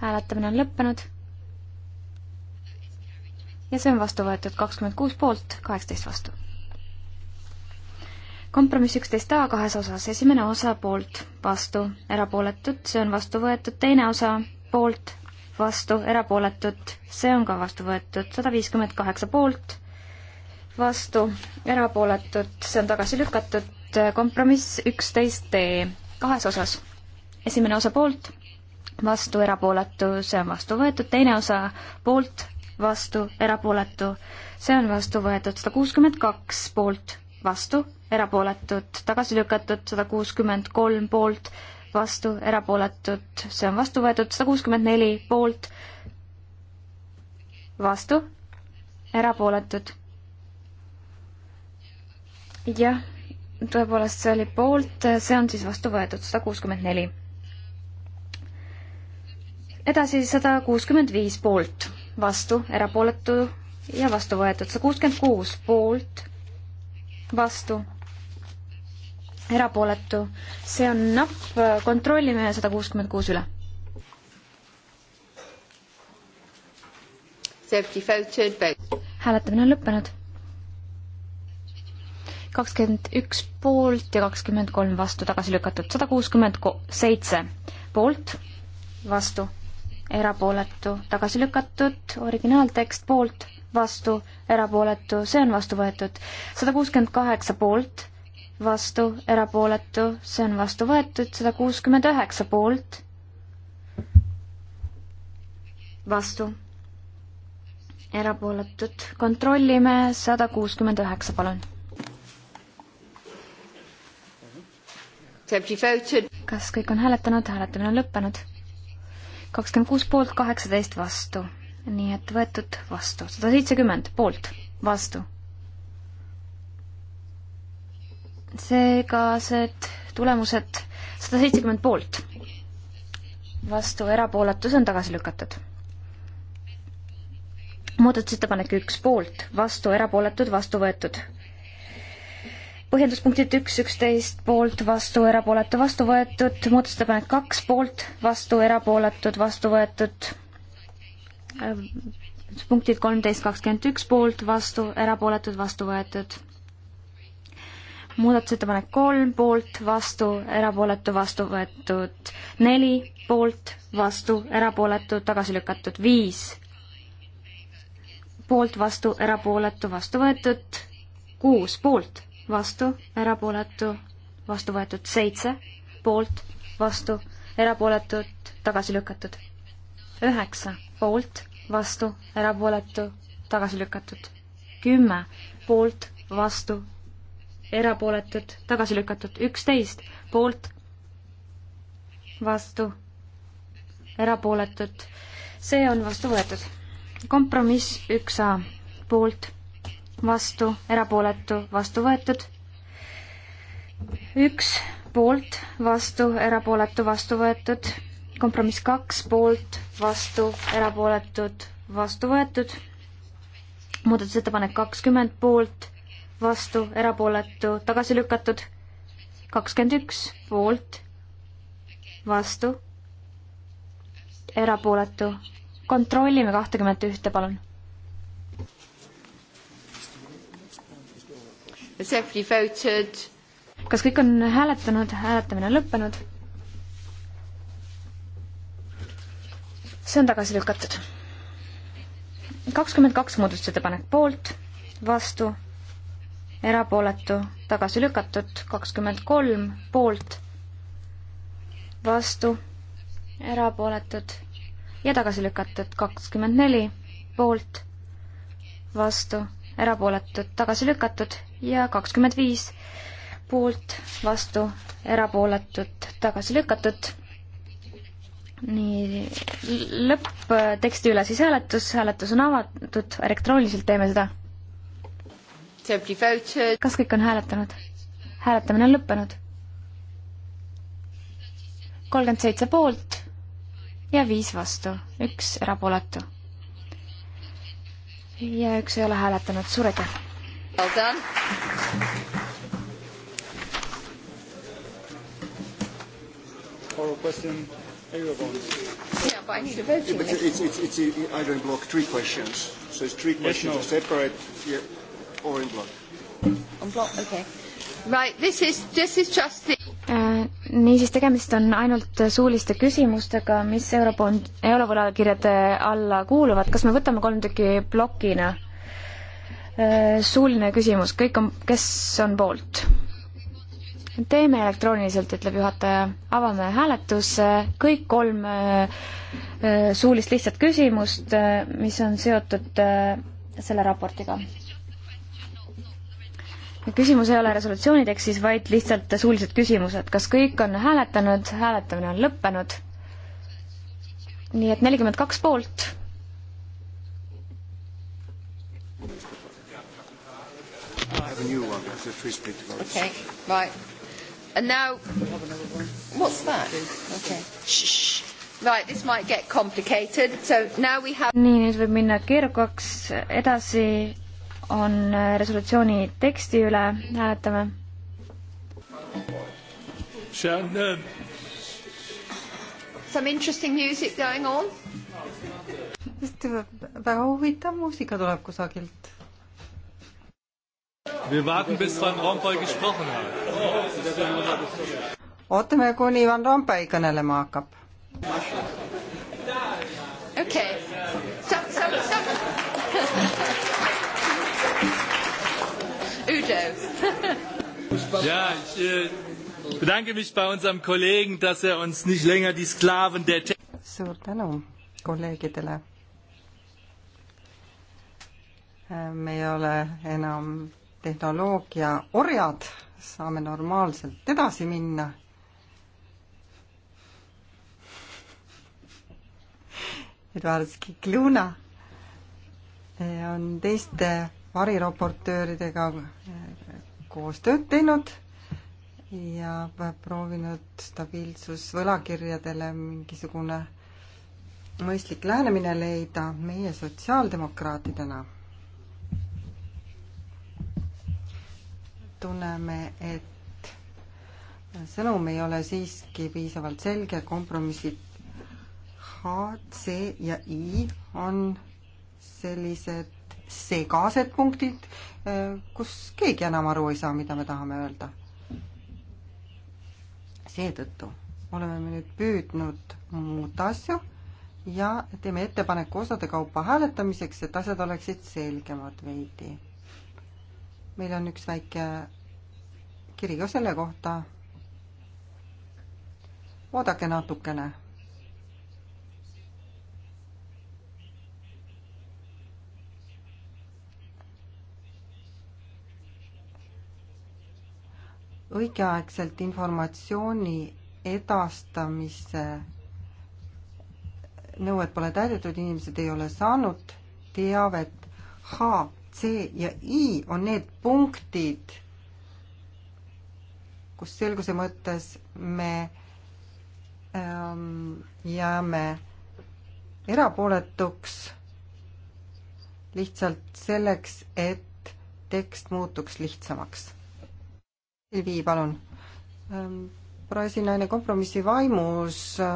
Speaker 4: hääletamine on lõppenud. ja see on vastu võetud kakskümmend kuus poolt, kaheksateist vastu. kompromiss üksteist A kahes osas, esimene osa poolt, vastu, erapooletud, see on vastu võetud, teine osa poolt, vastu, erapooletud, see on ka vastu võetud, sada viiskümmend kaheksa poolt, vastu, erapooletud, see on tagasi lükatud, kompromiss üksteist D kahes osas esimene osa poolt, vastu, erapooletu, see on vastu võetud, teine osa poolt, vastu, erapooletu, see on vastu võetud, sada kuuskümmend kaks poolt, vastu, erapooletud, tagasi lükatud, sada kuuskümmend kolm poolt, vastu, erapooletud, see on vastu võetud, sada kuuskümmend neli poolt, vastu, erapooletud. jah, tõepoolest, see oli poolt, see on siis vastu võetud, sada kuuskümmend neli edasi sada kuuskümmend viis poolt, vastu, erapooletu ja vastu võetud. sada kuuskümmend kuus poolt, vastu, erapooletu. see on napp, kontrollime sada kuuskümmend kuus üle. hääletamine on lõppenud. kakskümmend üks poolt ja kakskümmend kolm vastu tagasi lükatud, sada kuuskümmend seitse poolt, vastu erapooletu, tagasi lükatud, originaaltekst poolt, vastu, erapooletu, see on vastu võetud. sada kuuskümmend kaheksa poolt, vastu, erapooletu, see on vastu võetud, sada kuuskümmend üheksa poolt, vastu, erapooletud. kontrollime, sada kuuskümmend üheksa, palun. kas kõik on hääletanud, hääletamine on lõppenud kakskümmend kuus poolt, kaheksateist vastu. nii et võetud vastu. sada seitsekümmend poolt, vastu. seega see tulemused sada seitsekümmend poolt, vastu erapooletus on tagasi lükatud. muudatusettepanek üks poolt, vastu erapooletud, vastu võetud põhjenduspunktid üks, üksteist poolt, vastu, erapooletu, vastu võetud, muudatusettepanek kaks poolt, vastu, erapooletud, vastu võetud. Äh, punktid kolmteist, kakskümmend üks poolt, vastu, erapooletud, vastu võetud. muudatusettepanek kolm poolt, vastu, erapooletu, vastu võetud. neli poolt, vastu, erapooletu, tagasi lükatud. viis poolt, vastu, erapooletu, vastu võetud. kuus poolt vastu, erapooletu, vastu võetud seitse, poolt, vastu, erapooletud, tagasi lükatud. üheksa, poolt, vastu, erapooletu, tagasi lükatud. kümme, poolt, vastu, erapooletud, tagasi lükatud. üksteist, poolt, vastu, erapooletud. see on vastu võetud. kompromiss üks A, poolt vastu, erapooletu, vastu võetud. üks poolt, vastu, erapooletu, vastu võetud. kompromiss kaks poolt, vastu, erapooletud, vastu võetud. muudatusettepanek kakskümmend poolt, vastu, erapooletu, tagasi lükatud. kakskümmend üks poolt, vastu, erapooletu. kontrollime kahtekümmet ühte, palun
Speaker 1: kas
Speaker 4: kõik on hääletanud, hääletamine on lõppenud? see on tagasi lükatud. kakskümmend kaks muudatusettepanek poolt, vastu, erapooletu, tagasi lükatud, kakskümmend kolm poolt, vastu, erapooletud ja tagasi lükatud, kakskümmend neli poolt, vastu erapooletud, tagasi lükatud ja kakskümmend viis poolt, vastu, erapooletud, tagasi lükatud. nii, lõppteksti üle siis hääletus, hääletus on avatud, elektrooniliselt teeme seda. kas kõik on hääletanud? hääletamine on lõppenud. kolmkümmend seitse poolt ja viis vastu, üks erapooletu ja üks ei ole hääletanud, suur aitäh!
Speaker 3: Oral question, area bonds. Yeah, but I need a
Speaker 1: vote. Yeah, but it's,
Speaker 3: it's, it's either in block three questions. So it's three questions yes, no. separate yeah,
Speaker 1: or in block. On block, okay.
Speaker 4: Right, this is, this is just the... Uh, niisiis, tegemist on ainult suuliste küsimustega, mis Eurobond, eurovõlakirjade alla kuuluvad, kas me võtame kolm tükki plokina? Äh, suuline küsimus, kõik on, kes on poolt? teeme elektrooniliselt, ütleb juhataja, avame hääletuse, kõik kolm äh, äh, suulist lihtsat küsimust, mis on seotud selle raportiga küsimus ei ole resolutsiooni tekstis, vaid lihtsalt suulised küsimused. kas kõik on hääletanud, hääletamine on lõppenud? nii et nelikümmend kaks poolt. Okay,
Speaker 1: right. And now, what's that? Okay. Shh. Right, this might get
Speaker 4: complicated, so now we have... nii, nüüd võib minna keerukaks edasi on äh, resolutsiooni teksti üle, hääletame.
Speaker 3: see on uh....
Speaker 5: Some interesting music going on. sest väga huvitav muusika tuleb kusagilt.
Speaker 1: Wir warten bis Van Rompuy gesprochen hat.
Speaker 5: ootame, kuni Van Rompuy kõnelema hakkab.
Speaker 1: Udo.
Speaker 5: ja, ich äh, bedanke mich bei unserem Kollegen, dass er uns nicht länger die Sklaven der Suur tänu kolleegidele. Äh, me ei ole enam tehnoloogia orjad, saame normaalselt edasi minna Eduard Skikluna eh, on teiste variraportööridega eh, koostööd teinud ja proovinud stabiilsus võlakirjadele mingisugune mõistlik lähenemine leida meie sotsiaaldemokraatidena. tunneme, et sõnum ei ole siiski piisavalt selge, kompromissid H, C ja I on sellised, seega asetpunktid, kus keegi enam aru ei saa, mida me tahame öelda. seetõttu oleme me nüüd püüdnud muuta asju ja teeme ettepaneku osade kaupa hääletamiseks, et asjad oleksid selgemad veidi. meil on üks väike kiri ka selle kohta. oodake natukene õigeaegselt informatsiooni edastamise nõuet pole täidetud, inimesed ei ole saanud teavet. H, C ja I on need punktid, kus selguse mõttes me ähm, jääme erapooletuks lihtsalt selleks, et tekst muutuks lihtsamaks Silvi, palun. Brasiiliaine ähm, kompromissi vaimus äh,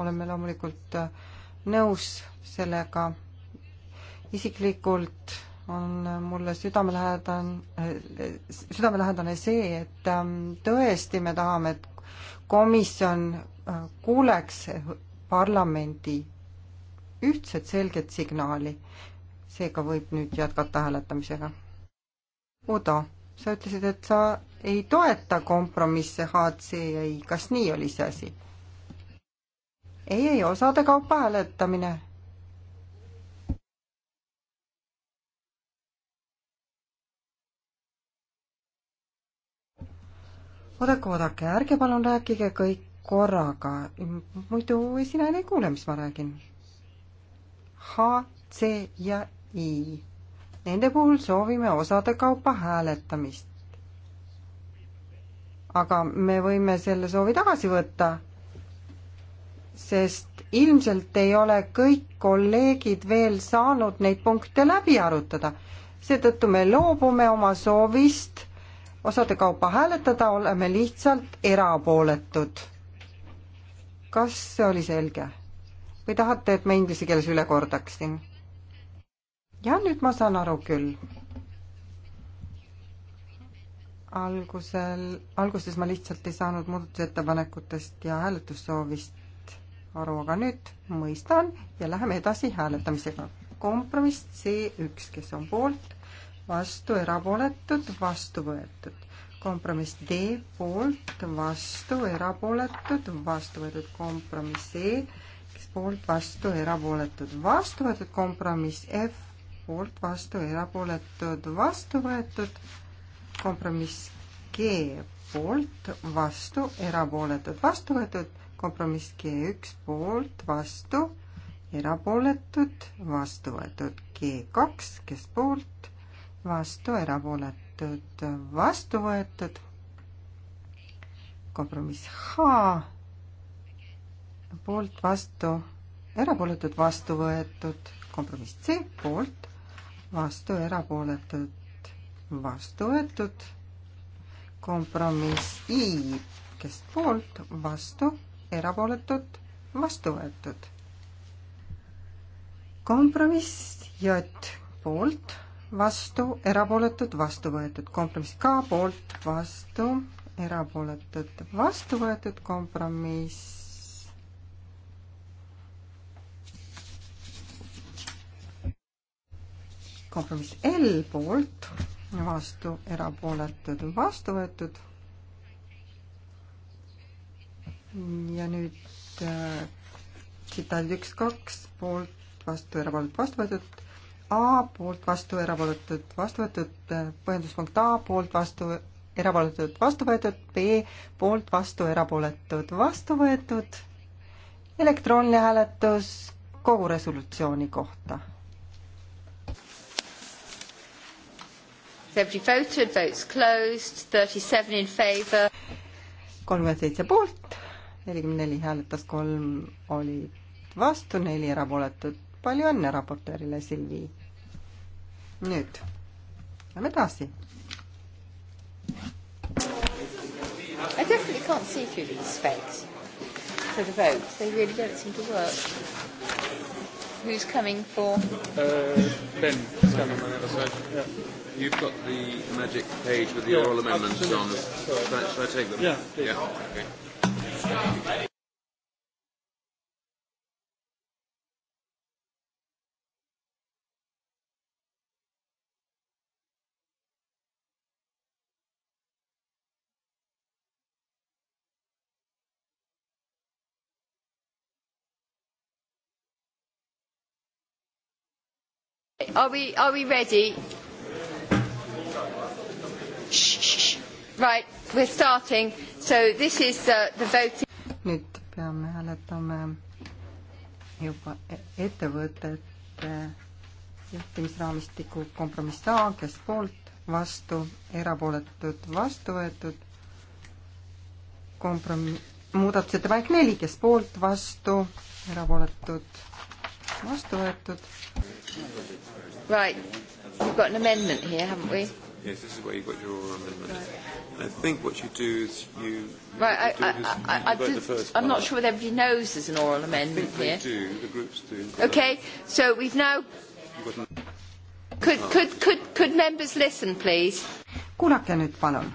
Speaker 5: oleme loomulikult äh, nõus sellega. isiklikult on äh, mulle südamelähedane, südamelähedane see, et ähm, tõesti me tahame, et komisjon kuuleks parlamendi ühtset selget signaali. seega võib nüüd jätkata hääletamisega. Udo, sa ütlesid, et sa ei toeta kompromisse HC ja I, kas nii oli see asi? ei, ei, osade kaupa hääletamine. oodake, oodake, ärge palun rääkige kõik korraga, muidu esinaine ei kuule, mis ma räägin. H, C ja I. Nende puhul soovime osade kaupa hääletamist aga me võime selle soovi tagasi võtta, sest ilmselt ei ole kõik kolleegid veel saanud neid punkte läbi arutada. seetõttu me loobume oma soovist osade kaupa hääletada, oleme lihtsalt erapooletud. kas see oli selge? või tahate, et ma inglise keeles üle kordaksin? ja nüüd ma saan aru küll algusel, alguses ma lihtsalt ei saanud muudatusettepanekutest ja hääletussoovist aru, aga nüüd mõistan ja läheme edasi hääletamisega. kompromiss C1, kes on poolt, vastu, erapooletud, vastu võetud kompromiss D poolt, vastu, erapooletud, vastu võetud kompromiss E, kes poolt, vastu, erapooletud, vastu võetud kompromiss F, poolt, vastu, erapooletud, vastu võetud kompromiss G poolt, vastu, erapooletud, vastu võetud, kompromiss G1 poolt, vastu, erapooletud, vastu võetud, G2, kes poolt, vastu, erapooletud, vastu võetud, kompromiss H poolt, vastu, erapooletud, vastu võetud, kompromiss C poolt, vastu, erapooletud, vastu võetud. kompromiss I, kes poolt, vastu, erapooletud, vastu võetud. kompromiss J poolt, vastu, erapooletud, vastu võetud. kompromiss K poolt, vastu, erapooletud, vastu võetud. kompromiss kompromiss L poolt vastu erapooletud vastu võetud. ja nüüd äh, tsitaadid üks, kaks, poolt vastu erapooletud vastu võetud, A poolt vastu erapooletud vastu võetud, põhjenduspunkt A poolt vastu erapooletud vastu võetud, B poolt vastu erapooletud vastu võetud, elektrooniline hääletus kogu resolutsiooni kohta
Speaker 1: Everybody voted, votes closed, thirty seven in favor.
Speaker 5: kolmkümmend seitse poolt, nelikümmend neli hääletas, kolm olid vastu, neli erapooletut. palju õnne raportöörile, Silvi. nüüd lähme edasi.
Speaker 1: I definitely can't see through these fakes. So the votes, they really don't seem to work who's coming for?
Speaker 3: Uh, ben. Coming. Yeah. You've got the magic page with the yeah, oral amendments absolutely. on. Should I, should I take them? Yeah. Please. Yeah. Okay.
Speaker 1: Are we, are we ready? Shh, shh. Right, we're starting. So this is the, uh, the
Speaker 5: voting. nüüd peame hääletama juba e-, ettevõtete juhtimisraamistiku kompromiss A, kes poolt, vastu, erapooletud, vastu võetud. kompromiss, muudatusettepanek neli, kes poolt, vastu, erapooletud, vastu võetud. Right. We've got an amendment
Speaker 1: here, haven't we?
Speaker 3: Yes, this is where you got your oral amendment. Right. I think what you do is you. you right, do I, I, I, you I vote did, the first part. I'm not sure
Speaker 1: whether everybody knows there's an oral amendment I think here. They
Speaker 3: do, the groups
Speaker 5: do. Okay,
Speaker 1: so we've now. An... Could, oh. could, could, could
Speaker 5: members listen, please? kuulake nüüd palun.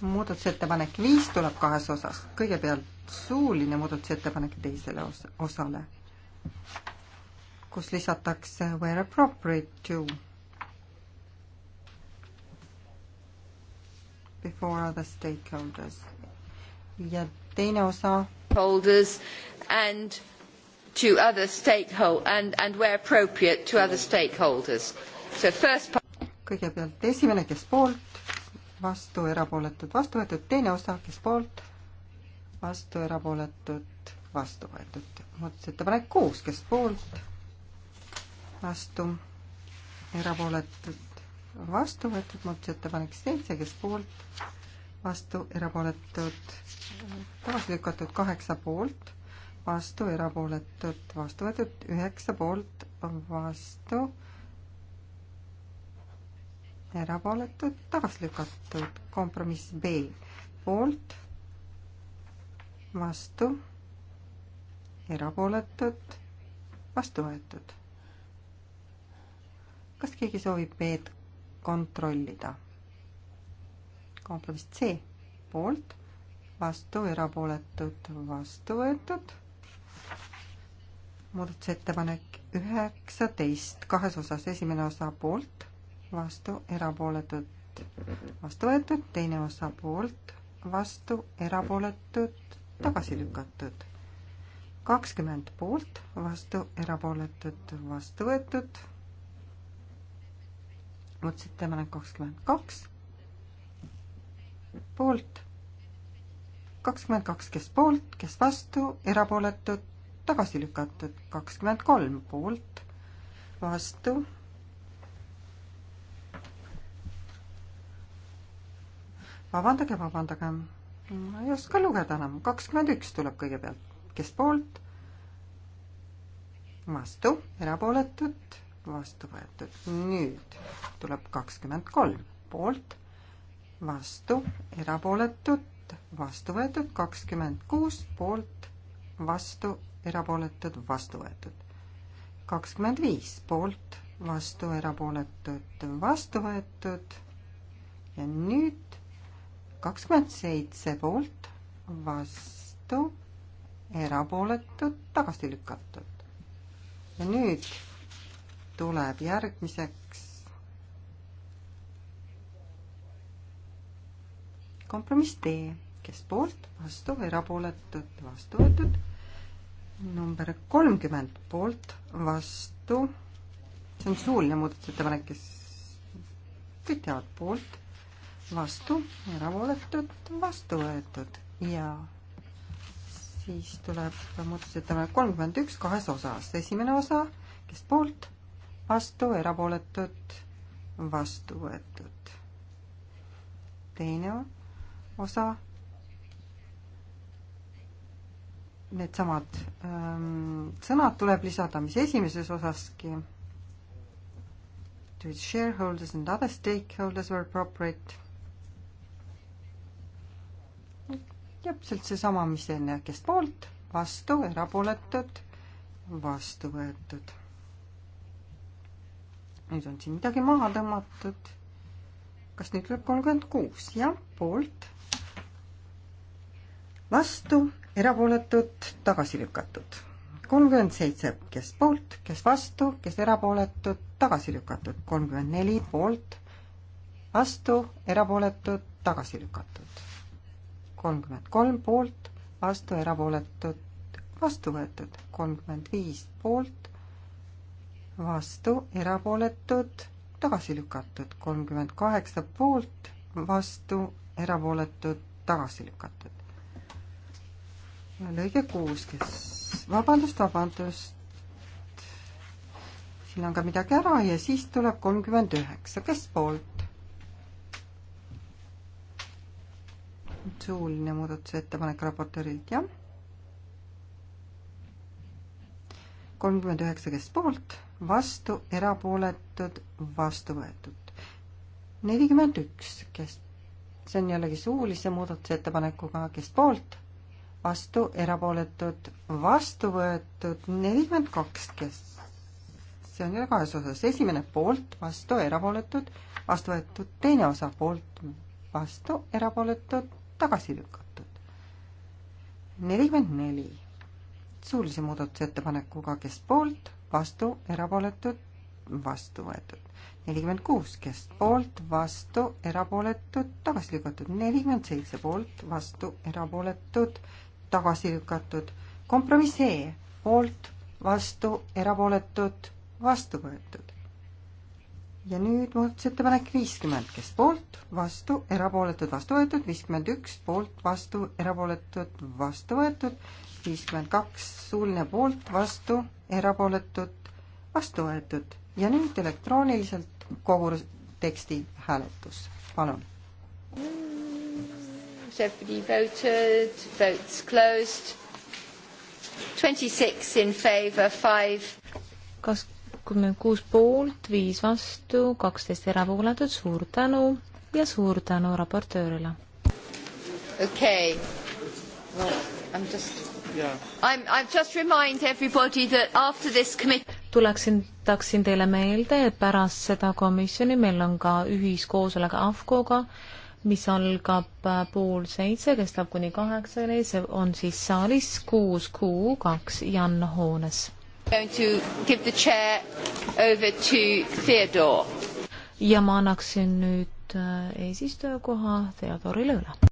Speaker 5: muudatusettepanek viis tuleb kahes osas. kõigepealt suuline muudatusettepanek teisele os osale kus lisatakse where appropriate to before other stakeholders. ja teine osa. Holders and to
Speaker 1: other stakeholders and, and where appropriate to other stakeholders. So first
Speaker 5: kõigepealt esimene, kes poolt, vastu, erapooletud, vastu võetud, teine osa, kes poolt, vastu, erapooletud, vastu võetud. muudatusettepanek kuus, kes poolt vastu, erapooletud, vastu võetud muudatusettepanek seitse, kes poolt, vastu, erapooletud, tagasi lükatud kaheksa poolt, vastu, erapooletud, vastu võetud üheksa poolt, vastu, erapooletud, tagasi lükatud, kompromiss B poolt, vastu, erapooletud, vastu võetud kas keegi soovib B-d kontrollida? kompromiss C poolt, vastu, erapooletud, vastu võetud. muudatusettepanek üheksateist, kahes osas, esimene osa poolt, vastu, erapooletud, vastu võetud, teine osa poolt, vastu, erapooletud, tagasi lükatud. kakskümmend poolt, vastu, erapooletud, vastu võetud muudatusettepanek kakskümmend kaks, poolt, kakskümmend kaks, kes poolt, kes vastu, erapooletud, tagasi lükatud, kakskümmend kolm poolt, vastu, vabandage, vabandage, ma ei oska lugeda enam, kakskümmend üks tuleb kõigepealt, kes poolt, vastu, erapooletud vastu võetud. nüüd tuleb kakskümmend kolm poolt, vastu, erapooletud, vastu võetud, kakskümmend kuus poolt, vastu, erapooletud, vastu võetud. kakskümmend viis poolt, vastu, erapooletud, vastu võetud ja nüüd kakskümmend seitse poolt, vastu, erapooletud, tagasi lükatud. ja nüüd tuleb järgmiseks kompromiss D, kes poolt, vastu või erapooletud, vastu võetud. number kolmkümmend poolt, vastu, see on suuline muudatusettepanek, kes kõik teavad poolt, vastu, erapooletud, vastu võetud ja siis tuleb muudatusettepanek kolmkümmend üks kahes osas, esimene osa, kes poolt vastu, erapooletud, vastu võetud. teine osa. Needsamad ähm, sõnad tuleb lisada, mis esimeses osaski. To its shareholders and other stakeholders were appropriate. täpselt seesama, mis enne, kes poolt, vastu, erapooletud, vastu võetud nüüd on siin midagi maha tõmmatud. kas nüüd tuleb kolmkümmend kuus? jah, poolt. vastu, erapooletud, tagasi lükatud. kolmkümmend seitse, kes poolt, kes vastu, kes erapooletud, tagasi lükatud. kolmkümmend neli poolt, vastu, erapooletud, tagasi lükatud. kolmkümmend kolm poolt, vastu, erapooletud, vastu võetud. kolmkümmend viis poolt vastu, erapooletud, tagasi lükatud, kolmkümmend kaheksa poolt, vastu, erapooletud, tagasi lükatud. lõige kuus, kes, vabandust, vabandust, siin on ka midagi ära ja siis tuleb kolmkümmend üheksa, kes poolt? suuline muudatusettepanek raportöörilt, jah. kolmkümmend üheksa, kes poolt vastu, erapooletud, vastu võetud. nelikümmend üks, kes, see on jällegi suulise muudatusettepanekuga, kes poolt, vastu, erapooletud, vastu võetud, nelikümmend kaks, kes, see on jälle kahes osas, esimene poolt, vastu, erapooletud, vastu võetud, teine osa poolt, vastu, erapooletud, tagasi lükatud. nelikümmend neli, suulise muudatusettepanekuga, kes poolt vastu, erapooletud, vastu võetud. nelikümmend kuus, kes poolt, vastu, erapooletud, tagasi lükatud. nelikümmend seitse poolt, vastu, erapooletud, tagasi lükatud. kompromiss E, poolt, vastu, erapooletud, vastu võetud. ja nüüd muudatusettepanek viiskümmend, kes poolt, vastu, erapooletud, vastu võetud, viiskümmend üks, poolt, vastu, erapooletud, vastu võetud, viiskümmend kaks, suuline poolt, vastu, erapooletud, vastu võetud ja nüüd elektrooniliselt kogu teksti hääletus, palun.
Speaker 1: Everybody voted, votes closed. Twenty six in favor, five.
Speaker 2: kakskümmend kuus poolt, viis vastu, kaksteist erapooletut, suur tänu ja suur tänu raportöörile.
Speaker 1: okei okay. well,, I m just
Speaker 2: tuleksin, tahaksin teile meelde, et pärast seda komisjoni meil on ka ühiskoosolek AFCO-ga, mis algab äh, pool seitse, kestab kuni kaheksani, see on siis saalis kuus kuu kaks Jan hoones.
Speaker 1: ja ma annaksin
Speaker 2: nüüd äh, eesistujakoha Theodorile üle.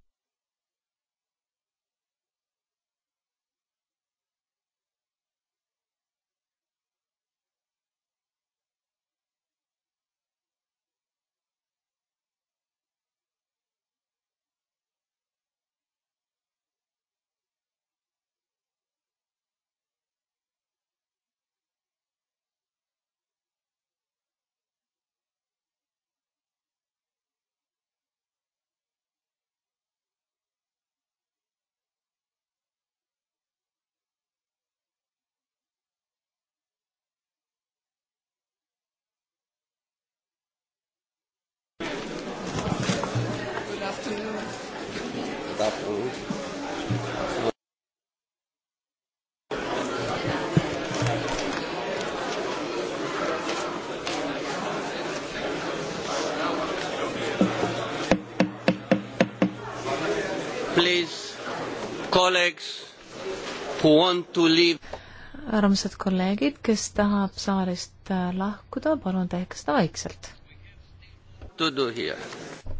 Speaker 2: armsad kolleegid, kes tahab saalist äh, lahkuda, palun tehke seda vaikselt.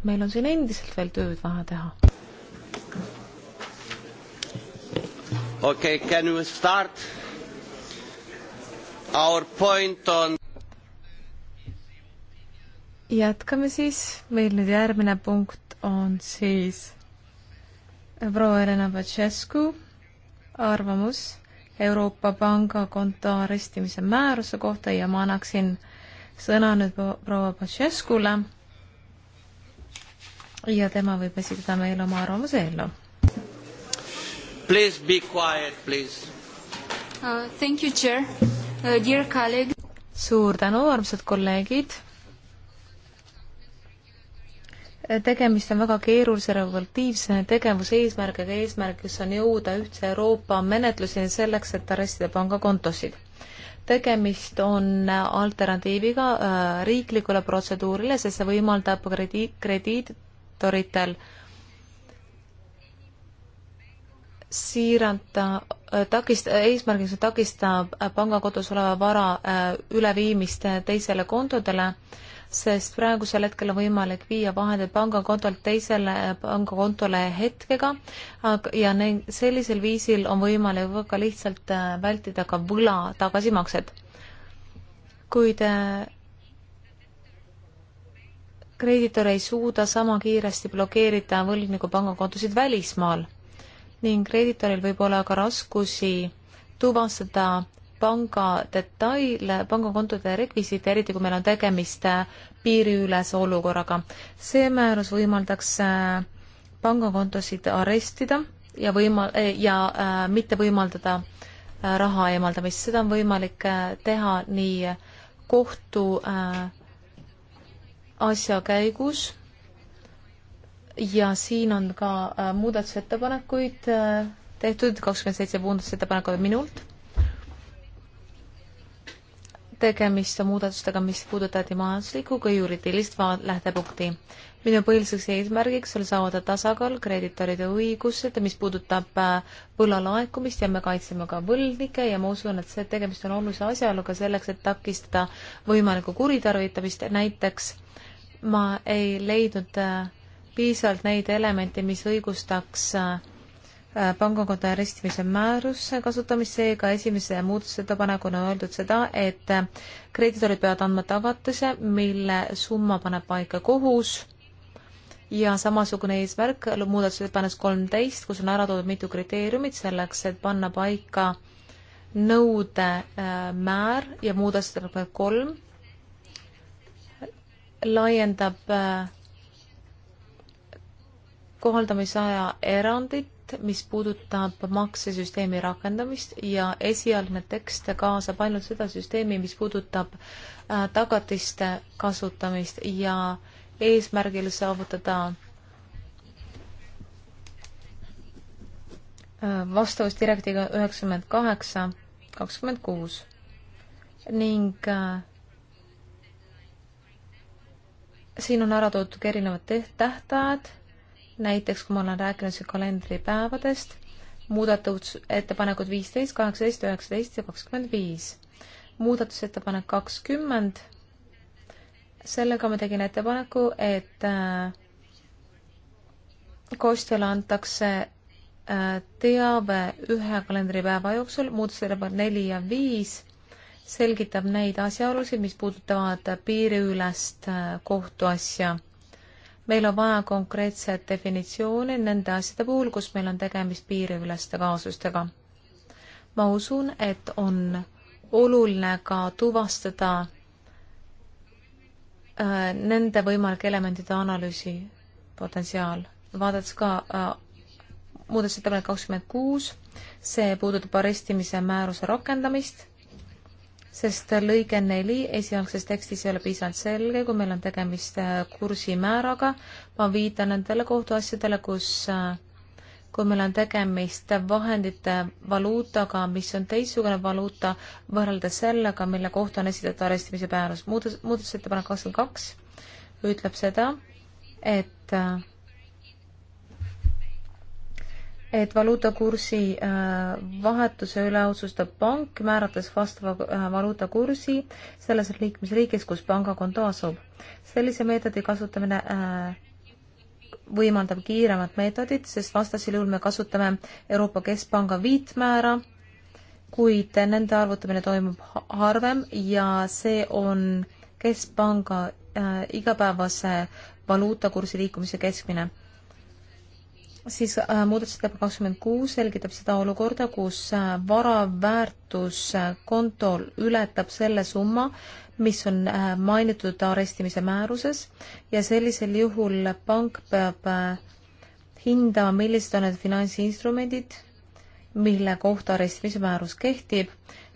Speaker 2: meil on siin endiselt veel tööd vaja teha.
Speaker 3: okei okay,, can you start? Our point on
Speaker 2: jätkame siis, meil nüüd järgmine punkt on siis proua Elena Pacescu arvamus Euroopa Pangakonto arestimise määruse kohta ja ma annaksin sõna nüüd proua Pacescule ja tema võib esitada meile oma arvamuse eelnõu.
Speaker 3: Please be quiet, please
Speaker 1: uh,.
Speaker 2: Thank you, chair uh,, dear colleague. suur tänu, armsad kolleegid tegemist on väga keerulise revolutiivse tegevuse eesmärgiga, eesmärgiks on jõuda ühtse Euroopa menetluseni selleks, et arestida pangakontosid. tegemist on alternatiiviga äh, riiklikule protseduurile, sest see võimaldab krediit, krediitoritel siirata, äh, takist-, eesmärgiks on takistada pangakodus oleva vara äh, üleviimist teisele kontodele äh, sest praegusel hetkel on võimalik viia vahendid pangakontolt teisele pangakontole hetkega ja neil sellisel viisil on võimalik väga lihtsalt äh, vältida ka võla tagasimakset. kuid äh, kreeditor ei suuda sama kiiresti blokeerida võlgniku pangakontosid välismaal ning kreeditoril võib olla ka raskusi tuvastada panga detaile, pangakontode rekvisiite, eriti kui meil on tegemist äh, piiriülese olukorraga. see määrus võimaldaks äh, pangakontosid arestida ja võima- äh, ja äh, mitte võimaldada raha eemaldamist, seda on võimalik teha nii kohtu äh, asja käigus ja siin on ka äh, muudatusettepanekuid äh, tehtud, kakskümmend seitse muudatusettepanekut minult tegemist on muudatustega, mis puudutati majanduslikku kui juriidilist lähtepunkti. minu põhiliseks eesmärgiks on saada tasakaal kreeditoride õigused, mis puudutab äh, võla laekumist ja me kaitseme ka võlgnikke ja ma usun, et see tegemist on olulise asjaoluga selleks, et takistada võimalikku kuritarvitamist, näiteks ma ei leidnud äh, piisavalt neid elemente, mis õigustaks äh, Äh, pangakonto arestimise määruse kasutamist, seega esimese muudatusettepanekuna öeldud seda, et äh, kreeditorid peavad andma tagatise, mille summa paneb paika kohus ja samasugune eesmärk muudatusettepanekus kolmteist, kus on ära toodud mitu kriteeriumit selleks, et panna paika nõude äh, määr ja muudatusettepanek kolm laiendab kohaldamisaja erandit tekst, mis puudutab maksesüsteemi rakendamist ja esialgne tekst kaasab ainult seda süsteemi, mis puudutab äh, tagatiste kasutamist ja eesmärgil saavutada äh, vastavus direktiivi üheksakümmend kaheksa, kakskümmend kuus ning äh, siin on ära toodud ka erinevad tähtajad näiteks kui ma olen rääkinud siin kalendripäevadest, muudatusettepanekud viisteist, kaheksateist, üheksateist ja kakskümmend viis. muudatusettepanek kakskümmend, sellega ma tegin ettepaneku, et äh, koostööle antakse äh, teave ühe kalendripäeva jooksul, muudatusettepanek neli ja viis selgitab neid asjaolusid, mis puudutavad piiriülest äh, kohtuasja meil on vaja konkreetset definitsiooni nende asjade puhul, kus meil on tegemist piiriüleste kaasustega. ma usun, et on oluline ka tuvastada äh, nende võimalike elementide analüüsi potentsiaal, vaadates ka äh, muudatusettepanek kakskümmend kuus, see puudutab arestimise määruse rakendamist sest lõige neli esialgses tekstis ei ole piisavalt selge, kui meil on tegemist äh, kursimääraga. ma viitan nendele kohtuasjadele, kus, äh, kui meil on tegemist vahendite valuutaga, mis on teistsugune valuuta võrreldes sellega, mille kohta on esitatud arestimise määrus. muudatus, muudatusettepanek kakskümmend kaks ütleb seda, et äh, et valuutakursi äh, vahetuse üle otsustab pank, määrates vastava äh, valuutakursi selles liikmesriigis, kus pangakonto asub. sellise meetodi kasutamine äh, võimaldab kiiremat meetodit, sest vastasel juhul me kasutame Euroopa Keskpanga viitmäära, kuid nende arvutamine toimub harvem ja see on Keskpanga igapäevase valuutakursi liikumise keskmine siis äh, muudatusettepanek kakskümmend kuus selgitab seda olukorda, kus äh, vara väärtus äh, kontol ületab selle summa, mis on äh, mainitud arestimise määruses ja sellisel juhul pank peab äh, hindama, millised on need finantsinstrumendid, mille kohta arestimise määrus kehtib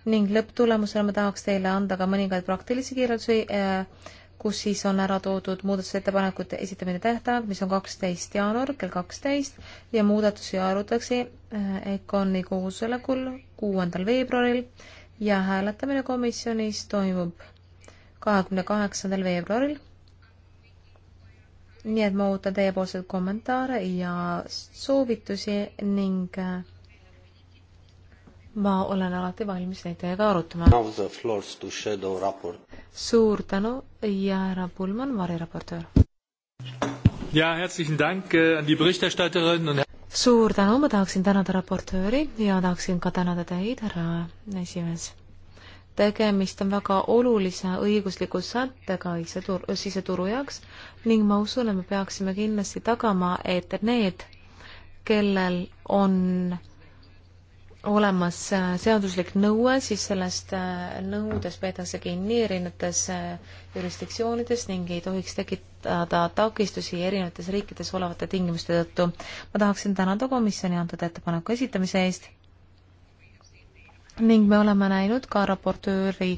Speaker 2: ning lõpptulemusena ma tahaks teile anda ka mõningaid praktilisi kirjeldusi äh, kus siis on ära toodud muudatusettepanekute esitamine tähtaeg, mis on kaksteist jaanuar kell kaksteist ja muudatusi arutatakse äh, EKONi koosolekul kuuendal veebruaril ja hääletamine komisjonis toimub kahekümne kaheksandal veebruaril. nii et ma ootan teiepoolseid kommentaare ja soovitusi ning äh, ma olen alati valmis neid teiega arutama. suur tänu ja härra Pullmann, variraportöör. Äh, suur tänu, ma tahaksin tänada raportööri ja tahaksin ka tänada teid, härra esimees. tegemist on väga olulise õigusliku sättega siseturu, siseturu jaoks ning ma usun, et me peaksime kindlasti tagama, et need, kellel on olemas äh, seaduslik nõue, siis sellest äh, nõudes peetakse kinni erinevates äh, jurisdiktsioonides ning ei tohiks tekitada takistusi erinevates riikides olevate tingimuste tõttu. ma tahaksin tänada komisjoni antud ettepaneku esitamise eest ning me oleme näinud ka raportööri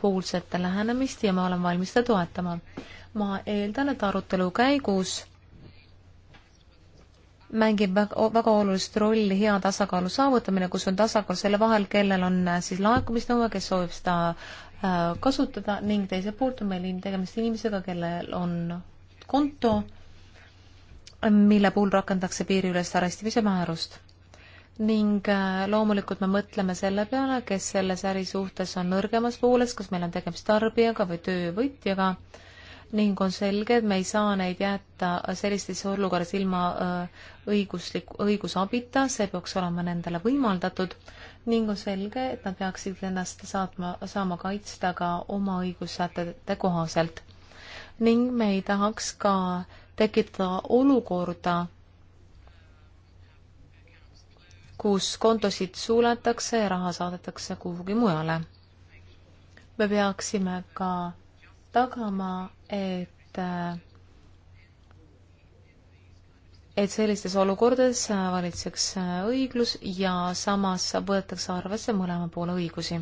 Speaker 2: poolset lähenemist ja ma olen valmis seda toetama. ma eeldan, et arutelu käigus mängib väga, väga olulist rolli hea tasakaalu saavutamine, kus on tasakaal selle vahel, kellel on äh, siis laekumisnõue, kes soovib seda äh, kasutada ning teiselt poolt on meil tegemist inimesega, kellel on konto, mille puhul rakendatakse piiriülest arestimise määrust. ning äh, loomulikult me mõtleme selle peale, kes selles äri suhtes on nõrgemas pooles, kas meil on tegemist tarbijaga või töövõtjaga äh,, ning on selge, et me ei saa neid jätta sellistes olukorras ilma äh, õiguslik, õigusabita, see peaks olema nendele võimaldatud ning on selge, et nad peaksid ennast saatma, saama kaitsta ka oma õigussätete kohaselt. ning me ei tahaks ka tekitada olukorda, kus kontosid suletakse ja raha saadetakse kuhugi mujale. me peaksime ka tagama, et et sellistes olukordades valitseks õiglus ja samas võetakse arvesse mõlema poole õigusi.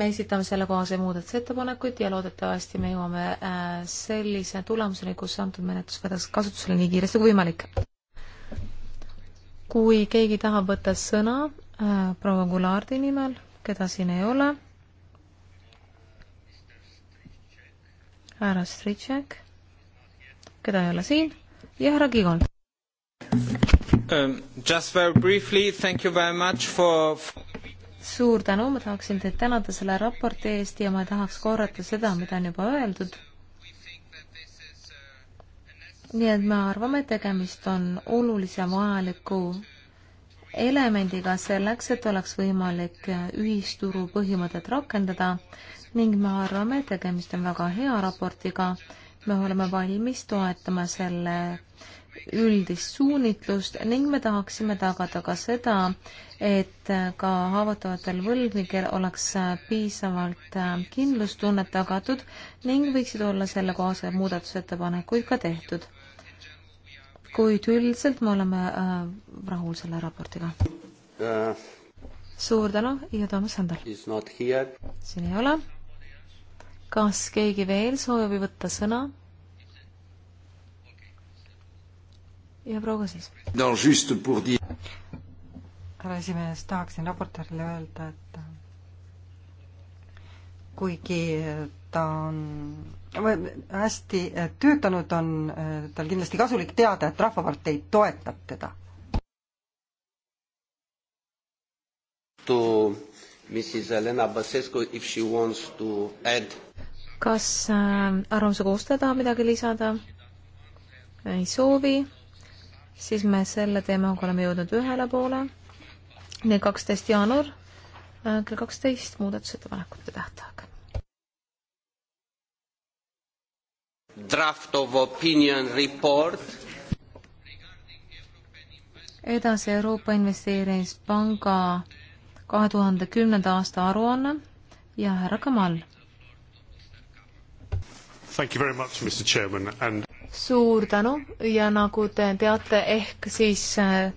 Speaker 2: me esitame sellekohase muudatusettepanekuid ja loodetavasti me jõuame äh, sellise tulemuseni, kus antud menetlus võetakse kasutusele nii kiiresti kui võimalik. kui keegi tahab võtta sõna äh, proua Gulardi nimel, keda siin ei ole härra Stritšek, keda ei ole siin, ja härra Kigol.
Speaker 3: Um, just very briefly, thank you very much for
Speaker 2: suur tänu, ma tahaksin teid tänada selle raporti eest ja ma tahaks korrata seda, mida on juba öeldud. nii et me arvame, et tegemist on olulise vajaliku elemendiga selleks, et oleks võimalik ühisturu põhimõtet rakendada ning me arvame, et tegemist on väga hea raportiga. me oleme valmis toetama selle üldist suunitlust ning me tahaksime tagada ka seda, et ka haavatavatel võlgnikel oleks piisavalt äh, kindlustunnet tagatud ning võiksid olla sellekohased muudatusettepanekuid ka tehtud. kuid üldiselt me oleme äh, rahul selle raportiga äh.. suur tänu ja Toomas Sandal. siin ei ole kas keegi veel soovib võtta
Speaker 5: sõna? ja proua siis. härra esimees, tahaksin raportöörile öelda, et kuigi ta on hästi eh, töötanud, on eh, tal kindlasti kasulik teada, et Rahvapartei toetab teda.
Speaker 3: to Mrs Elena Basescu if she wants to add.
Speaker 2: kas äh, arvamuse koostaja tahab midagi lisada? ei soovi, siis me selle teemaga oleme jõudnud ühele poole. nii, kaksteist jaanuar äh, kell kaksteist muudatusettepanekute tähtaeg.
Speaker 3: Draft of opinion report
Speaker 2: edasi Euroopa Investeerimispanga kahe tuhande kümnenda aasta aruanne ja härra Kamal. And... suur tänu ja nagu te teate, ehk siis äh,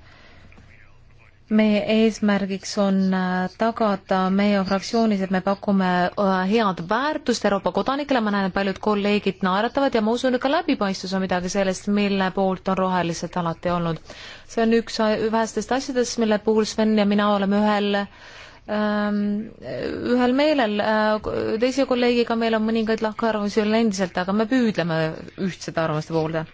Speaker 2: meie eesmärgiks on äh, tagada meie fraktsioonis, et me pakume äh, head väärtust Euroopa kodanikele, ma näen, et paljud kolleegid naeratavad ja ma usun, et ka läbipaistvus on midagi sellest, mille poolt on rohelised alati olnud. see on üks äh, vähestest asjadest, mille puhul Sven ja mina oleme ühel ähm, ühel meelel, teise kolleegiga meil on mõningaid lahkarvamusi veel endiselt, aga me püüdleme ühtsete arvamuste poolde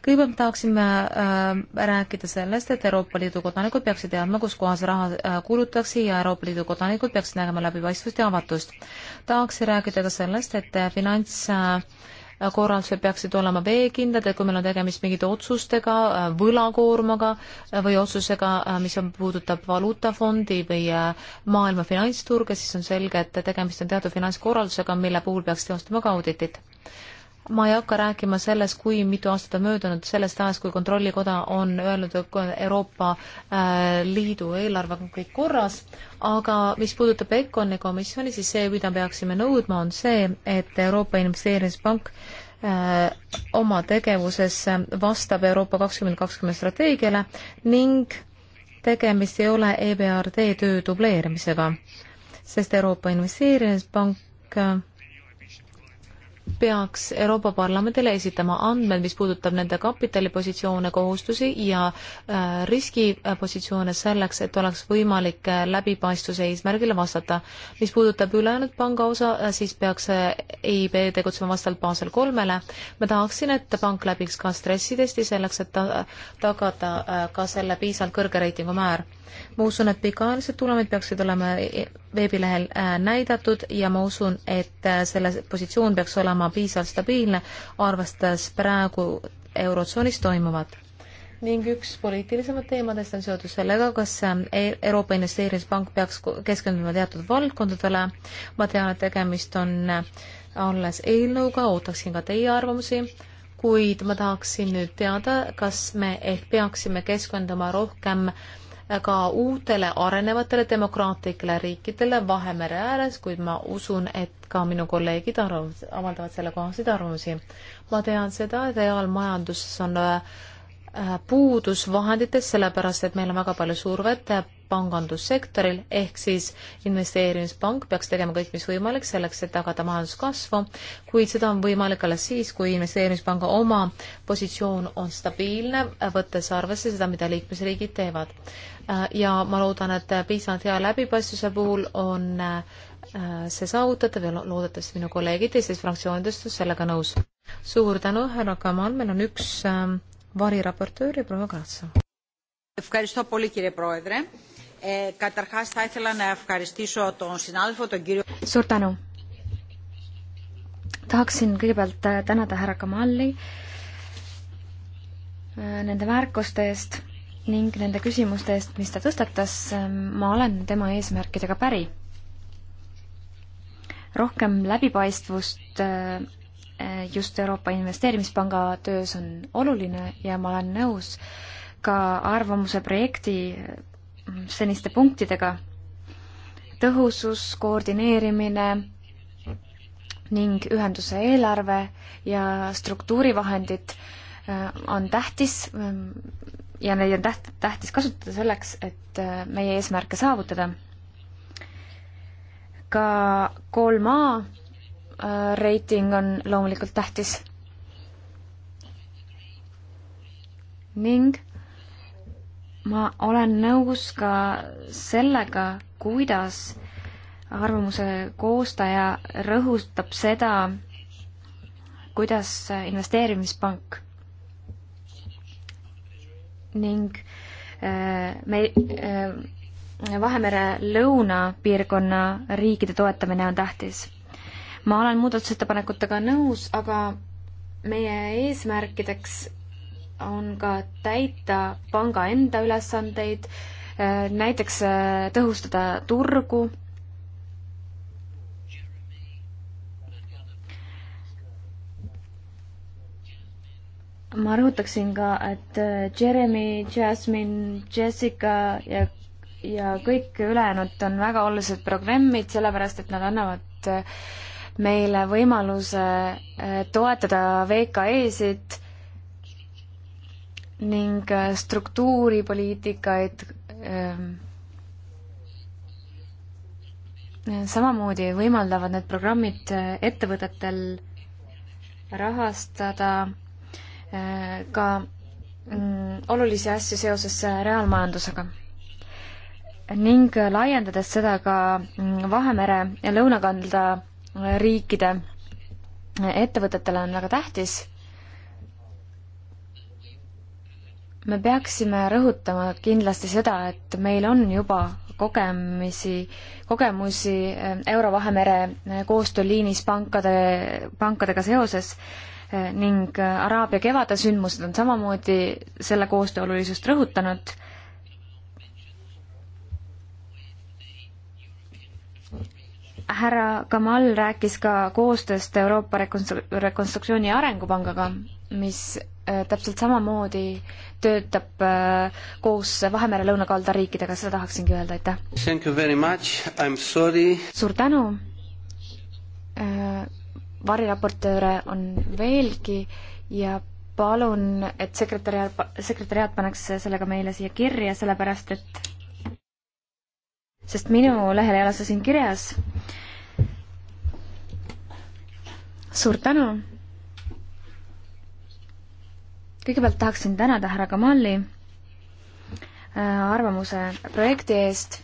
Speaker 2: kõigepealt tahaksime äh, rääkida sellest, et Euroopa Liidu kodanikud peaksid teadma, kus kohas raha äh, kulutatakse ja Euroopa Liidu kodanikud peaksid nägema läbipaistvust ja avatust. tahaks rääkida ka sellest, et äh, finants äh, korraldused peaksid olema veekindlad, et kui meil on tegemist mingite otsustega, äh, võlakoormaga äh, või otsusega, äh, mis on, puudutab valuutafondi või maailma finantsturge, siis on selge, et tegemist on teatud finantskorraldusega, mille puhul peaks teostama ka auditit ma ei hakka rääkima sellest, kui mitu aastat on möödunud sellest ajast, kui Kontrollikoda on öelnud, Euroopa äh, Liidu eelarvega on kõik korras, aga mis puudutab EKON-i komisjoni, siis see, mida peaksime nõudma, on see, et Euroopa Investeerimispank äh, oma tegevuses vastab Euroopa kakskümmend kakskümmend strateegiale ning tegemist ei ole EBRD töö dubleerimisega, sest Euroopa Investeerimispank äh, peaks Euroopa Parlamendile esitama andmed, mis puudutab nende kapitalipositsioone, kohustusi ja äh, riskipositsioone selleks, et oleks võimalik äh, läbipaistvuse eesmärgile vastata. mis puudutab ülejäänud panga osa äh,, siis peaks äh, EIB tegutsema vastavalt baasel kolmele. ma tahaksin, et pank läbiks ka stressitesti selleks, et ta, tagada äh, ka selle piisavalt kõrge reitingu määr ma usun, et pikaajalised tulemid peaksid olema e-, veebilehel äh, näidatud ja ma usun, et äh, selle positsioon peaks olema piisavalt stabiilne, arvestades praegu Eurotsoonis toimuvat. ning üks poliitilisemad teemadest on seotud sellega, kas äh, e-, Euroopa Investeerimispank peaks keskenduma teatud valdkondadele. ma tean, et tegemist on alles eelnõuga, ootaksin ka teie arvamusi kuid ma tahaksin nüüd teada, kas me ehk peaksime keskenduma rohkem äh, ka uutele arenevatele demokraatlikele riikidele Vahemere ääres, kuid ma usun, et ka minu kolleegid arvavad, avaldavad sellekohaseid arvamusi. ma tean seda, et reaalmajanduses on äh, äh, puudus vahenditest, sellepärast et meil on väga palju survet pangandussektoril, ehk siis investeerimispank peaks tegema kõik, mis võimalik selleks, et tagada majanduskasvu, kuid seda on võimalik alles siis, kui investeerimispanga oma positsioon on stabiilne, võttes arvesse seda, mida liikmesriigid teevad. Äh, ja ma loodan, et piisavalt hea läbipaistvuse puhul on äh, see saavutatav ja loodetavasti minu kolleegid teistest fraktsioonidest on sellega nõus. suur tänu, härra Kamal, meil on üks ähm, variraportöör ja proua Kratsa.
Speaker 4: suur tänu. tahaksin kõigepealt äh, tänada härra Kamali nende märkuste eest ning nende küsimuste eest, mis ta tõstatas, ehm, ma olen tema eesmärkidega päri. rohkem läbipaistvust eh, just Euroopa Investeerimispanga töös on oluline ja ma olen nõus ka arvamuse projekti ehm, seniste punktidega, tõhusus, koordineerimine, ning ühenduse eelarve ja struktuurivahendid eh, on tähtis ehm, ja neid on täht-, tähtis kasutada selleks, et äh, meie eesmärke saavutada. ka kolm A äh, reiting on loomulikult tähtis. ning ma olen nõus ka sellega, kuidas arvamuse koostaja rõhutab seda, kuidas äh, investeerimispank ning äh, me äh, Vahemere lõunapiirkonna riikide toetamine on tähtis. ma olen muudatusettepanekutega nõus, aga meie eesmärkideks on ka täita panga enda ülesandeid, äh, näiteks tõhustada turgu ma rõhutaksin ka, et äh, Jeremy, Jasmine, Jessica ja, ja kõik ülejäänud on väga olulised programmid, sellepärast et nad annavad äh, meile võimaluse äh, toetada VKE-sid ning struktuuripoliitikaid ähm, samamoodi võimaldavad need programmid ettevõtetel rahastada ka mm, olulisi asju seoses äh, reaalmajandusega. ning laiendades seda ka mm, Vahemere ja lõunakanda äh, riikide äh, ettevõtetele on väga tähtis, me peaksime rõhutama kindlasti seda, et meil on juba kogemisi, kogemusi Euro-Vahemere koostööliinis pankade, pankadega seoses äh, ning Araabia kevade sündmused on samamoodi selle koostöö olulisust rõhutanud. härra Kamal rääkis ka koostööst Euroopa Rekonstru-, Rekonstruktsiooni ja Arengupangaga, mis äh, täpselt samamoodi töötab äh, koos Vahemere lõunakalda riikidega, seda tahaksingi öelda,
Speaker 3: aitäh!
Speaker 4: suur tänu! Äh, variraportööre on veelgi ja palun, et sekretäriaat, sekretäriaat paneks sellega meile siia kirja, sellepärast et sest minu lehel ei ole see siin kirjas. suur tänu. kõigepealt tahaksin tänada härra Kamali äh, arvamuse projekti eest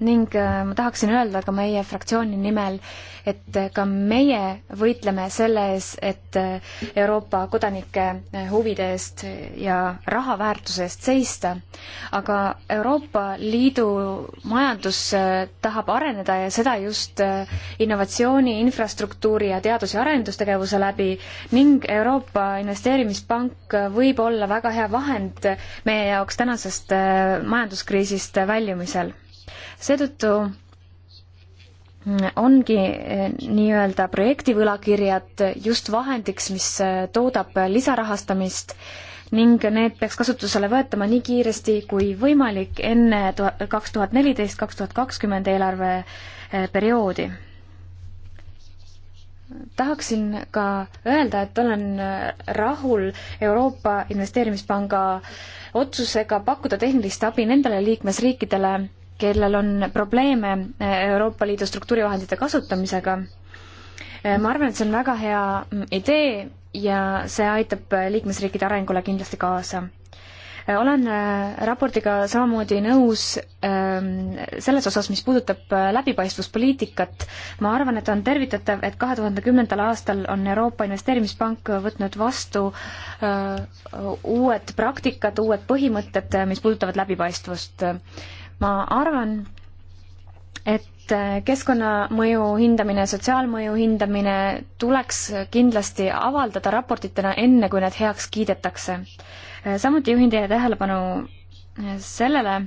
Speaker 4: ning äh, ma tahaksin öelda ka meie fraktsiooni nimel, et ka meie võitleme selle ees, et äh, Euroopa kodanike äh, huvide eest ja raha väärtuse eest seista. aga Euroopa Liidu majandus tahab areneda ja seda just innovatsiooni, infrastruktuuri ja teadus- ja arendustegevuse läbi ning Euroopa Investeerimispank võib olla väga hea vahend meie jaoks tänasest majanduskriisist väljumisel seetõttu mm, ongi eh, nii-öelda projektivõlakirjad just vahendiks, mis eh, toodab lisarahastamist ning need peaks kasutusele võetama nii kiiresti kui võimalik enne kaks tuhat neliteist, kaks tuhat kakskümmend eelarveperioodi. Eh, tahaksin ka öelda, et olen rahul Euroopa Investeerimispanga otsusega pakkuda tehnilist abi nendele liikmesriikidele, kellel on probleeme eh, Euroopa Liidu struktuurivahendite kasutamisega. Eh, ma arvan, et see on väga hea mm, idee ja see aitab eh, liikmesriikide arengule kindlasti kaasa. olen raportiga samamoodi nõus ehm, selles osas, mis puudutab läbipaistvuspoliitikat. ma arvan, et on tervitatav, et kahe tuhande kümnendal aastal on Euroopa Investeerimispank võtnud vastu uued praktikad, uued põhimõtted, mis puudutavad läbipaistvust ma arvan, et keskkonnamõju hindamine, sotsiaalmõju hindamine tuleks kindlasti avaldada raportitena enne, kui need heaks kiidetakse. samuti juhin teie tähelepanu sellele,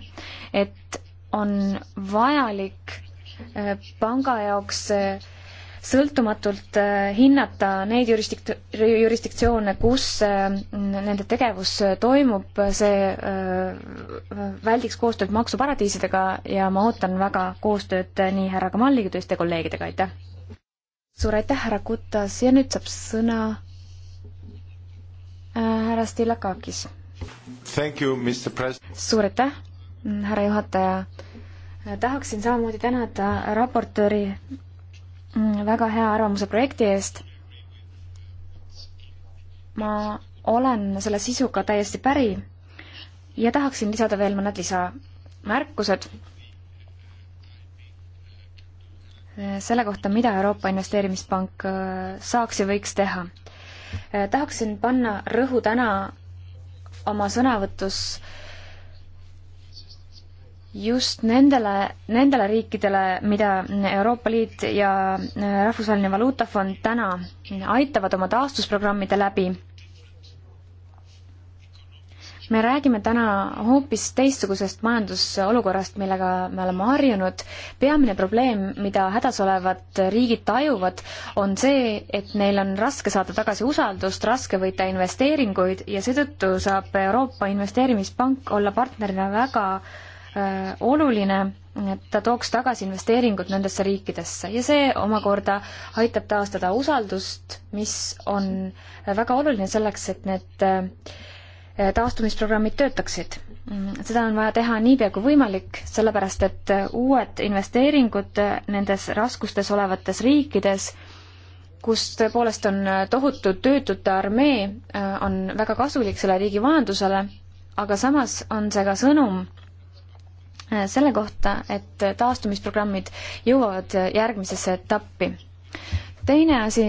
Speaker 4: et on vajalik panga jaoks sõltumatult äh, hinnata neid jurisdik-, jurisdiktsioone, kus äh, nende tegevus toimub, see äh, väldiks koostööd maksuparadiisidega ja ma ootan väga koostööd nii härra Kamalli kui teiste kolleegidega, aitäh! suur aitäh, härra Kutas, ja nüüd saab sõna härra Stilakakis. suur aitäh, härra juhataja! tahaksin samamoodi tänada raportööri Mm, väga hea arvamuse projekti eest. ma olen selle sisuga täiesti päri ja tahaksin lisada veel mõned lisamärkused selle kohta, mida Euroopa Investeerimispank äh, saaks ja võiks teha. Äh, tahaksin panna rõhu täna oma sõnavõtus äh, just nendele, nendele riikidele, mida Euroopa Liit ja äh, Rahvusvaheline Valuutafond täna aitavad oma taastusprogrammide läbi. me räägime täna hoopis teistsugusest majandusolukorrast, millega me oleme harjunud. peamine probleem, mida hädas olevad riigid tajuvad, on see, et neil on raske saada tagasi usaldust, raske võita investeeringuid ja seetõttu saab Euroopa Investeerimispank olla partnerina väga äh, Äh, oluline, et ta tooks tagasi investeeringud nendesse riikidesse ja see omakorda aitab taastada usaldust, mis on väga oluline selleks, et need äh, taastumisprogrammid töötaksid. seda on vaja teha niipea kui võimalik, sellepärast et äh, uued investeeringud nendes raskustes olevates riikides, kus tõepoolest on tohutu töötute armee, on väga kasulik selle riigi majandusele, aga samas on see ka sõnum Äh, selle kohta, et taastumisprogrammid jõuavad järgmisesse etappi. teine asi,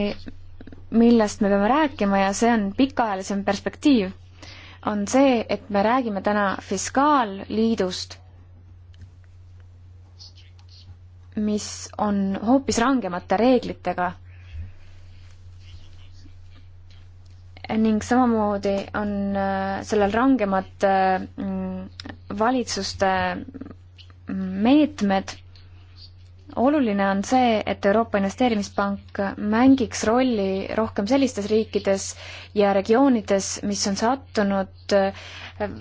Speaker 4: millest me peame rääkima ja see on pikaajalisem perspektiiv, on see, et me räägime täna fiskaalliidust, mis on hoopis rangemate reeglitega ning samamoodi on äh, sellel rangemad äh, valitsuste mm, meetmed. oluline on see, et Euroopa Investeerimispank mängiks rolli rohkem sellistes riikides ja regioonides, mis on sattunud äh,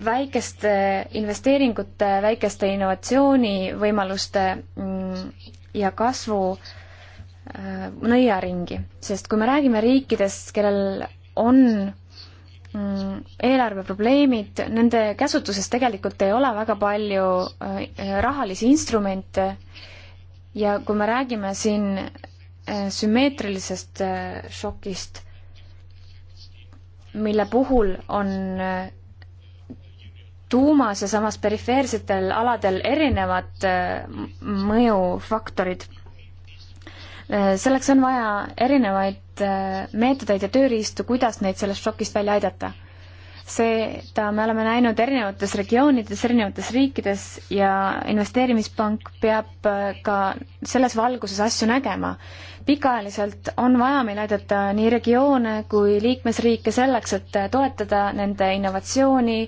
Speaker 4: väikeste investeeringute, väikeste innovatsioonivõimaluste mm, ja kasvu nõiaringi, sest kui me räägime riikidest, kellel on mm, eelarveprobleemid, nende käsutuses tegelikult ei ole väga palju äh, rahalisi instrumente ja kui me räägime siin äh, sümmeetrilisest äh, šokist, mille puhul on tuumas ja samas perifeersetel aladel erinevad mõjufaktorid Äh, selleks on vaja erinevaid äh, meetodeid ja tööriistu, kuidas neid sellest šokist välja aidata. seda me oleme näinud erinevates regioonides, erinevates riikides ja investeerimispank peab äh, ka selles valguses asju nägema. pikaajaliselt on vaja meil aidata nii regioone kui liikmesriike selleks, et toetada nende innovatsiooni,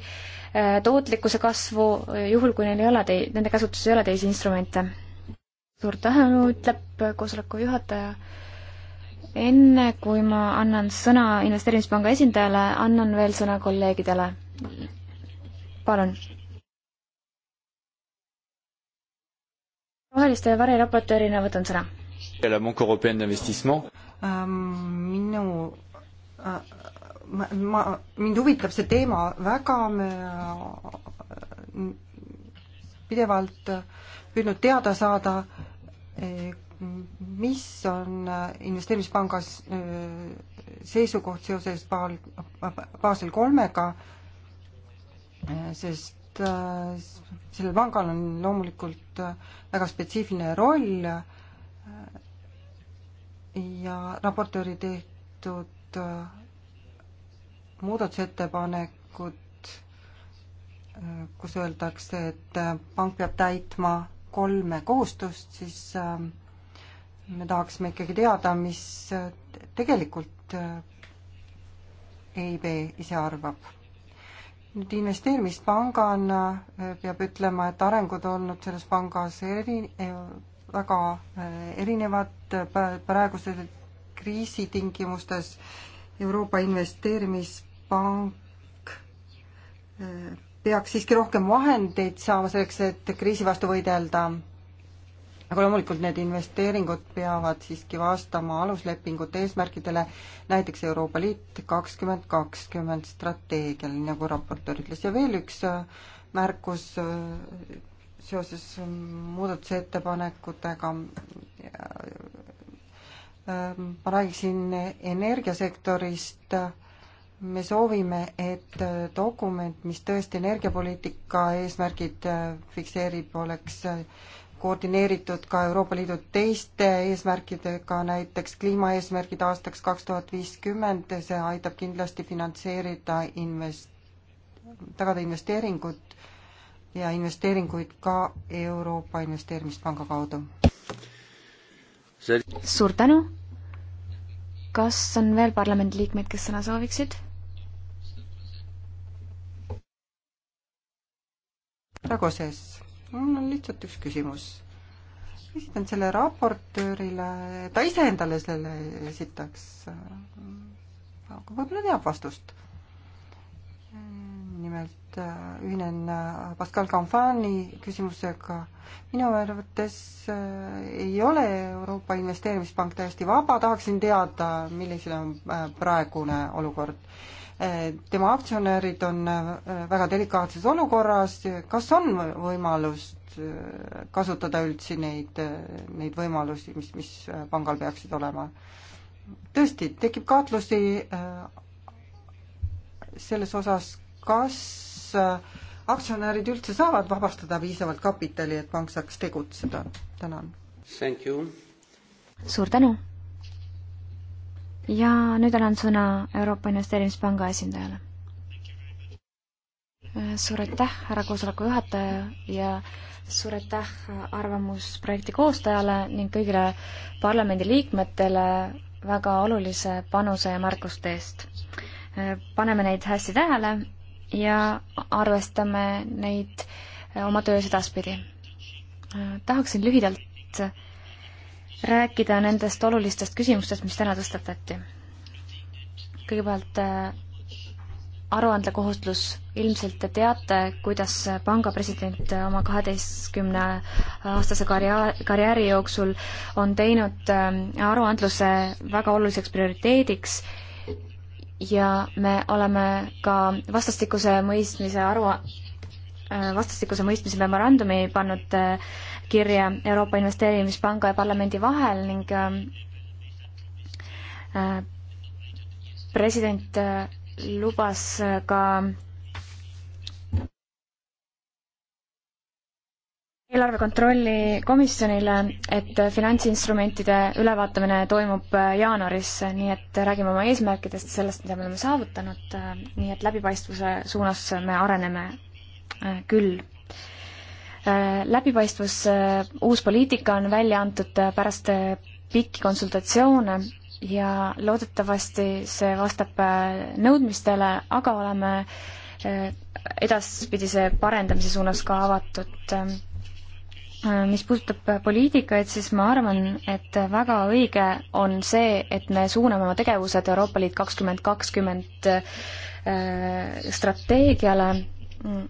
Speaker 4: tootlikkuse kasvu, juhul kui neil ei ole tei-, nende käsutuses ei ole teisi instrumente suur tänu, ütleb koosoleku juhataja. enne kui ma annan sõna investeerimispanga esindajale, annan veel sõna kolleegidele. palun. roheliste variraportöörina võtan sõna.
Speaker 5: Ähm, minu ma, äh, ma, mind huvitab see teema väga, me äh, pidevalt äh, püüdnud teada saada, eh, mis on investeerimispangas eh, seisukoht seoses baal, Basel kolmega, eh, sest sellel pangal on loomulikult väga spetsiifiline roll ja raportööri tehtud muudatusettepanekud, kus öeldakse, et pank peab täitma kolme kohustust, siis äh, me tahaksime ikkagi teada, mis äh, tegelikult äh, EIB ise arvab. nüüd investeerimispangana peab ütlema, et arengud olnud selles pangas eri, väga erinevad praeguse kriisi tingimustes. Euroopa Investeerimispank peaks siiski rohkem vahendeid saama selleks, et kriisi vastu võidelda. aga loomulikult need investeeringud peavad siiski vastama aluslepingute eesmärkidele, näiteks Euroopa Liit kakskümmend kakskümmend strateegial, nagu raportöör ütles, ja veel üks äh, märkus äh, seoses äh, muudatusettepanekutega. ma räägiksin energiasektorist me soovime, et äh, dokument, mis tõesti energiapoliitika eesmärgid äh, fikseerib, oleks äh, koordineeritud ka Euroopa Liidu teiste eesmärkidega, näiteks kliimaeesmärgid aastaks kaks tuhat viiskümmend, see aitab kindlasti finantseerida invest-, tagada investeeringud ja investeeringuid ka Euroopa Investeerimispanga kaudu. suur tänu!
Speaker 4: kas on veel parlamendiliikmeid, kes sõna sooviksid?
Speaker 5: Ragoses, mul on lihtsalt üks küsimus. esitan selle raportöörile, ta ise endale selle esitaks. aga võib-olla teab vastust. nimelt äh, ühinen äh, Pascal Canfani küsimusega. minu arvates äh, ei ole Euroopa Investeerimispank täiesti vaba, tahaksin teada, millisel on praegune olukord tema aktsionärid on äh, väga delikaatses olukorras, kas on võimalust äh, kasutada üldse neid, äh, neid võimalusi, mis, mis pangal peaksid olema? tõesti, tekib kahtlusi selles osas, kas aktsionärid üldse saavad vabastada piisavalt kapitali, et pank saaks tegutseda, tänan. suur tänu!
Speaker 4: ja nüüd annan sõna Euroopa Investeerimispanga esindajale. suur aitäh, härra koosoleku juhataja ja suur aitäh arvamusprojekti koostajale ning kõigile parlamendiliikmetele väga olulise panuse ja märkuste eest. paneme neid hästi tähele ja arvestame neid oma töös edaspidi. tahaksin lühidalt rääkida nendest olulistest küsimustest, mis täna tõstatati. kõigepealt äh, aruandekohustus, ilmselt te teate, kuidas panga president oma kaheteistkümne aastase karjaa-, karjääri jooksul on teinud äh, aruandluse väga oluliseks prioriteediks ja me oleme ka vastastikuse mõistmise aru, Äh, vastastikuse mõistmise memorandumi pannud äh, kirja Euroopa Investeerimispanga ja parlamendi vahel ning äh, president lubas ka eelarve kontrolli komisjonile, et finantsinstrumentide ülevaatamine toimub jaanuaris, nii et räägime oma eesmärkidest, sellest, mida me oleme saavutanud, nii et läbipaistvuse suunas me areneme Äh, küll. Äh, läbipaistvus, äh, uus poliitika on välja antud pärast pikki konsultatsioone ja loodetavasti see vastab nõudmistele, aga oleme edaspidise parendamise suunas ka avatud. mis puudutab poliitikaid, siis ma arvan, et väga õige on see, et me suuname oma tegevused Euroopa Liit kakskümmend kakskümmend strateegiale mm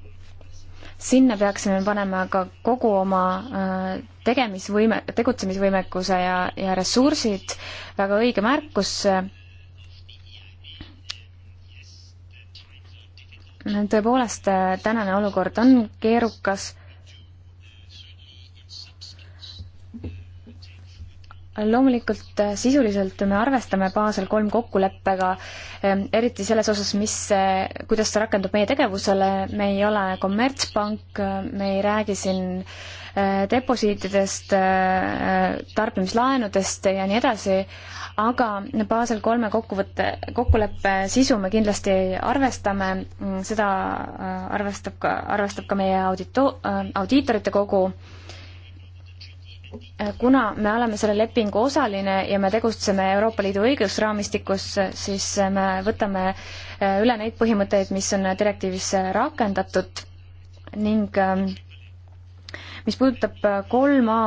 Speaker 4: sinna peaksime panema ka kogu oma äh, tegemisvõime, tegutsemisvõimekuse ja, ja ressursid, väga õige märkus. tõepoolest, tänane olukord on keerukas loomulikult äh, sisuliselt me arvestame Basel kolm kokkuleppega, ähm, eriti selles osas, mis, äh, kuidas see rakendub meie tegevusele, me ei ole kommertspank, äh, me ei räägi siin deposiitidest, tarbimislaenudest ja nii edasi, aga Basel kolme kokkuvõtte, kokkuleppe sisu me kindlasti arvestame, mm, seda arvestab ka, arvestab ka meie audito-, audiitorite kogu Äh, kuna me oleme selle lepingu osaline ja me tegutseme Euroopa Liidu õigusraamistikus, siis äh, me võtame äh, üle neid põhimõtteid, mis on direktiivis rakendatud ning ähm, mis puudutab kolm A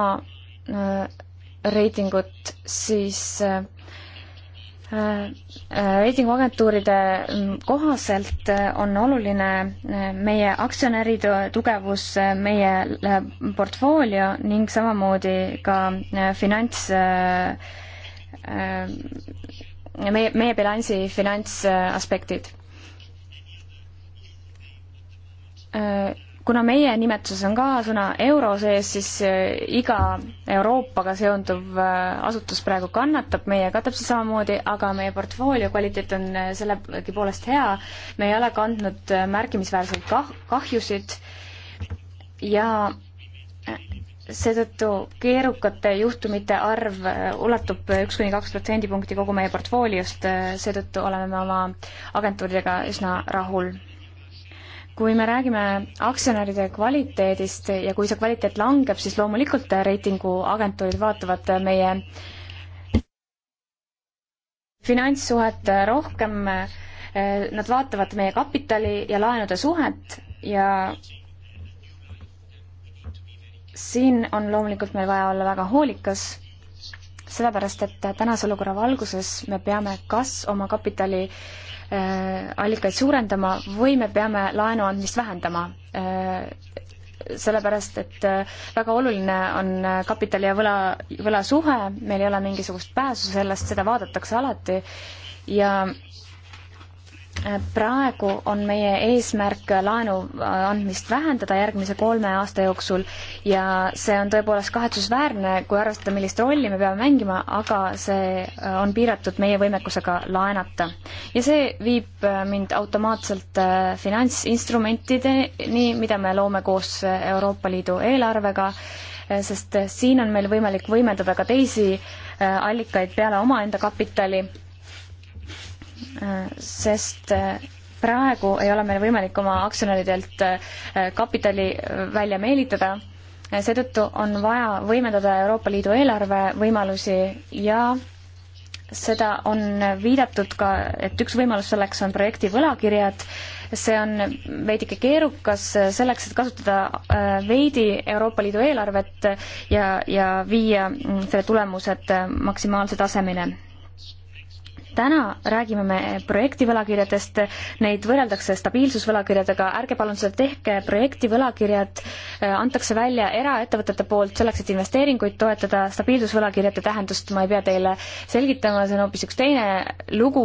Speaker 4: reitingut, siis Äh, äh, reitinguagentuuride mm, kohaselt äh, on oluline meie aktsionäride tugevus, meie portfoolio ning samamoodi ka finants, meie, meie bilansi finantsaspektid kuna meie nimetuses on ka sõna euro sees, siis äh, iga Euroopaga seonduv äh, asutus praegu kannatab meie ka täpselt samamoodi, aga meie portfoolio kvaliteet on äh, sellegipoolest hea, me ei ole kandnud märkimisväärseid kah-, kahjusid ja seetõttu keerukate juhtumite arv ulatub üks kuni kaks protsendipunkti kogu meie portfooliost, seetõttu oleme me oma agentuuridega üsna rahul kui me räägime aktsionäride kvaliteedist ja kui see kvaliteet langeb, siis loomulikult reitinguagentuurid vaatavad meie finantssuhet rohkem, nad vaatavad meie kapitali ja laenude suhet ja siin on loomulikult meil vaja olla väga hoolikas, sellepärast et tänase olukorra valguses me peame kas oma kapitali äh, Äh, allikaid suurendama või me peame laenu andmist vähendama. Äh, sellepärast, et äh, väga oluline on kapitali ja võla, võla suhe, meil ei ole mingisugust pääsu sellest, seda vaadatakse alati ja praegu on meie eesmärk laenu andmist vähendada järgmise kolme aasta jooksul ja see on tõepoolest kahetsusväärne, kui arvestada, millist rolli me peame mängima, aga see äh, on piiratud meie võimekusega laenata. ja see viib äh, mind automaatselt äh, finantsinstrumentideni, mida me loome koos Euroopa Liidu eelarvega, sest siin on meil võimalik võimendada ka teisi allikaid peale omaenda kapitali sest äh, praegu ei ole meil võimalik oma aktsionäridelt äh, kapitali äh, välja meelitada, seetõttu on vaja võimendada Euroopa Liidu eelarve võimalusi ja seda on viidatud ka, et üks võimalus selleks on projekti võlakirjad, see on veidike keerukas selleks, et kasutada veidi Euroopa Liidu eelarvet ja, ja viia mm, selle tulemused maksimaalse tasemeni täna räägime me projektivõlakirjadest, neid võrreldakse stabiilsusvõlakirjadega, ärge palun seda tehke, projektivõlakirjad äh, antakse välja eraettevõtete poolt selleks, et investeeringuid toetada, stabiilsusvõlakirjade tähendust ma ei pea teile selgitama, see on hoopis üks teine lugu,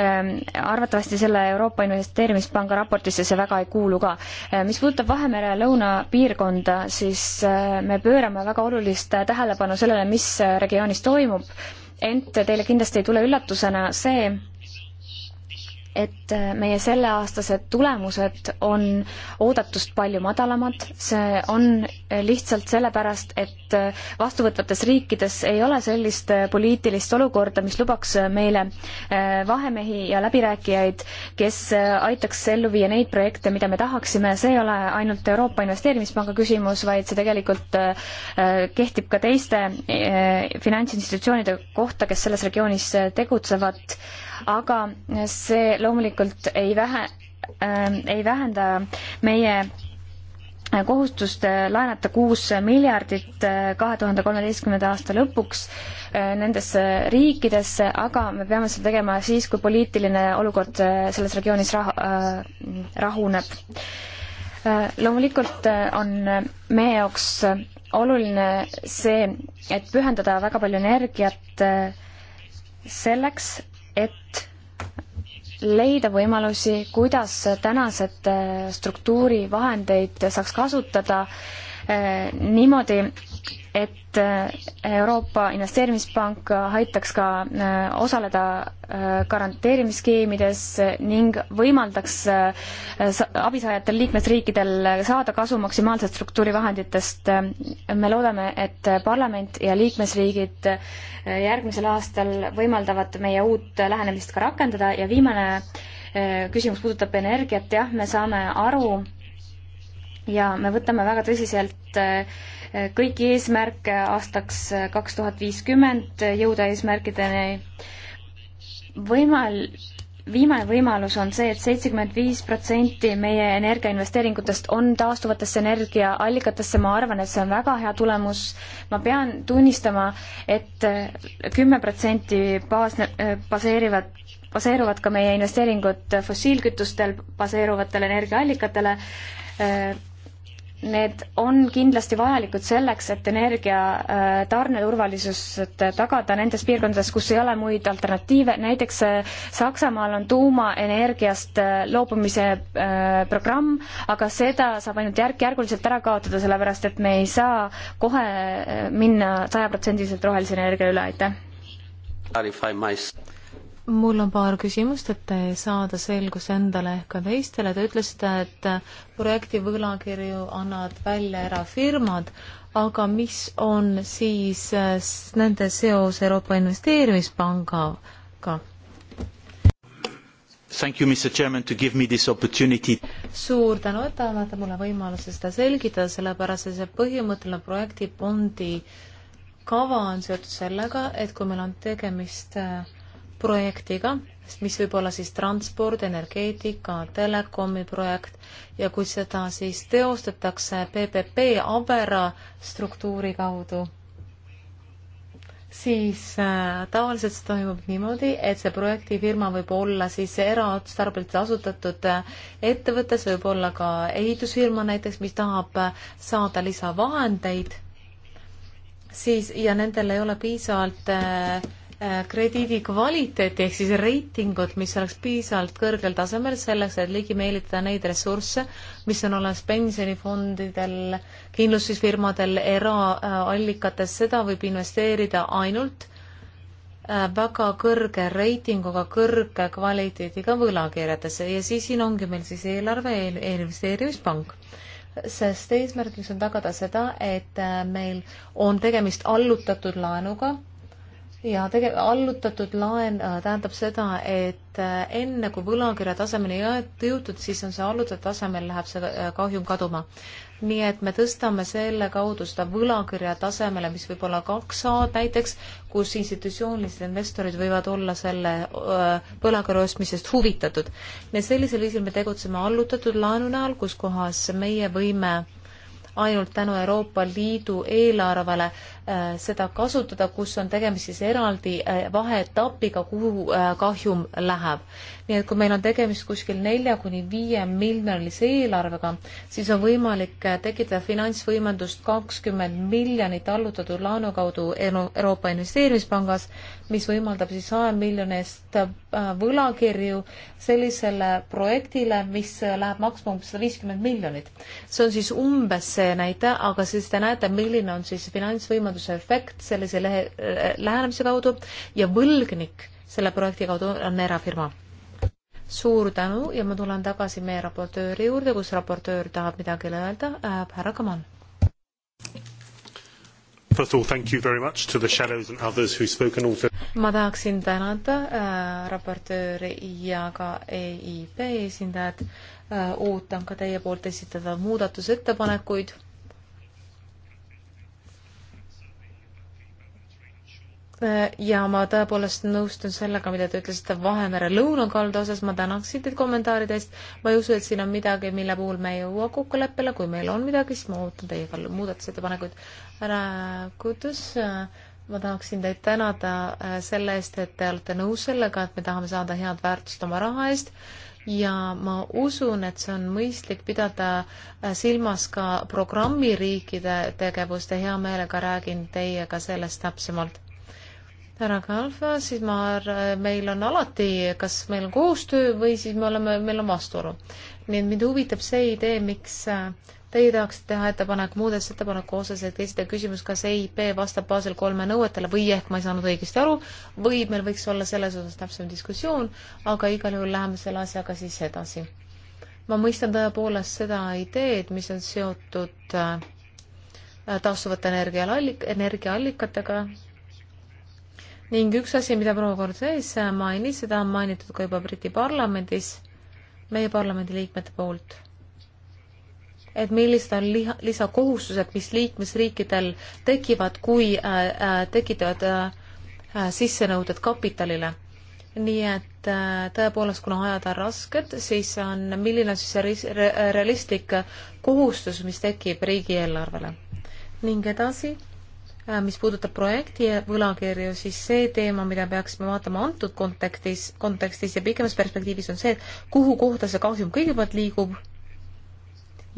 Speaker 4: ähm, arvatavasti selle Euroopa Investeerimispanga raportisse see väga ei kuulu ka. Äh, mis puudutab Vahemere lõunapiirkonda, siis äh, me pöörame väga olulist tähelepanu sellele, mis regioonis toimub ent teile kindlasti ei tule üllatusena see, et äh, meie selleaastased tulemused on oodatust palju madalamad, see on äh, lihtsalt sellepärast, et äh, vastuvõtvates riikides ei ole sellist poliitilist olukorda, mis lubaks meile vahemehi ja läbirääkijaid, kes aitaks ellu viia neid projekte, mida me tahaksime, see ei ole ainult Euroopa Investeerimispanga küsimus, vaid see tegelikult kehtib ka teiste finantsinstitutsioonide kohta, kes selles regioonis tegutsevad, aga see loomulikult ei vähe äh,, ei vähenda meie kohustust äh, laenata kuus miljardit äh, kahe tuhande kolmeteistkümnenda aasta lõpuks äh, nendesse riikidesse, aga me peame seda tegema siis, kui poliitiline olukord selles regioonis rah-, rahuneb. loomulikult on meie jaoks oluline see, et pühendada väga palju energiat selleks, et leida võimalusi, kuidas tänased äh, struktuurivahendeid saaks kasutada äh, niimoodi, et äh, Euroopa Investeerimispank aitaks ka äh, osaleda äh, garanteerimisskeemides ning võimaldaks abisaajatel liikmesriikidel saada kasu maksimaalselt struktuurivahenditest. me loodame, et parlament ja liikmesriigid järgmisel aastal võimaldavad meie uut lähenemist ka rakendada ja viimane küsimus puudutab energiat, jah, me saame aru ja me võtame väga tõsiselt äh, kõiki eesmärke aastaks kaks tuhat viiskümmend, jõuda eesmärkideni. võimal-, viimane võimalus on see et, et seitsekümmend viis protsenti meie energiainvesteeringutest on taastuvatesse energiaallikatesse, ma arvan, et see on väga hea tulemus. ma pean tunnistama et, et kümme protsenti baas-, baseerivad baseeruvad ka meie investeeringud fossiilkütustel baseeruvatele energiaallikatele need on kindlasti vajalikud selleks, et energia äh, tarneturvalisust äh, tagada nendes piirkondades, kus ei ole muid alternatiive, näiteks äh, Saksamaal on tuumaenergiast loobumise programm, aga seda saab ainult järk-järguliselt ära kaotada, sellepärast et me ei saa kohe minna sajaprotsendiliselt rohelise energia üle, aitäh!
Speaker 2: mul on paar küsimust, et saada selgus endale ehk ka teistele. Te ütlesite, et projekti võlakirju annavad välja erafirmad, aga mis on siis äh, nende seos Euroopa Investeerimispangaga?
Speaker 3: Thank you, Mr Chairman, to give me this opportunity.
Speaker 2: suur tänu, et te annate mulle võimaluse seda selgitada, sellepärast et see põhimõtteline projektifondi kava on seotud sellega, et kui meil on tegemist äh, projektiga, mis võib olla siis transport, energeetika, telekomi projekt ja kui seda siis teostatakse PPP Avera struktuuri kaudu, siis äh, tavaliselt see toimub niimoodi, et see projektifirma võib olla siis eraotstarbelt asutatud äh, ettevõttes, võib olla ka ehitusfirma näiteks, mis tahab äh, saada lisavahendeid, siis ja nendel ei ole piisavalt äh, krediidi kvaliteeti ehk siis reitingut, mis oleks piisavalt kõrgel tasemel selleks, et ligi meelitada neid ressursse, mis on olemas pensionifondidel, kindlustusfirmadel, eraallikates, seda võib investeerida ainult äh, väga kõrge reitinguga, kõrge kvaliteediga võlakirjadesse ja siis siin ongi meil siis eelarve eel, investeerimispank sest eesmärgiks on tagada seda, et äh, meil on tegemist allutatud laenuga ja tege-, allutatud laen äh, tähendab seda, et äh, enne, kui võlakirja tasemeni jõutud, siis on see allutatud tasemel, läheb see äh, kahjum kaduma. nii et me tõstame selle kaudu seda võlakirja tasemele, mis võib olla kaks A-d näiteks, kus institutsioonilised investorid võivad olla selle võlakirja ostmisest huvitatud. nii et sellisel viisil me tegutseme allutatud laenu näol, kus kohas meie võime ainult tänu Euroopa Liidu eelarvele Äh, seda kasutada, kus on tegemist siis eraldi äh, vaheetapiga, kuhu äh, kahjum läheb. nii et kui meil on tegemist kuskil nelja kuni viie miljonilise eelarvega, siis on võimalik tekitada finantsvõimendust kakskümmend miljonit allutatud laenu kaudu Euroopa Investeerimispangas, mis võimaldab siis saja miljoni eest võlakirju sellisele projektile, mis läheb maksma umbes sada viiskümmend miljonit. see on siis umbes see näide, aga siis te näete, milline on siis finantsvõimendus majanduse efekt sellise lehe, äh, lähenemise kaudu ja võlgnik selle projekti kaudu on erafirma. suur tänu ja ma tulen tagasi meie raportööri juurde, kus raportöör tahab midagi öelda äh,, härra Kamal.
Speaker 3: First of all, thank you very much to the shadows and others who spoke and also
Speaker 2: ma tahaksin tänada äh, raportööri ja ka EIB esindajad äh,. ootan ka teie poolt esitada muudatusettepanekuid Äh, ja ma tõepoolest nõustun sellega, mida te ütlesite Vahemere lõunakalda osas, ma tänaksin teid kommentaaride eest. ma ei usu, et siin on midagi, mille puhul me ei jõua kokkuleppele, kui meil on midagi, siis ma ootan teiega muudatusettepanekuid. härra Kutus, äh, ma tahaksin teid tänada äh, selle eest, et te olete nõus sellega, et me tahame saada head väärtust oma raha eest ja ma usun, et see on mõistlik pidada silmas ka programmiriikide tegevust ja hea meelega räägin teiega sellest täpsemalt tänan ka, Alfa, siis ma, meil on alati, kas meil on koostöö või siis me oleme, meil on vastuolu. nii et mind huvitab see idee, miks äh, teie tahaksite teha ettepanek muudatusettepaneku osas, et esitada küsimus, kas EIP vastab Basel kolme nõuetele või ehk ma ei saanud õigesti aru, või meil võiks olla selles osas täpsem diskussioon, aga igal juhul läheme selle asjaga siis edasi. ma mõistan tõepoolest seda ideed, mis on seotud äh, taastuvate energiaallik-, energiaallikatega, ning üks asi, mida proua Cordes mainis, seda on mainitud ka juba Briti parlamendis, meie parlamendi liikmete poolt et millised on liha, lisakohustused, mis liikmesriikidel tekivad, kui äh, äh tekitavad äh, äh, sissenõuded kapitalile. nii et äh, tõepoolest, kuna ajad on rasked, siis on, milline on siis see ris-, re, realistlik kohustus, mis tekib riigieelarvele. ning edasi Äh, mis puudutab projekti ja võlakirju, siis see teema, mida peaksime vaatama antud kontekstis, kontekstis ja pikemas perspektiivis on see, et kuhu kohta see kahjum kõigepealt liigub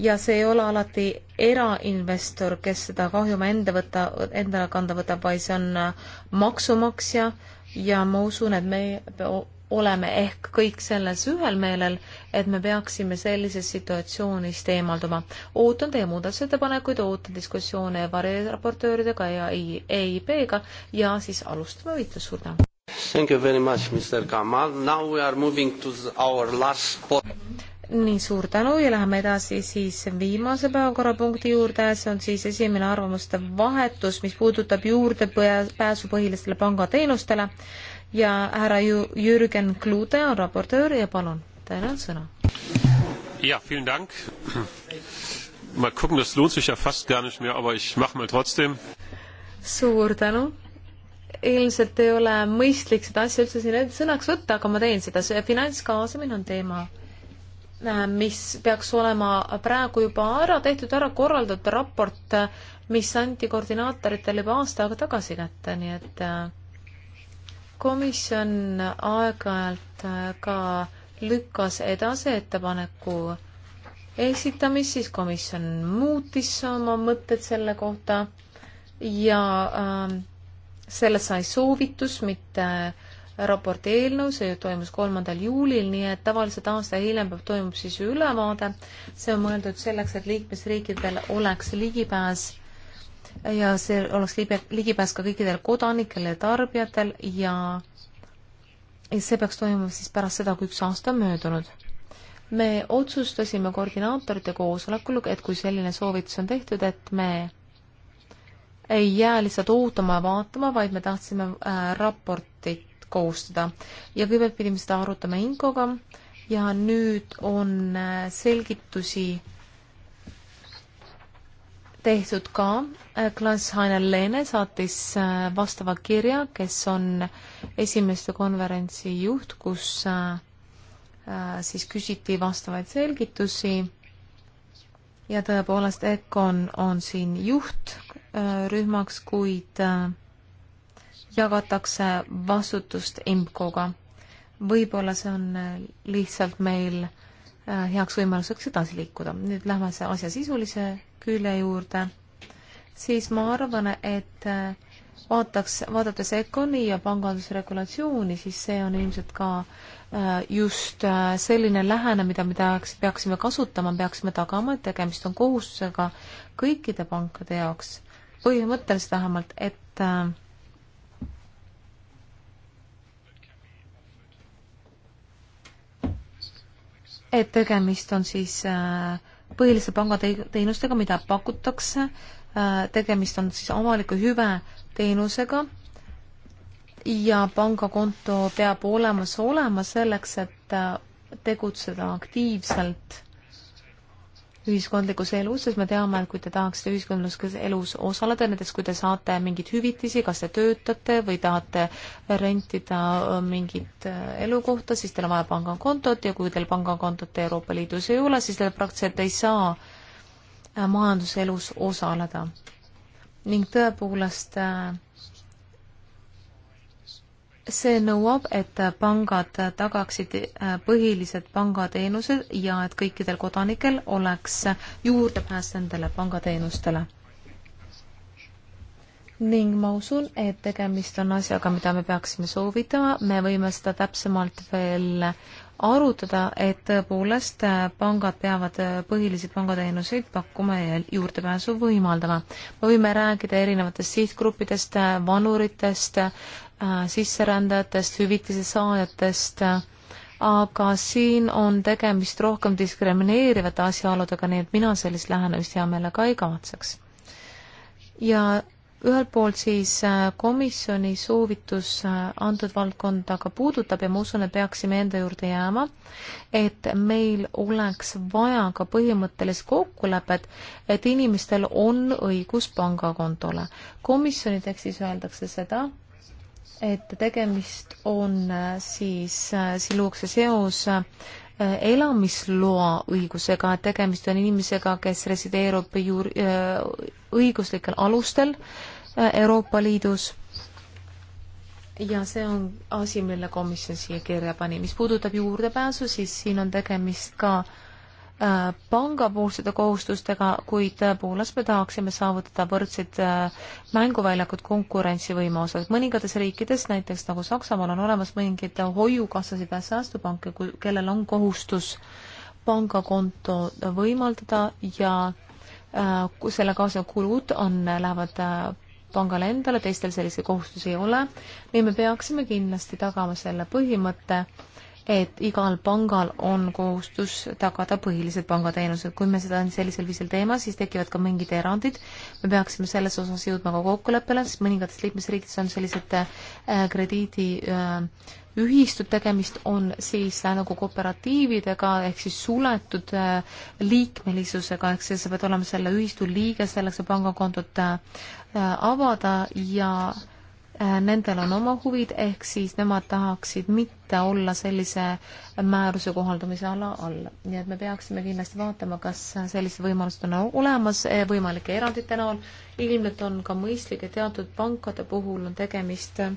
Speaker 2: ja see ei ole alati erainvestor, kes seda kahjuma enda võta, endale kanda võtab, vaid see on äh, maksumaksja ja ma usun, et me oleme ehk kõik selles ühel meelel, et me peaksime sellisest situatsioonist eemalduma. ootan teie muudatusettepanekuid, ootan diskussioone variraportööridega ja EIB-ga ja siis alustame võitlust, suur tänu!
Speaker 3: Thank you very much, Mr Kamal, now we are moving to our last point.
Speaker 2: nii, suur tänu ja läheme edasi siis viimase päevakorrapunkti juurde, see on siis esimene arvamuste vahetus, mis puudutab juurdepääsu põhilistele pangateenustele pea, ja härra Jürgen Klute on raportöör ja palun, teil on sõna.
Speaker 3: jah, vielen dank. Mal gucken, das lohnt sich ja fast gar nicht mehr, aber ich mach mal trotzdem.
Speaker 2: suur tänu. ilmselt ei ole mõistlik seda asja üldse siin sõnaks võtta, aga ma teen seda, see finantskaasamine on teema äh, mis peaks olema praegu juba ära tehtud, ära korraldatud raport, mis anti koordinaatoritele juba aasta aega tagasi kätte, nii et äh, komisjon aeg-ajalt äh, ka lükkas edasi ettepaneku esitamist, siis komisjon muutis oma mõtted selle kohta ja äh, sellest sai soovitus, mitte raporti eelnõu, see toimus kolmandal juulil, nii et tavaliselt aasta hiljem peab, toimub siis ülevaade. see on mõeldud selleks, et liikmesriikidel oleks ligipääs ja see oleks ligipääs ka kõikidel kodanikel ja tarbijatel ja see peaks toimuma siis pärast seda, kui üks aasta on möödunud. me otsustasime koordinaatorite koosolekul, et kui selline soovitus on tehtud, et me ei jää lihtsalt ootama ja vaatama, vaid me tahtsime äh, raportit koostada ja kõigepealt pidime seda arutama Inkoga ja nüüd on äh, selgitusi äh, tehtud ka. Äh, Klaas-Hainer Leene saatis äh, vastava kirja, kes on esimeste konverentsi juht, kus äh, siis küsiti vastavaid selgitusi. ja tõepoolest, EKOn on siin juhtrühmaks, kuid jagatakse vastutust IMCO-ga. võib-olla see on lihtsalt meil heaks võimaluseks edasi liikuda. nüüd lähme asja sisulise külje juurde, siis ma arvan, et äh, vaataks, vaadates EKONi ja pangandusregulatsiooni, siis see on ilmselt ka äh, just äh, selline lähene, mida me tahaks, peaksime kasutama, peaksime tagama, et tegemist on kohustusega kõikide pankade jaoks, põhimõtteliselt vähemalt, et äh, et tegemist on siis äh, põhilise pangateenustega, mida pakutakse, äh, tegemist on siis avaliku hüve teenusega ja pangakonto peab olemas olema selleks, et äh, tegutseda aktiivselt ühiskondlikus elus, sest me teame, et kui te tahaksite ühiskondlikus elus osaleda, näiteks kui te saate mingeid hüvitisi, kas te töötate või tahate rentida äh, mingit äh, elukohta, siis teil on vaja pangakontot ja kui teil pangakontot Euroopa Liidus ei ole, siis te praktiliselt ei saa äh, majanduselus osaleda. ning tõepoolest äh, see nõuab, et pangad tagaksid äh, põhilised pangateenused ja et kõikidel kodanikel oleks juurdepääs nendele pangateenustele. ning ma usun, et tegemist on asjaga, mida me peaksime soovitama, me võime seda täpsemalt veel arutada, et tõepoolest äh, pangad peavad äh, põhilisi pangateenuseid pakkuma ja juurdepääsu võimaldama. me võime rääkida erinevatest sihtgruppidest, vanuritest, Äh, sisserändajatest, hüvitise saajatest, äh, aga siin on tegemist rohkem diskrimineerivate asjaoludega, nii et mina sellist lähenemist hea meelega ei kavatseks. ja ühelt poolt siis äh, komisjoni soovitus antud valdkonda ka puudutab ja ma usun, et peaksime enda juurde jääma, et meil oleks vaja ka põhimõttelist kokkulepet, et inimestel on õigus pangakontole. komisjoni tekstis öeldakse seda, et tegemist on äh, siis, äh, siin luuakse seos äh, elamisloa õigusega, tegemist on inimesega, kes resideerub juur-, õiguslikel alustel Euroopa Liidus ja see on asi, mille komisjon siia kirja pani. mis puudutab juurdepääsu, siis siin on tegemist ka äh, Äh, panga puhul seda kohustustega, kuid tõepoolest me tahaksime saavutada võrdsed äh, mänguväljakud konkurentsivõime osas. mõningates riikides, näiteks nagu Saksamaal, on olemas mõningaid hoiukassasid ja säästupanke, kellel on kohustus pangakonto võimaldada ja äh, selle kaasnevad kulud on, lähevad äh, pangale endale, teistel selliseid kohustusi ei ole. nii me peaksime kindlasti tagama selle põhimõtte äh,, et igal pangal on kohustus tagada põhilised pangateenused. kui me seda sellisel viisil teeme, siis tekivad ka mingid erandid. me peaksime selles osas jõudma ka kokkuleppele, sest mõningates liikmesriikides on sellised äh, krediidiühistud äh, tegemist, on siis äh, nagu kooperatiividega ehk siis suletud liikmelisusega, ehk siis sa pead olema selle ühistu liige selleks, et pangakontot avada ja Äh, nendel on oma huvid, ehk siis nemad tahaksid mitte olla sellise määruse kohaldamise ala all. nii et me peaksime kindlasti vaatama, kas sellised võimalused on olemas eh, võimalike erandite näol. ilmselt on ka mõistlik, et teatud pankade puhul on tegemist äh,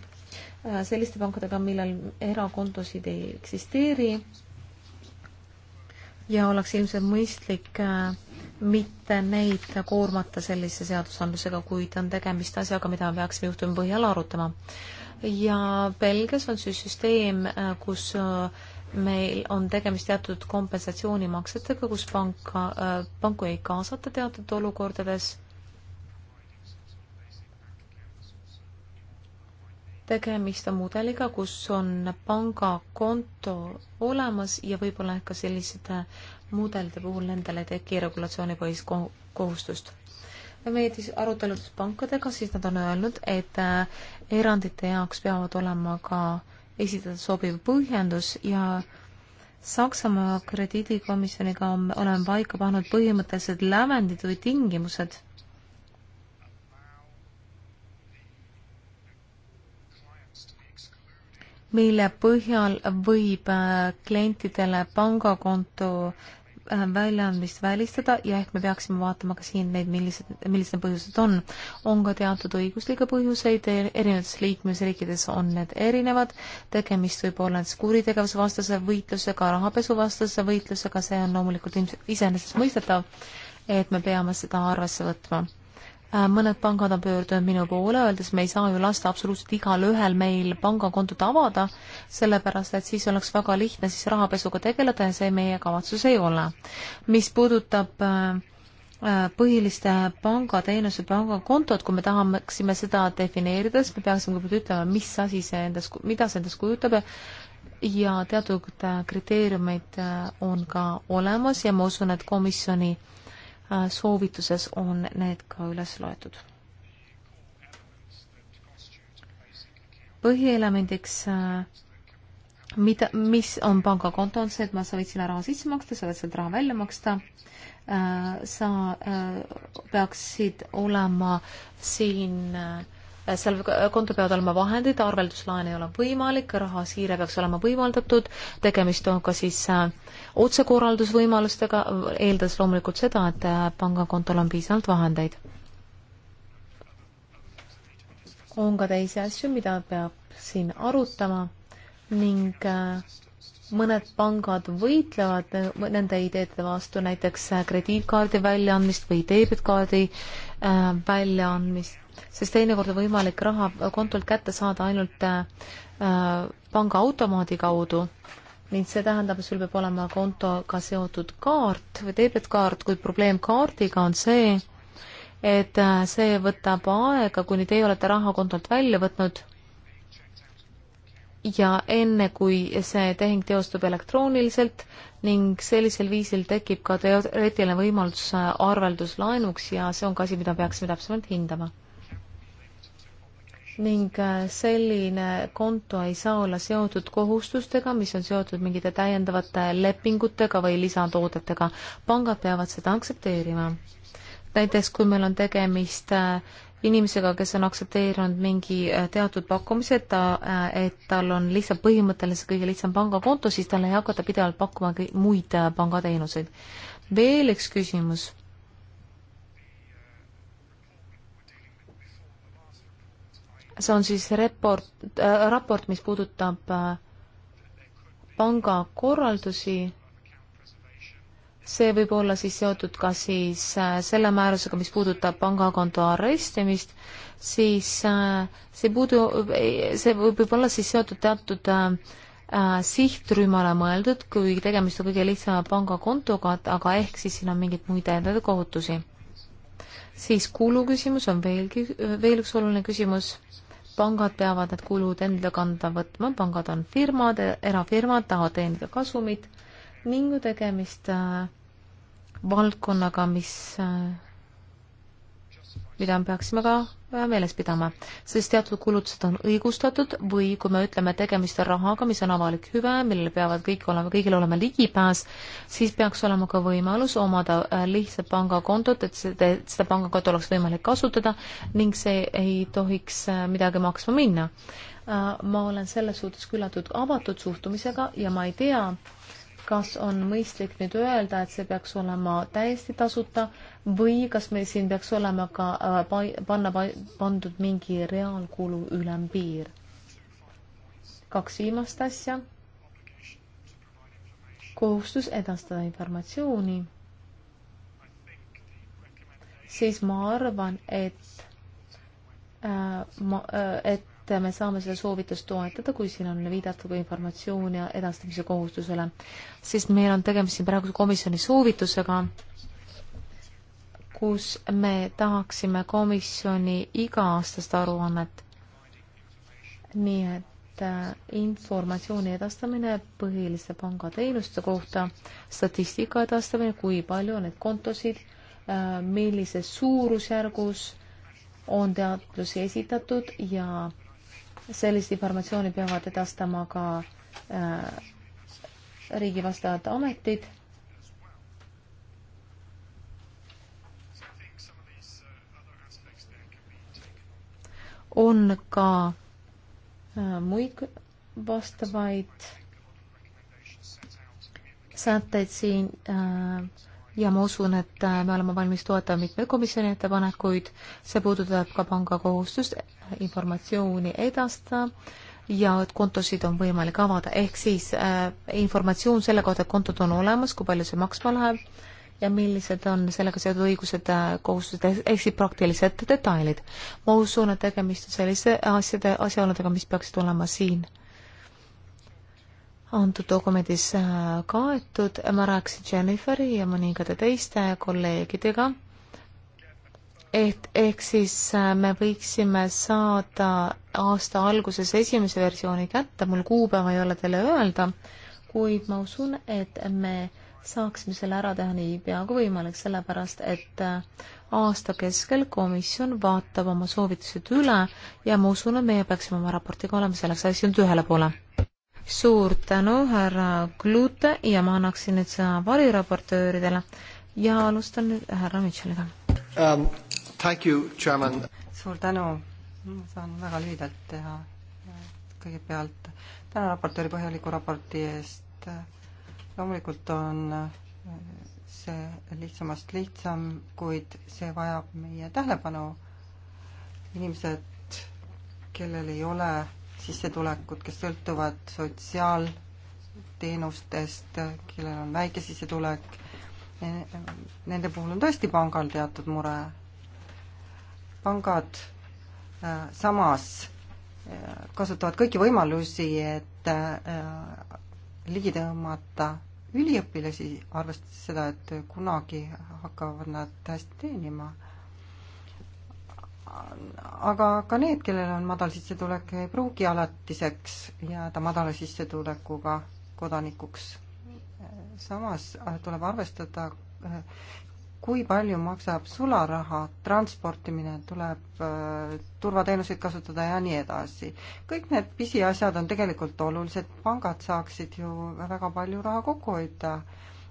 Speaker 2: selliste pankadega, millel erakontosid ei eksisteeri ja oleks ilmselt mõistlik äh, mitte neid koormata sellise seadusandlusega, kuid on tegemist asjaga, mida me peaksime juhtumi põhjal arutama. ja Belgias on siis süsteem, kus äh, meil on tegemist teatud kompensatsioonimaksetega, kus panka, äh, panku ei kaasata teatud olukordades tegemist on mudeliga, kus on pangakonto olemas ja võib-olla ka sellised äh, mudelite puhul nendele ei teki regulatsioonipõhist kohustust. meie aruteludes pankadega, siis nad on öelnud, et äh, erandite jaoks peavad olema ka esitatud sobiv põhjendus ja Saksamaa krediidikomisjoniga oleme paika pannud põhimõttelised lävendid või tingimused mille põhjal võib äh, klientidele pangakonto äh, väljaandmist välistada ja ehk me peaksime vaatama ka siin neid, millised, millised need põhjused on. on ka teatud õiguslikke põhjuseid, e-, erinevates liikmesriikides on need erinevad, tegemist võib olla näiteks kuritegevusvastase võitlusega, rahapesuvastase võitlusega, see on loomulikult iseenesestmõistetav, et me peame seda arvesse võtma Äh, mõned pangad on pöördunud minu poole, öeldes me ei saa ju lasta absoluutselt igal ühel meil pangakontot avada, sellepärast et siis oleks väga lihtne siis rahapesuga tegeleda ja see meie kavatsus ei ole. mis puudutab äh, äh, põhiliste pangateenuse pangakontot, kui me tahaksime seda defineerida, siis me peaksime kõigepealt ütlema, mis asi see endas, mida see endast kujutab ja ja teatud kriteeriumid on ka olemas ja ma usun, et komisjoni äh, Äh, soovituses on need ka üles loetud. põhielemendiks, äh, mida, mis on pangakonto, on see, et ma, sa võid sinna raha sisse maksta, sa võid sealt raha välja maksta, äh, sa peaksid olema siin äh, seal kontol peavad olema vahendid, arvelduslaen ei ole võimalik, rahasiire peaks olema võimaldatud, tegemist on ka siis äh, otsekorraldusvõimalustega, eeldades loomulikult seda, et äh, pangakontol on piisavalt vahendeid. on ka teisi asju, mida peab siin arutama ning äh, mõned pangad võitlevad nende ideede vastu, näiteks krediitkaardi väljaandmist või debitkaardi väljaandmist sest teinekord on võimalik raha kontolt kätte saada ainult äh, äh, pangaautomaadi kaudu ning see tähendab, et sul peab olema kontoga seotud kaart või teebetkaart, kuid probleem kaardiga on see, et äh, see võtab aega, kuni teie olete raha kontolt välja võtnud ja enne, kui see tehing teostub elektrooniliselt ning sellisel viisil tekib ka teoreetiline võimalus äh, arvelduslaenuks ja see on ka asi, mida peaksime täpsemalt hindama ning äh, selline konto ei saa olla seotud kohustustega, mis on seotud mingite täiendavate lepingutega või lisatoodetega. pangad peavad seda aktsepteerima. näiteks kui meil on tegemist äh, inimesega, kes on aktsepteerinud mingi äh, teatud pakkumise, et ta, et tal on lihtsalt põhimõtteliselt kõige lihtsam pangakonto, siis talle ei hakata pidevalt pakkuma muid pangateenuseid. veel üks küsimus see on siis report äh,, raport, mis puudutab äh, panga korraldusi. see võib olla siis seotud ka siis äh, selle määrusega, mis puudutab pangakonto arestimist, siis äh, see puudu, see võib, võib olla siis seotud teatud äh, äh, sihtrühmale mõeldud, kui tegemist on kõige lihtsama pangakontoga, aga ehk siis siin on mingeid muid täiendavaid kohutusi. siis kuluküsimus on veelgi, veel üks oluline küsimus pangad peavad need kulud enda kanda võtma, pangad on firmad, erafirmad, tahavad teenida kasumit ning tegemist äh, valdkonnaga, mis äh, mida me peaksime ka äh, meeles pidama, sest teatud kulutused on õigustatud või kui me ütleme, tegemist on rahaga, mis on avalik hüve, millele peavad kõik olema, kõigil olema ligipääs, siis peaks olema ka võimalus omada äh, lihtsat pangakontot, et seda, seda pangakonto oleks võimalik kasutada ning see ei tohiks äh, midagi maksma minna. ma olen selles suhtes küllatud avatud suhtumisega ja ma ei tea, kas on mõistlik nüüd öelda, et see peaks olema täiesti tasuta või kas meil siin peaks olema ka äh, panna pandud mingi reaalkulu ülempiir? kaks viimast asja. kohustus edastada informatsiooni. siis ma arvan, et äh, ma äh,, et et me saame seda soovitust toetada, kui siin on viidatud informatsiooni edastamise kohustusele, sest meil on tegemist siin praeguse komisjoni soovitusega, kus me tahaksime komisjoni iga-aastast aruannet. nii et äh, informatsiooni edastamine põhiliste pangateenuste kohta, statistika edastamine, kui palju on neid kontosid, äh, millises suurusjärgus on teadlusi esitatud ja sellist informatsiooni peavad edastama ka äh, riigi vastavad ametid. on ka äh, muid vastavaid sätteid siin äh, ja ma usun, et äh, me oleme valmis toetama mitmeid komisjoni ettepanekuid, see puudutab ka pangakohustust informatsiooni edasta ja et kontosid on võimalik avada, ehk siis äh, informatsioon selle kohta, et kontod on olemas, kui palju see maksma läheb ja millised on sellega seotud õigused, äh, kohustused, ehk siis praktilised detailid. ma usun, et tegemist on selliste asjade, asjaoludega, mis peaksid olema siin antud dokumendis äh, kaetud, ma rääkisin Jenniferi ja mõningate teiste kolleegidega et ehk siis äh, me võiksime saada aasta alguses esimese versiooni kätte, mul kuupäeva ei ole teile öelda, kuid ma usun, et me saaksime selle ära teha nii pea kui võimalik, sellepärast et äh, aasta keskel komisjon vaatab oma soovitused üle ja ma usun, et meie peaksime oma raportiga olema selleks asjaks nüüd ühele poole. suur tänu, härra Klute ja ma annaksin nüüd sõna variraportööridele
Speaker 5: ja alustan nüüd härra Mitchell'iga um suur tänu, ma saan väga lühidalt teha. kõigepealt tänan raportööri põhjaliku raporti eest. loomulikult on eh, see lihtsamast lihtsam, kuid see vajab meie tähelepanu. inimesed, kellel ei ole sissetulekut, kes sõltuvad sotsiaalteenustest, kellel on väike sissetulek, eh, nende puhul on tõesti pangal teatud mure pangad äh, samas äh, kasutavad kõiki võimalusi, et äh, ligi tõmmata üliõpilasi, arvestades seda, et kunagi hakkavad nad hästi teenima. aga ka need, kellel on madal sissetulek, ei pruugi alatiseks jääda madala sissetulekuga kodanikuks. samas tuleb arvestada kui palju maksab sularaha, transportimine, tuleb äh, turvateenuseid kasutada ja nii edasi. kõik need pisiasjad on tegelikult olulised, pangad saaksid ju väga palju raha kokku hoida,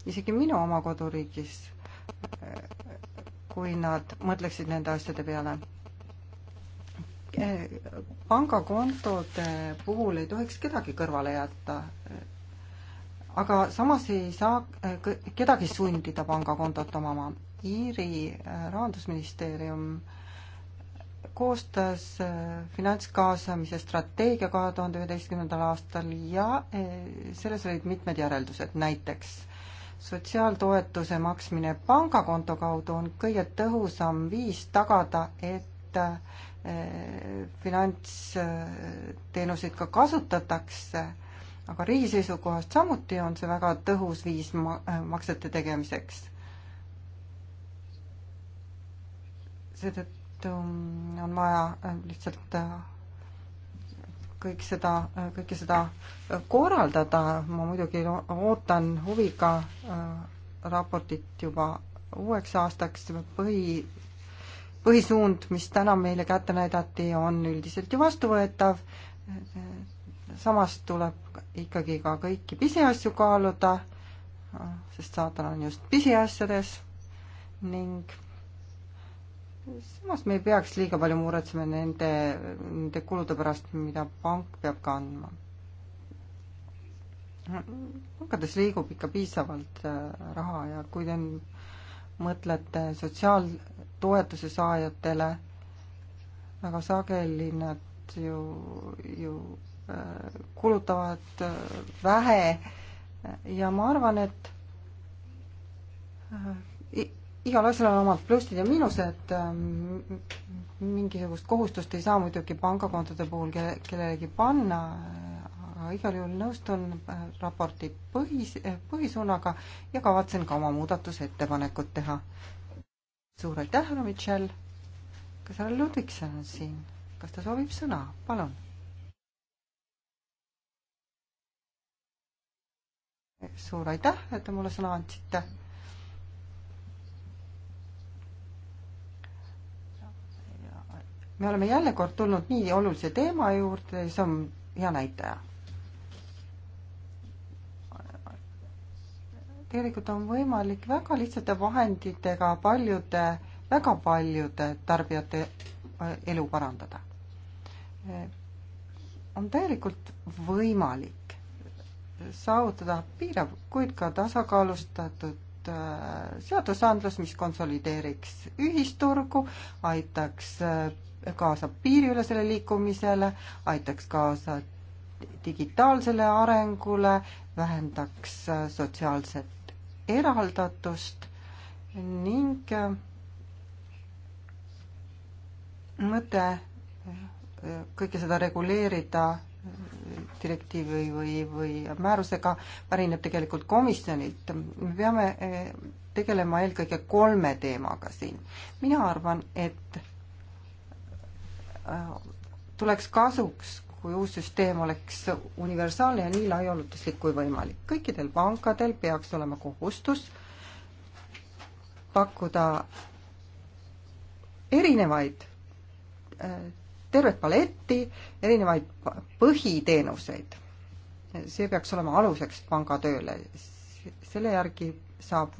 Speaker 5: isegi minu oma koduriigis, kui nad mõtleksid nende asjade peale pangakontode puhul ei tohiks kedagi kõrvale jätta aga samas ei saa eh, kedagi sundida pangakontot omama. Iiri eh, rahandusministeerium koostas eh, finantskaasamise strateegia kahe tuhande üheteistkümnendal aastal ja selles olid mitmed järeldused, näiteks sotsiaaltoetuse maksmine pangakonto kaudu on kõige tõhusam viis tagada, et finantsteenuseid ka kasutatakse aga riigi seisukohast samuti on see väga tõhus viis ma-, äh, maksete tegemiseks. seetõttu on vaja äh, lihtsalt äh, kõik seda, kõike seda korraldada, ma muidugi ootan huviga raportit juba uueks aastaks, põhi, põhisuund, mis täna meile kätte näidati, on üldiselt ju vastuvõetav, samas tuleb ikkagi ka kõiki pisiasju kaaluda, sest saatan on just pisiasjades ning samas me ei peaks liiga palju muretsema nende, nende kulude pärast, mida pank peab kandma. pankades liigub ikka piisavalt äh, raha ja kui te mõtlete sotsiaaltoetuse saajatele, väga sageli nad ju, ju kulutavad äh, vähe ja ma arvan, et äh, igal asjal on omad plussid ja miinused, äh, mingisugust kohustust ei saa muidugi pangakontode puhul kelle, kellelegi panna, aga igal juhul nõustun raporti põhis, põhisuunaga ja kavatsen ka oma muudatusettepanekud teha. suur aitäh, härra Michel! kas härra Ludvigson on siin? kas ta soovib sõna? palun suur aitäh, et te mulle sõna andsite. me oleme jälle kord tulnud nii olulise teema juurde, see on hea näitaja. tegelikult on võimalik väga lihtsate vahenditega paljude, väga paljude tarbijate äh, elu parandada. on täielikult võimalik saavutada piirav, kuid ka tasakaalustatud äh, seadusandlus, mis konsolideeriks ühisturgu, aitaks äh, kaasa piiriülesele liikumisele, aitaks kaasa digitaalsele arengule, vähendaks äh, sotsiaalset eraldatust ning mõte kõike seda reguleerida direktiivi või, või määrusega, pärineb tegelikult komisjonilt. me peame eh, tegelema eelkõige kolme teemaga siin. mina arvan, et äh, tuleks kasuks, kui uus süsteem oleks universaalne ja nii laiaulatuslik kui võimalik. kõikidel pankadel peaks olema kohustus pakkuda erinevaid äh, tervet paletti erinevaid põhiteenuseid. see peaks olema aluseks panga tööle. selle järgi saab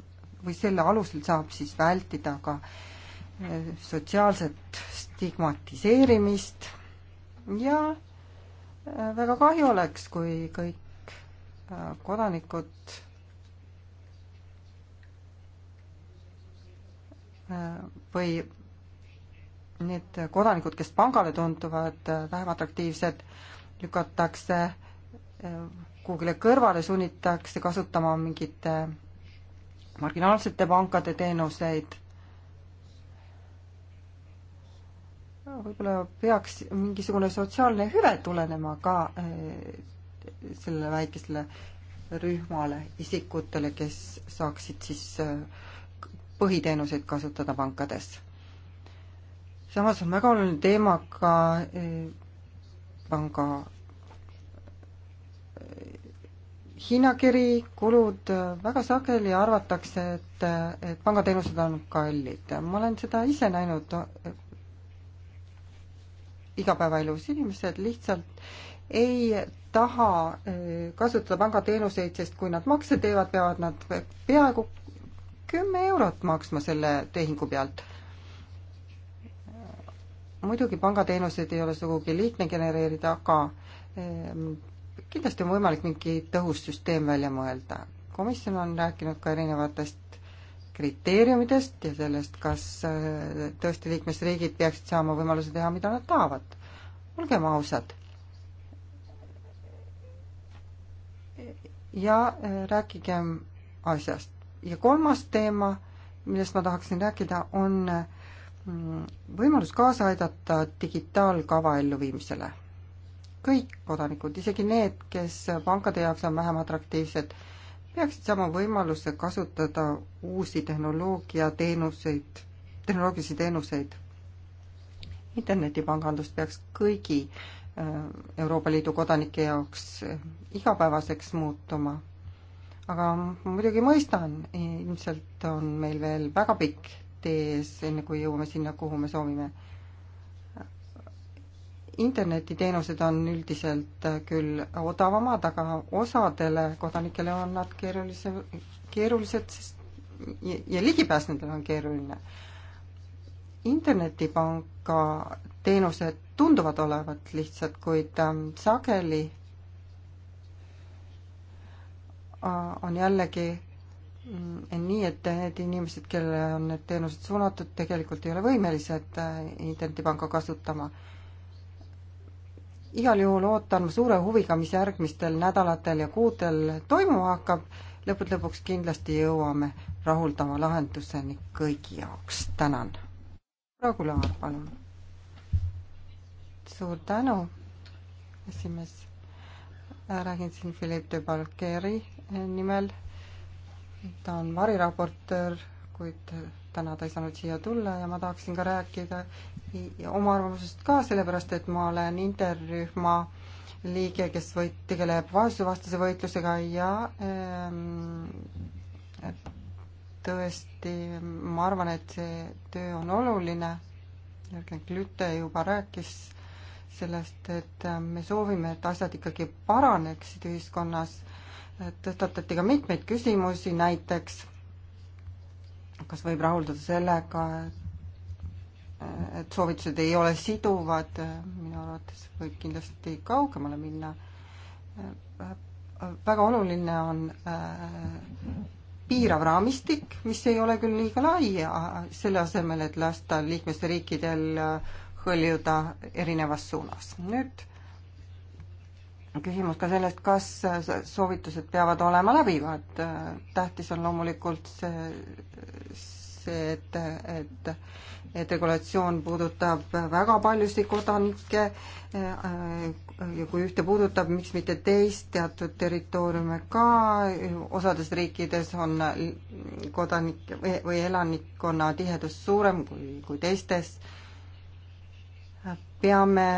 Speaker 5: või selle alusel saab siis vältida ka eh, sotsiaalset stigmatiseerimist ja eh, väga kahju oleks, kui kõik eh, kodanikud või need kodanikud, kes pangale tunduvad äh, vähem atraktiivsed, lükatakse äh, kuhugile kõrvale, sunnitakse kasutama mingite marginaalsete pankade teenuseid. võib-olla peaks mingisugune sotsiaalne hüve tulenema ka äh, sellele väikesele rühmale isikutele, kes saaksid siis põhiteenuseid kasutada pankades samas on väga oluline teema ka e, panga e, hinnakiri, kulud, e, väga sageli arvatakse, et, et pangateenused on kallid. ma olen seda ise näinud igapäevaelus, inimesed lihtsalt ei taha kasutada pangateenuseid, sest kui nad makse teevad, peavad nad peaaegu kümme eurot maksma selle tehingu pealt muidugi pangateenuseid ei ole sugugi lihtne genereerida, aga ehm, kindlasti on võimalik mingi tõhus süsteem välja mõelda. komisjon on rääkinud ka erinevatest kriteeriumidest ja sellest, kas eh, tõesti liikmesriigid peaksid saama võimaluse teha, mida nad tahavad. olgem ausad. ja eh, rääkigem asjast. ja kolmas teema, millest ma tahaksin rääkida, on äh, Mm, võimalus kaasa aidata digitaalkava elluviimisele. kõik kodanikud, isegi need, kes pankade jaoks on vähem atraktiivsed, peaksid saama võimaluse kasutada uusi tehnoloogiateenuseid, tehnoloogilisi teenuseid. internetipangandus peaks kõigi äh, Euroopa Liidu kodanike jaoks äh, igapäevaseks muutuma. aga ma muidugi mõistan, ilmselt on meil veel väga pikk tee ees, enne kui jõuame sinna, kuhu me soovime. internetiteenused on üldiselt küll odavamad, aga osadele kodanikele on nad keerulise, keerulised, sest ja, ja ligipääs nendele on keeruline. internetipanga teenused tunduvad olevat lihtsad, kuid ähm, sageli äh, on jällegi Mm, nii, et need inimesed, kellele on need teenused suunatud, tegelikult ei ole võimelised äh, internetipanka kasutama. igal juhul ootan ma suure huviga, mis järgmistel nädalatel ja kuudel toimuma hakkab. lõppude lõpuks kindlasti jõuame rahuldava lahenduseni kõigi jaoks. tänan. Raagu Laar, palun. suur tänu, esimees. räägin siin Philippe de Balcari nimel ta on variraportöör, kuid täna ta ei saanud siia tulla ja ma tahaksin ka rääkida oma arvamusest ka, sellepärast et ma olen interrühma liige, kes või-, tegeleb vaesusevastase võitlusega ja ähm, tõesti, ma arvan, et see töö on oluline, Jürgen Klüte juba rääkis sellest, et me soovime, et asjad ikkagi paraneksid ühiskonnas tõstatati ka mitmeid küsimusi, näiteks kas võib rahuldada sellega, et soovitused ei ole siduvad, minu arvates võib kindlasti kaugemale minna. väga oluline on äh, piirav raamistik, mis ei ole küll liiga lai, selle asemel, et lasta liikmesriikidel äh, hõljuda erinevas suunas. nüüd küsimus ka sellest, kas soovitused peavad olema läbivad. tähtis on loomulikult see, see, et, et, et regulatsioon puudutab väga paljusid kodanikke ja kui ühte puudutab, miks mitte teist, teatud territooriume ka, osades riikides on kodanike või, või elanikkonna tihedus suurem kui, kui teistes. peame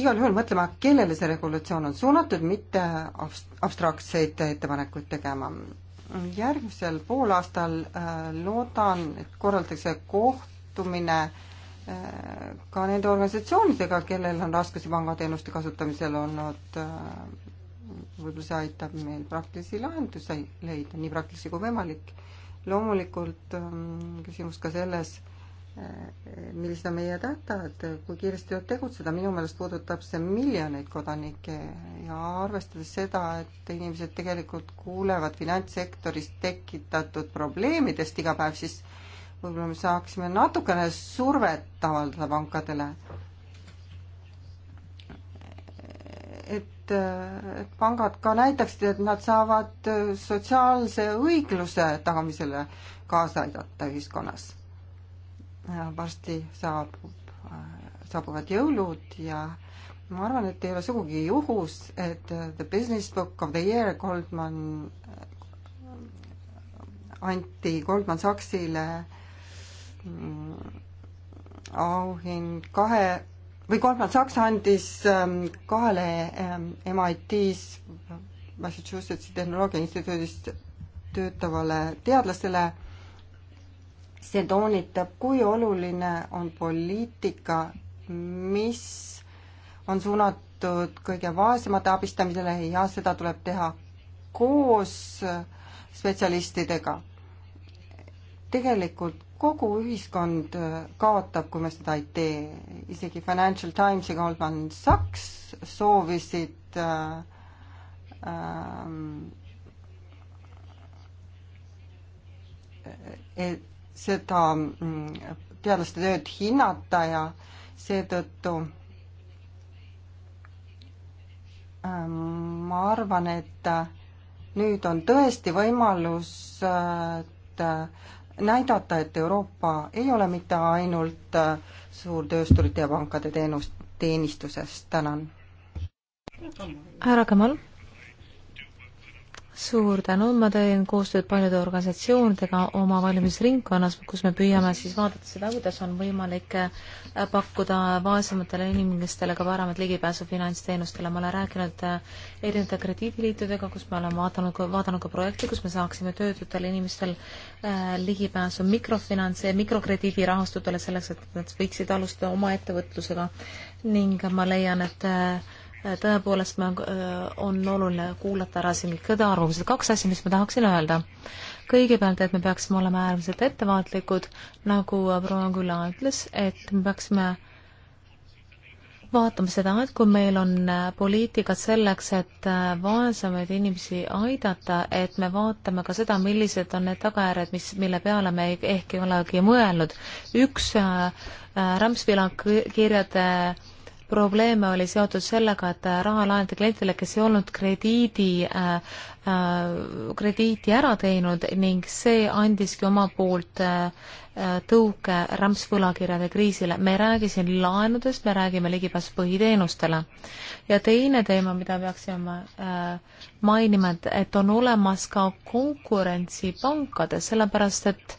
Speaker 5: igal juhul mõtlema, kellele see regulatsioon on suunatud, mitte abstraktseid ettepanekuid tegema. järgmisel poolaastal äh, loodan, et korraldatakse kohtumine äh, ka nende organisatsioonidega, kellel on raskusi pangateenuste kasutamisel olnud. Äh, võib-olla see aitab meil praktilisi lahendusi leida, nii praktilisi kui võimalik. loomulikult ähm, küsimus ka selles millised on meie tähtajad, kui kiiresti tuleb tegutseda, minu meelest puudutab see miljoneid kodanikke ja arvestades seda, et inimesed tegelikult kuulevad finantssektoris tekitatud probleemidest iga päev, siis võib-olla me saaksime natukene survet avaldada pankadele. et pangad ka näitaksid, et nad saavad sotsiaalse õigluse tagamisele kaasa aidata ühiskonnas Äh, varsti saabub, äh, saabuvad jõulud ja ma arvan, et ei ole sugugi juhus, et äh, The Business Book of the Year Goldman anti Goldman Sachsile mm, auhind kahe või Goldman Sachs andis ähm, kahele MIT-s ähm, Massachusettsi tehnoloogia instituudis töötavale teadlasele see toonitab, kui oluline on poliitika, mis on suunatud kõige vaesemate abistamisele ja seda tuleb teha koos spetsialistidega. tegelikult kogu ühiskond kaotab, kui me seda ei tee. isegi Financial Times ja Goldman Sachs soovisid äh, äh, et seda mm, teadlaste tööd hinnata ja seetõttu ähm, ma arvan, et äh, nüüd on tõesti võimalus äh, näidata, et Euroopa ei ole mitte ainult äh, suurtöösturite ja pankade teenus, teenistuses, tänan. härra Kamal
Speaker 2: suur tänu, ma teen koostööd paljude organisatsioonidega oma valimisringkonnas, kus me püüame siis vaadata seda, kuidas on võimalik äh, pakkuda vaesematele inimestele ka paremat ligipääsu finantsteenustele. ma olen rääkinud äh, erinevate krediidiliitudega, kus me oleme vaadanud, vaadanud ka projekte, kus me saaksime töötutel inimestel äh, ligipääsu mikrofinants- ja mikrokrediidirahastutele selleks, et nad võiksid alustada oma ettevõtlusega ning ma leian, et tõepoolest ma, äh, on oluline kuulata ära siin kõik kõde arvamused. kaks asja, mis ma tahaksin öelda. kõigepealt, et me peaksime olema äärmiselt ettevaatlikud, nagu äh, proua Küla ütles, et me peaksime vaatame seda, et kui meil on äh, poliitikad selleks, et vaesemaid inimesi aidata, et me vaatame ka seda, millised on need tagajärjed, mis, mille peale me ei, ehk ei olegi mõelnud. üks äh, Rämpsvila kirjade äh, probleeme oli seotud sellega, et äh, raha laenati klientidele, kes ei olnud krediidi äh,, äh, krediiti ära teinud ning see andiski oma poolt äh, äh tõuke rämpsvõlakirjade kriisile. me ei räägi siin laenudest, me räägime ligipääsu põhiteenustele. ja teine teema, mida peaksime äh, mainima, et, et on olemas ka konkurentsi pankades, sellepärast et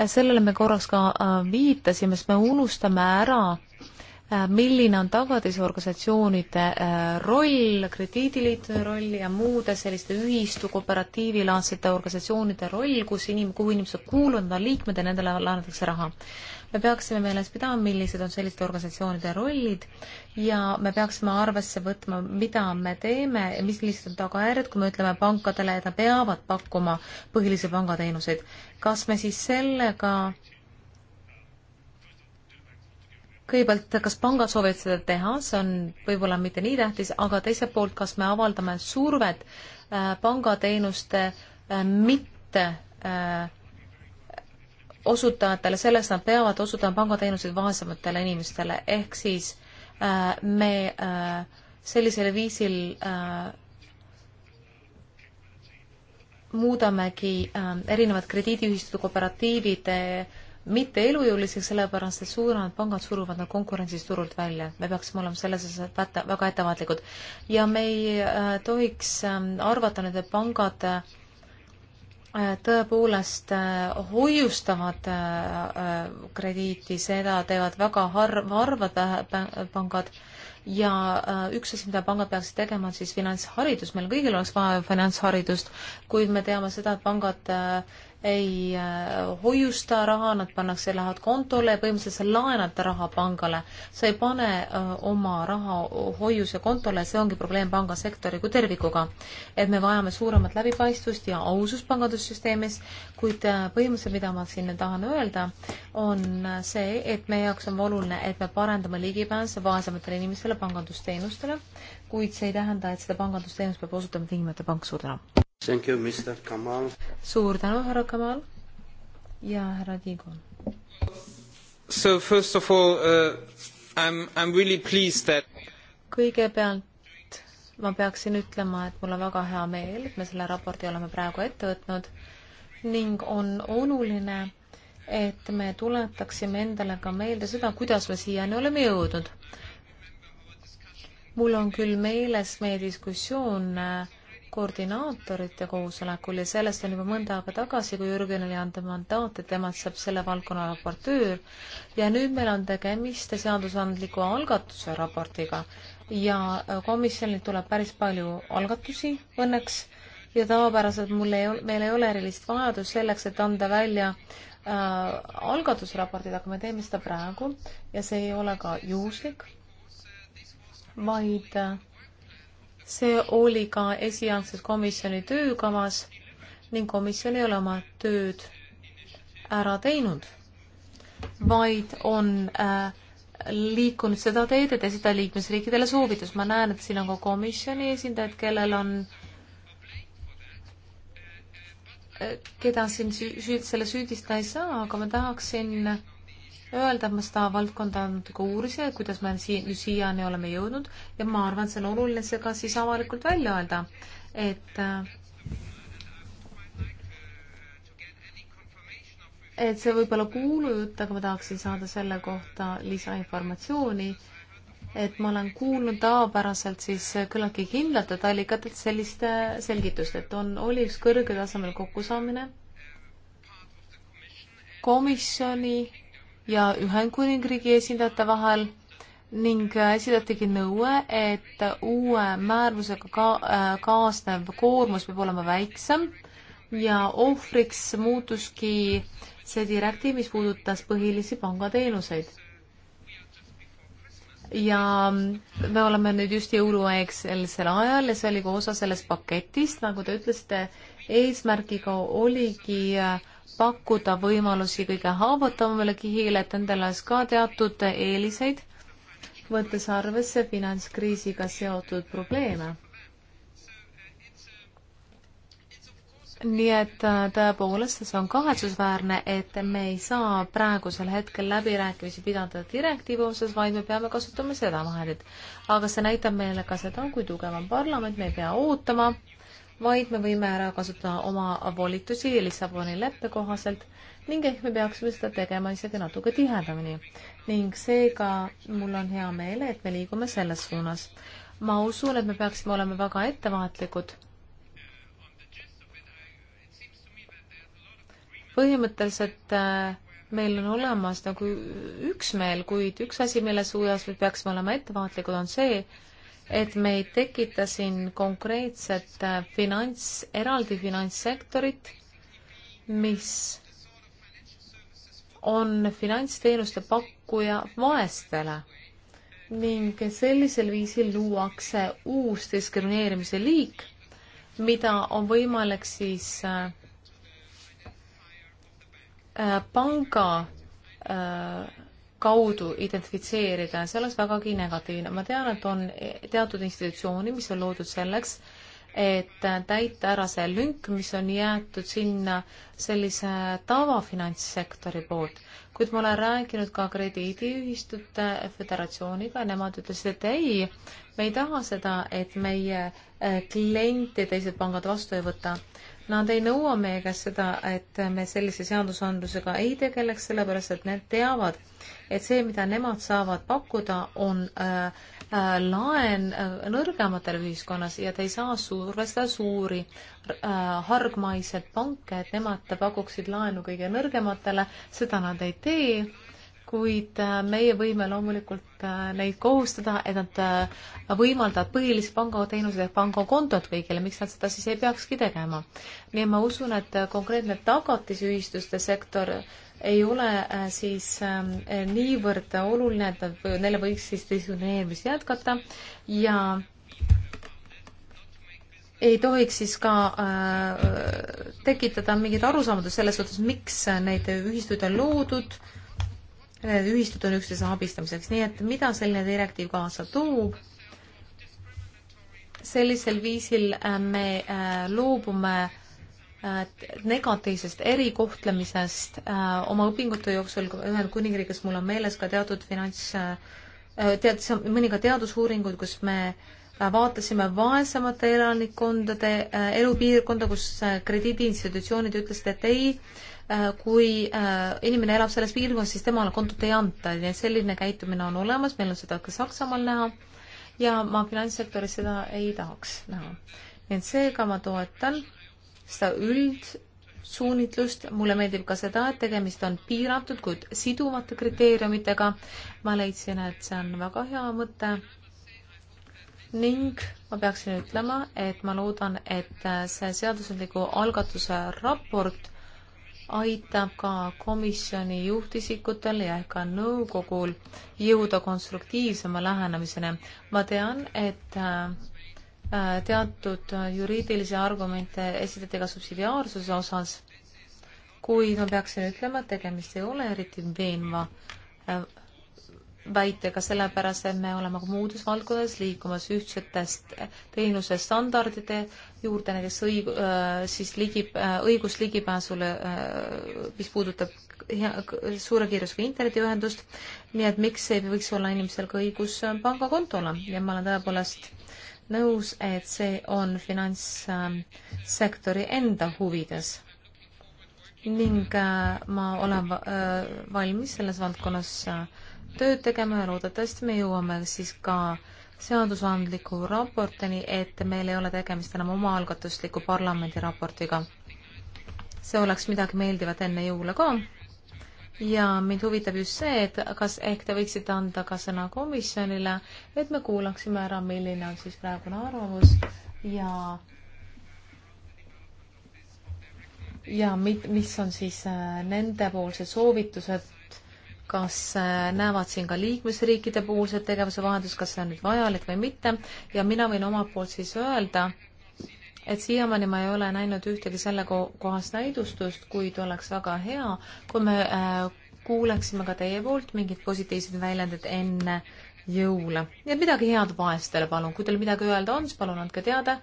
Speaker 2: äh, sellele me korraks ka äh, viitasime, sest me unustame ära äh, Äh, milline on tagatisorganisatsioonide äh, roll, krediidiliitude roll ja muude selliste ühistu kooperatiivilaadsete organisatsioonide roll, kus inim-, kuhu inimesed kuuluvad, on liikmed ja nendele laenatakse raha. me peaksime meeles pidama, millised on selliste organisatsioonide rollid ja me peaksime arvesse võtma, mida me teeme ja mis lihtsalt on tagajärjed, kui me ütleme pankadele, et nad peavad pakkuma põhilisi pangateenuseid. kas me siis sellega kõigepealt, kas pangad soovivad seda teha, see on võib-olla mitte nii tähtis, aga teiselt poolt, kas me avaldame survet äh, pangateenuste äh, mitte äh, osutajatele sellest, nad peavad osutama pangateenuseid vaesematele inimestele, ehk siis äh, me äh, sellisel viisil äh, muudamegi äh, erinevad krediidiühistud, kooperatiivid äh, mitte elujõuliseks, sellepärast et suuremad pangad suruvad nad konkurentsis turult välja. me peaksime olema selles osas väga, väga ettevaatlikud. ja me ei äh, tohiks äh, arvata, et need pangad äh, tõepoolest äh, hoiustavad äh, äh, krediiti, seda teevad väga harv, harvad pangad ja üks asi, mida pangad peaksid tegema, on siis finantsharidus, meil kõigil oleks vaja finantsharidust, kuid me teame seda, et pangad ei äh, hoiusta raha, nad pannakse, lähevad kontole ja põhimõtteliselt sa laenad raha pangale. sa ei pane äh, oma raha hoiuse kontole, see ongi probleem pangasektori kui tervikuga. et me vajame suuremat läbipaistvust ja ausust pangandussüsteemis, kuid äh, põhimõtteliselt, mida ma siin tahan öelda, on see, et meie jaoks on oluline, et me parendame ligipääsu vaesematele inimestele pangandusteenustele, kuid see ei tähenda, et seda pangandusteenust peab osutama tingimata pank. suur tänu!
Speaker 3: Thank you, Mr Kamal.
Speaker 2: suur tänu, härra Kamal ja härra Tiigo. So first of all uh, I am, I am really pleased that kõigepealt ma peaksin ütlema, et mul on väga hea meel, et me selle raporti oleme praegu ette võtnud ning on oluline, et me tuletaksime endale ka meelde seda, kuidas me siiani oleme jõudnud. mul on küll meeles meie diskussioon äh, koordinaatorite koosolekul ja sellest on juba mõnda aega tagasi, kui Jürgenile anda mandaat, et temast saab selle valdkonna raportöör ja nüüd meil on tegemist seadusandliku algatuse raportiga ja komisjonil tuleb päris palju algatusi õnneks ja tavapäraselt mul ei ole, meil ei ole erilist vajadust selleks, et anda välja äh, algatusraportid, aga me teeme seda praegu ja see ei ole ka juhuslik, vaid äh, see oli ka esialgses komisjoni töökavas ning komisjon ei ole oma tööd ära teinud, vaid on äh, liikunud seda teed, et esitada liikmesriikidele soovitus. ma näen, et siin on ka komisjoni esindajad, kellel on äh, keda siin süü-, selle süüdistada ei saa, aga ma tahaksin öelda, et ma seda valdkonda natuke uurisin, et kuidas me siin, siiani oleme jõudnud ja ma arvan, et see on oluline see ka siis avalikult välja öelda, et et see võib olla kuulujutt, aga ma tahaksin saada selle kohta lisainformatsiooni, et ma olen kuulnud tavapäraselt siis küllaltki kindlatelt allikatelt sellist selgitust, et on, oli üks kõrgel tasemel kokkusaamine komisjoni ja Ühendkuningriigi esindajate vahel ning äh, esitatigi nõue, et uue määrusega ka, äh, kaasnev koormus peab olema väiksem ja ohvriks muutuski see direktiiv, mis puudutas põhilisi pangateenuseid. ja me oleme nüüd just jõuluaegsel ajal ja see oli ka osa sellest paketist, nagu te ütlesite, eesmärgiga oligi äh, pakkuda võimalusi kõige haavatavamale kihile, et endal oleks ka teatud eeliseid, võttes arvesse finantskriisiga seotud probleeme. nii et äh, tõepoolest, see on kahetsusväärne, et me ei saa praegusel hetkel läbirääkimisi pidada direktiivi osas, vaid me peame kasutama seda vahendit. aga see näitab meile ka seda, kui tugev on parlament, me ei pea ootama vaid me võime ära kasutada oma volitusi Lissaboni leppe kohaselt ning ehk me peaksime seda tegema isegi natuke tihedamini. ning seega mul on hea meel, et me liigume selles suunas. ma usun, et me peaksime olema väga ettevaatlikud. põhimõtteliselt äh, meil on olemas nagu üksmeel, kuid üks asi, mille suunas me peaksime olema ettevaatlikud, on see, et me ei tekita siin konkreetset äh, finants, eraldi finantssektorit, mis on finantsteenuste pakkuja vaestele ning sellisel viisil luuakse uus diskrimineerimise liik, mida on võimalik siis äh, äh panga äh, kaudu identifitseerida, see oleks vägagi negatiivne. ma tean, et on teatud institutsioone, mis on loodud selleks, et täita ära see lünk, mis on jäetud sinna sellise tavafinantssektori poolt. kuid ma olen rääkinud ka krediidiühistute föderatsiooniga, nemad ütlesid, et ei, me ei taha seda, et meie eh, kliente teised pangad vastu ei võta. Nad ei nõua meie käest seda, et me sellise seadusandlusega ei tegeleks, sellepärast et need teavad, et see, mida nemad saavad pakkuda, on äh, äh, laen äh, nõrgematele ühiskonnas ja te ei saa survestada suuri äh, hargmaiseid panke, et nemad pakuksid laenu kõige nõrgematele, seda nad ei tee kuid äh, meie võime loomulikult äh, neid kohustada, et nad äh, võimaldavad põhilisi pangateenuseid ehk pangakontot kõigile, miks nad seda siis ei peakski tegema. nii et ma usun, et konkreetne tagatisühistuste sektor ei ole siis ähm, niivõrd oluline, et neile võiks siis diskrimineerimist jätkata ja ei tohiks siis ka äh, tekitada mingeid arusaamatusi selles suhtes, miks neid ühistuid on loodud äh,, ühistud on üksteise abistamiseks, nii et mida selline direktiiv kaasa toob? sellisel viisil äh, me äh, loobume äh, negatiivsest erikohtlemisest oma õpingute jooksul Ühendkuningriigis, mul on meeles ka teatud finants, tead-, mõningad teadusuuringud, kus me vaatasime vaesemate elanikkondade elupiirkonda, kus krediidiinstitutsioonid ütlesid, et ei, Äh, kui äh, inimene elab selles piirkonnas, siis temale kontot ei anta ja selline käitumine on olemas, meil on seda ka Saksamaal näha ja ma finantssektoris seda ei tahaks näha. nii et seega ma toetan seda üldsuunitlust, mulle meeldib ka seda, et tegemist on piiratud, kuid siduvate kriteeriumitega. ma leidsin, et see on väga hea mõte ning ma peaksin ütlema, et ma loodan, et äh, see seadusandliku algatuse raport aitab ka komisjoni juhtisikutel ja ka nõukogul jõuda konstruktiivsema lähenemiseni. ma tean, et äh, äh, teatud juriidilisi argumente esitati ka subsidiaarsuse osas, kuid ma peaksin ütlema, et tegemist ei ole eriti veenva äh, väitega, sellepärast et me oleme ka muudes valdkondades liikumas ühtsetest teenusestandardide juurde, näiteks õig-, äh, siis ligi, äh, õigus ligipääsule, äh, mis puudutab hea, suure kiirusega internetiühendust, nii et miks ei võiks olla inimesel ka õigus pangakontole ja ma olen tõepoolest nõus, et see on finantssektori enda huvides ning ma olen valmis selles valdkonnas tööd tegema ja loodetavasti me jõuame siis ka seadusandliku raportini, et meil ei ole tegemist enam omaalgatusliku parlamendi raportiga. see oleks midagi meeldivat enne jõule ka. ja mind huvitab just see, et kas ehk te võiksite anda ka sõna komisjonile, et me kuulaksime ära, milline on siis praegune arvamus ja ja mit-, mis on siis äh, nendepoolsed soovitused kas äh, näevad siin ka liikmesriikide puhulset tegevuse vahendust, kas see on nüüd vajalik või mitte ja mina võin omalt poolt siis öelda, et siiamaani ma ei ole näinud ühtegi selle kohast näidustust, kuid oleks väga hea, kui me äh, kuuleksime ka teie poolt mingid positiivsed väljendid enne jõule. ja midagi head vaestele palun, kui teil midagi öelda on, siis palun andke teada,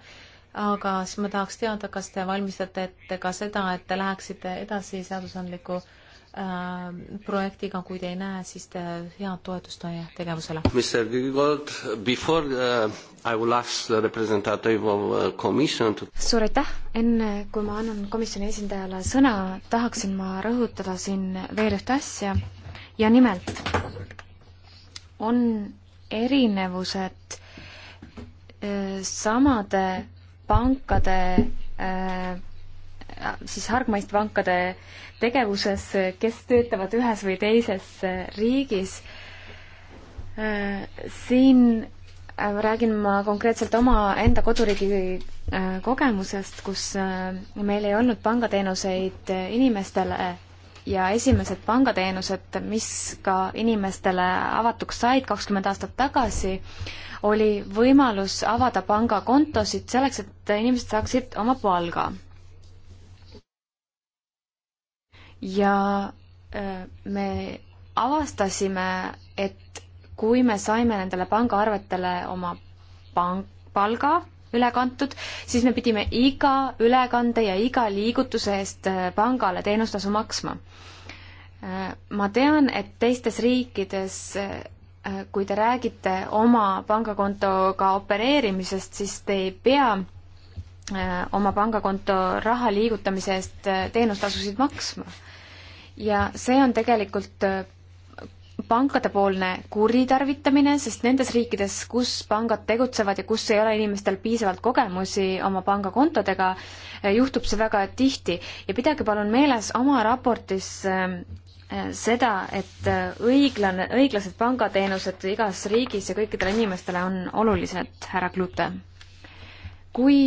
Speaker 2: aga siis ma tahaks teada, kas te valmistate ette ka seda, et te läheksite edasi seadusandliku äh, Äh, projektiga, kui te ei näe, siis te äh, head toetust teie tegevusele.
Speaker 3: Mr Gold, before uh, I will ask the representative of uh, commission to
Speaker 4: suur aitäh, enne kui ma annan komisjoni esindajale sõna, tahaksin ma rõhutada siin veel ühte asja ja nimelt on erinevused samade pankade äh, siis hargmaistvankade tegevuses, kes töötavad ühes või teises riigis. siin räägin ma konkreetselt omaenda koduriigi äh, kogemusest, kus äh, meil ei olnud pangateenuseid inimestele ja esimesed pangateenused, mis ka inimestele avatuks said kakskümmend aastat tagasi, oli võimalus avada pangakontosid selleks, et inimesed saaksid oma palga ja äh, me avastasime, et kui me saime nendele pangaarvetele oma pank, palga üle kantud, siis me pidime iga ülekande ja iga liigutuse eest äh, pangale teenustasu maksma. Äh, ma tean, et teistes riikides, kui te räägite oma pangakontoga opereerimisest, siis te ei pea oma pangakonto raha liigutamise eest teenustasusid maksma ja see on tegelikult äh, pankadepoolne kuritarvitamine, sest nendes riikides, kus pangad tegutsevad ja kus ei ole inimestel piisavalt kogemusi oma pangakontodega, äh, juhtub see väga tihti ja pidage palun meeles oma raportis äh, seda, et õiglane, õiglased pangateenused igas riigis ja kõikidele inimestele on olulised, härra Klute. kui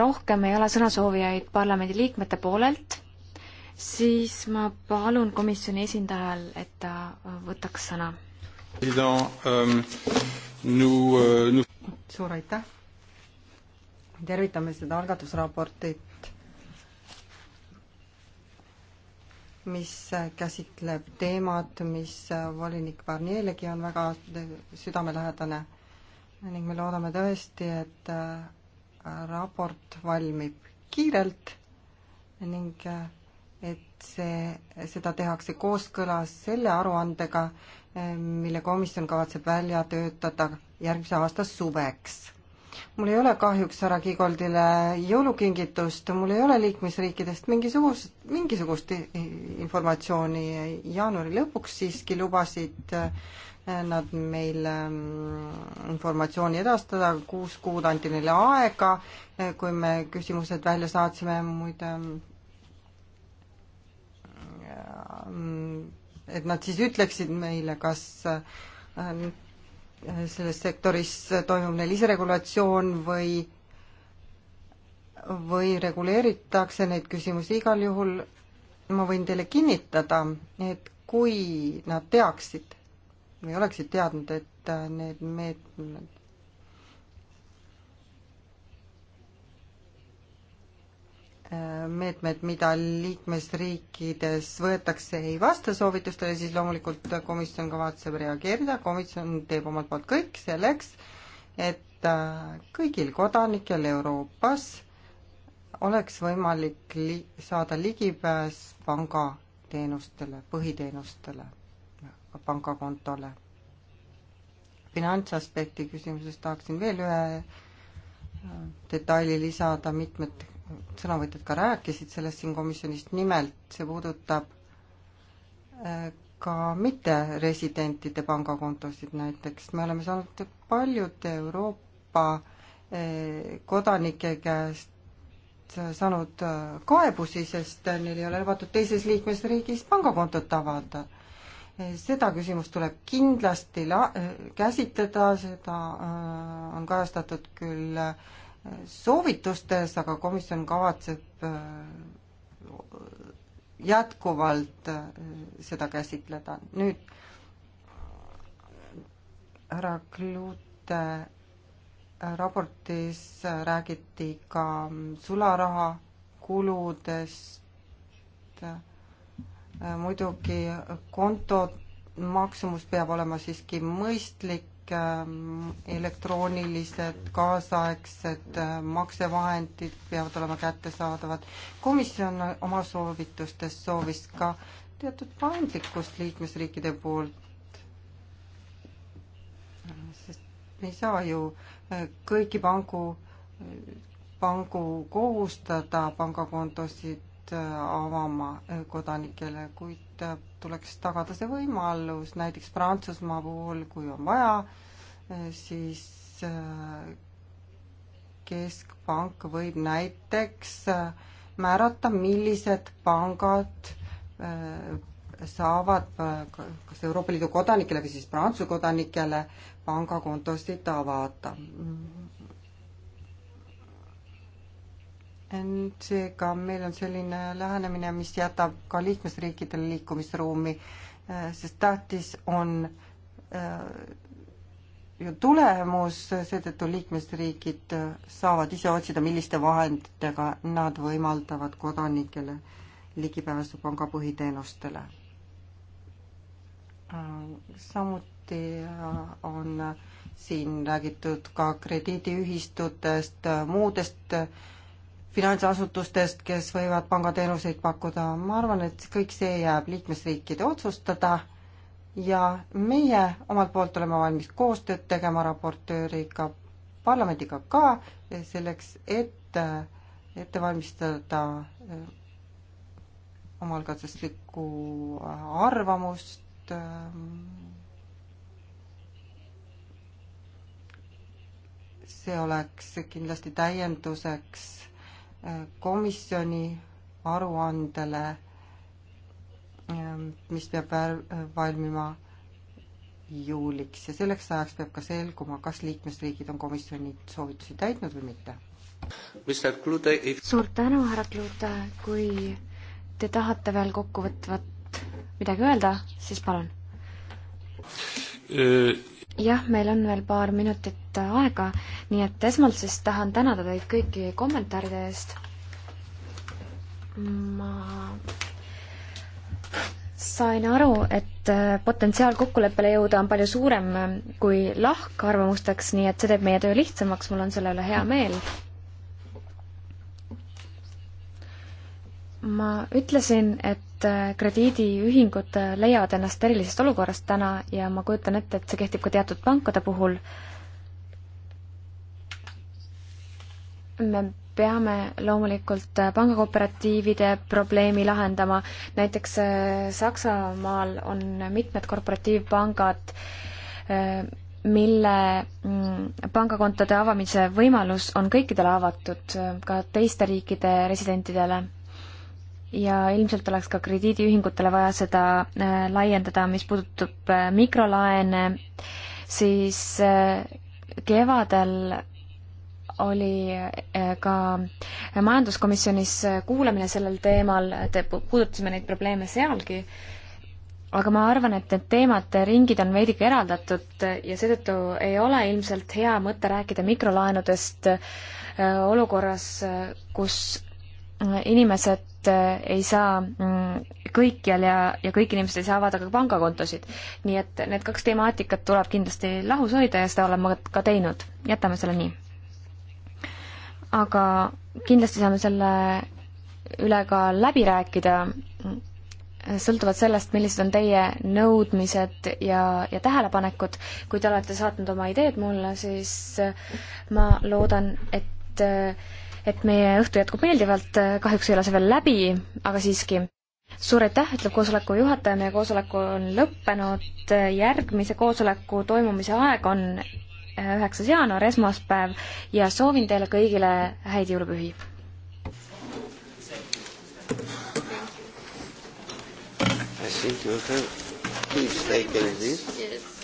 Speaker 4: rohkem ei ole sõnasoovijaid parlamendi liikmete poolelt siis ma palun komisjoni esindajal, et ta võtaks sõna.
Speaker 5: Euh, euh, suur aitäh! tervitame seda algatusraportit, mis käsitleb teemat, mis volinik Barnielegi on väga südamelähedane ning me loodame tõesti, et raport valmib kiirelt ning et see, seda tehakse kooskõlas selle aruandega, mille komisjon kavatseb välja töötada järgmise aasta suveks. mul ei ole kahjuks härra Kiigoldile jõulukingitust, mul ei ole liikmesriikidest mingisugust, mingisugust informatsiooni, jaanuari lõpuks siiski lubasid eh, nad meile mm, informatsiooni edastada, kuus kuud anti neile aega, eh, kui me küsimused välja saatsime, muide et nad siis ütleksid meile, kas äh, selles sektoris toimub neil iseregulatsioon või või reguleeritakse neid küsimusi, igal juhul ma võin teile kinnitada, et kui nad teaksid või oleksid teadnud, et need meetmed meetmed, mida liikmesriikides võetakse, ei vasta soovitustele, siis loomulikult komisjon kavatseb reageerida, komisjon teeb omalt poolt kõik selleks, et äh, kõigil kodanikel Euroopas oleks võimalik li-, saada ligipääs pangateenustele, põhiteenustele, pangakontole. finantsaspekti küsimuses tahaksin veel ühe äh, detaili lisada, mitmed sõnavõtjad ka rääkisid sellest siin komisjonist, nimelt see puudutab äh, ka mitteresidentide pangakontosid näiteks, me oleme saanud paljude Euroopa äh, kodanike käest saanud äh, kaebusi, sest neil ei ole lubatud teises liikmesriigis pangakontot avada. seda küsimust tuleb kindlasti la-, käsitleda, seda on kajastatud küll äh, soovitustes, aga komisjon kavatseb äh, jätkuvalt äh, seda käsitleda. nüüd härra Klute äh, raportis räägiti ka sularaha kuludest, muidugi kontod maksumus peab olema siiski mõistlik, ähm, elektroonilised, kaasaegsed äh, maksevahendid peavad olema kättesaadavad. komisjon oma soovitustes soovis ka teatud paindlikkust liikmesriikide poolt, sest me ei saa ju äh, kõiki pangu, äh, pangu kohustada pangakontosid avama kodanikele, kuid et tuleks tagada see võimalus, näiteks Prantsusmaa puhul, kui on vaja, eh, siis eh, keskpank võib näiteks eh, määrata, millised pangad saavad kas Euroopa Liidu kodanikele või siis Prantsuse kodanikele pangakontosid avada. seega meil on selline lähenemine, mis jätab ka liikmesriikidele liikumisruumi, äh, sest tähtis on äh, ju tulemus, seetõttu liikmesriigid äh, saavad ise otsida, milliste vahenditega nad võimaldavad kodanikele ligipääsu panga põhiteenustele. samuti on siin räägitud ka krediidiühistutest, muudest äh, finantsasutustest, kes võivad pangateenuseid pakkuda, ma arvan, et kõik see jääb liikmesriikide otsustada ja meie omalt poolt oleme valmis koostööd tegema raportööriga, parlamendiga ka, selleks et äh, ette valmistada äh, omalkatseslikku arvamust, äh, see oleks kindlasti täienduseks komisjoni aruandele, mis peab valmima juuliks ja selleks ajaks peab ka selguma, kas liikmesriigid on komisjoni soovitusi täitnud või mitte. suur tänu, härra Klute, kui te tahate veel kokkuvõtvat
Speaker 4: midagi öelda, siis palun. Äh, jah, meil on veel paar minutit aega, nii et esmalt siis tahan tänada teid kõiki kommentaaride eest. ma sain aru, et potentsiaal kokkuleppele jõuda on palju suurem kui lahkarvamusteks, nii et see teeb meie töö lihtsamaks, mul on selle üle hea meel ma ütlesin, et äh, krediidiühingud äh, leiavad ennast erilisest olukorrast täna ja ma kujutan ette, et see kehtib ka teatud pankade puhul. me peame loomulikult äh, pangakooperatiivide probleemi lahendama, näiteks Saksamaal on mitmed korporatiivpangad, mille mm, pangakontode avamise võimalus on kõikidele avatud, ka teiste riikide residentidele ja ilmselt oleks ka krediidiühingutele vaja seda äh, laiendada, mis puudutab äh, mikrolaene, siis äh, kevadel oli ka majanduskomisjonis kuulamine sellel teemal, te puudutasime neid probleeme sealgi, aga ma arvan, et need teemad, ringid on veidike eraldatud ja seetõttu ei ole ilmselt hea mõte rääkida mikrolaenudest olukorras, kus inimesed äh, ei saa mm, kõikjal ja, ja kõik inimesed ei saa avada ka pangakontosid. nii et need kaks temaatikat tuleb kindlasti lahus hoida ja seda olen ma ka teinud, jätame selle nii. aga kindlasti saame selle üle ka läbi rääkida, sõltuvalt sellest, millised on teie nõudmised ja, ja tähelepanekud. kui te olete saatnud oma ideed mulle, siis ma loodan, et äh, et meie õhtu jätkub meeldivalt, kahjuks ei ole see veel läbi, aga siiski. suur aitäh, ütleb koosoleku juhataja, meie koosolek on lõppenud, järgmise koosoleku toimumise aeg on äh, üheksas jaanuar, esmaspäev, ja soovin teile kõigile häid jõulupühi!
Speaker 3: I think you have, please take this. Yes.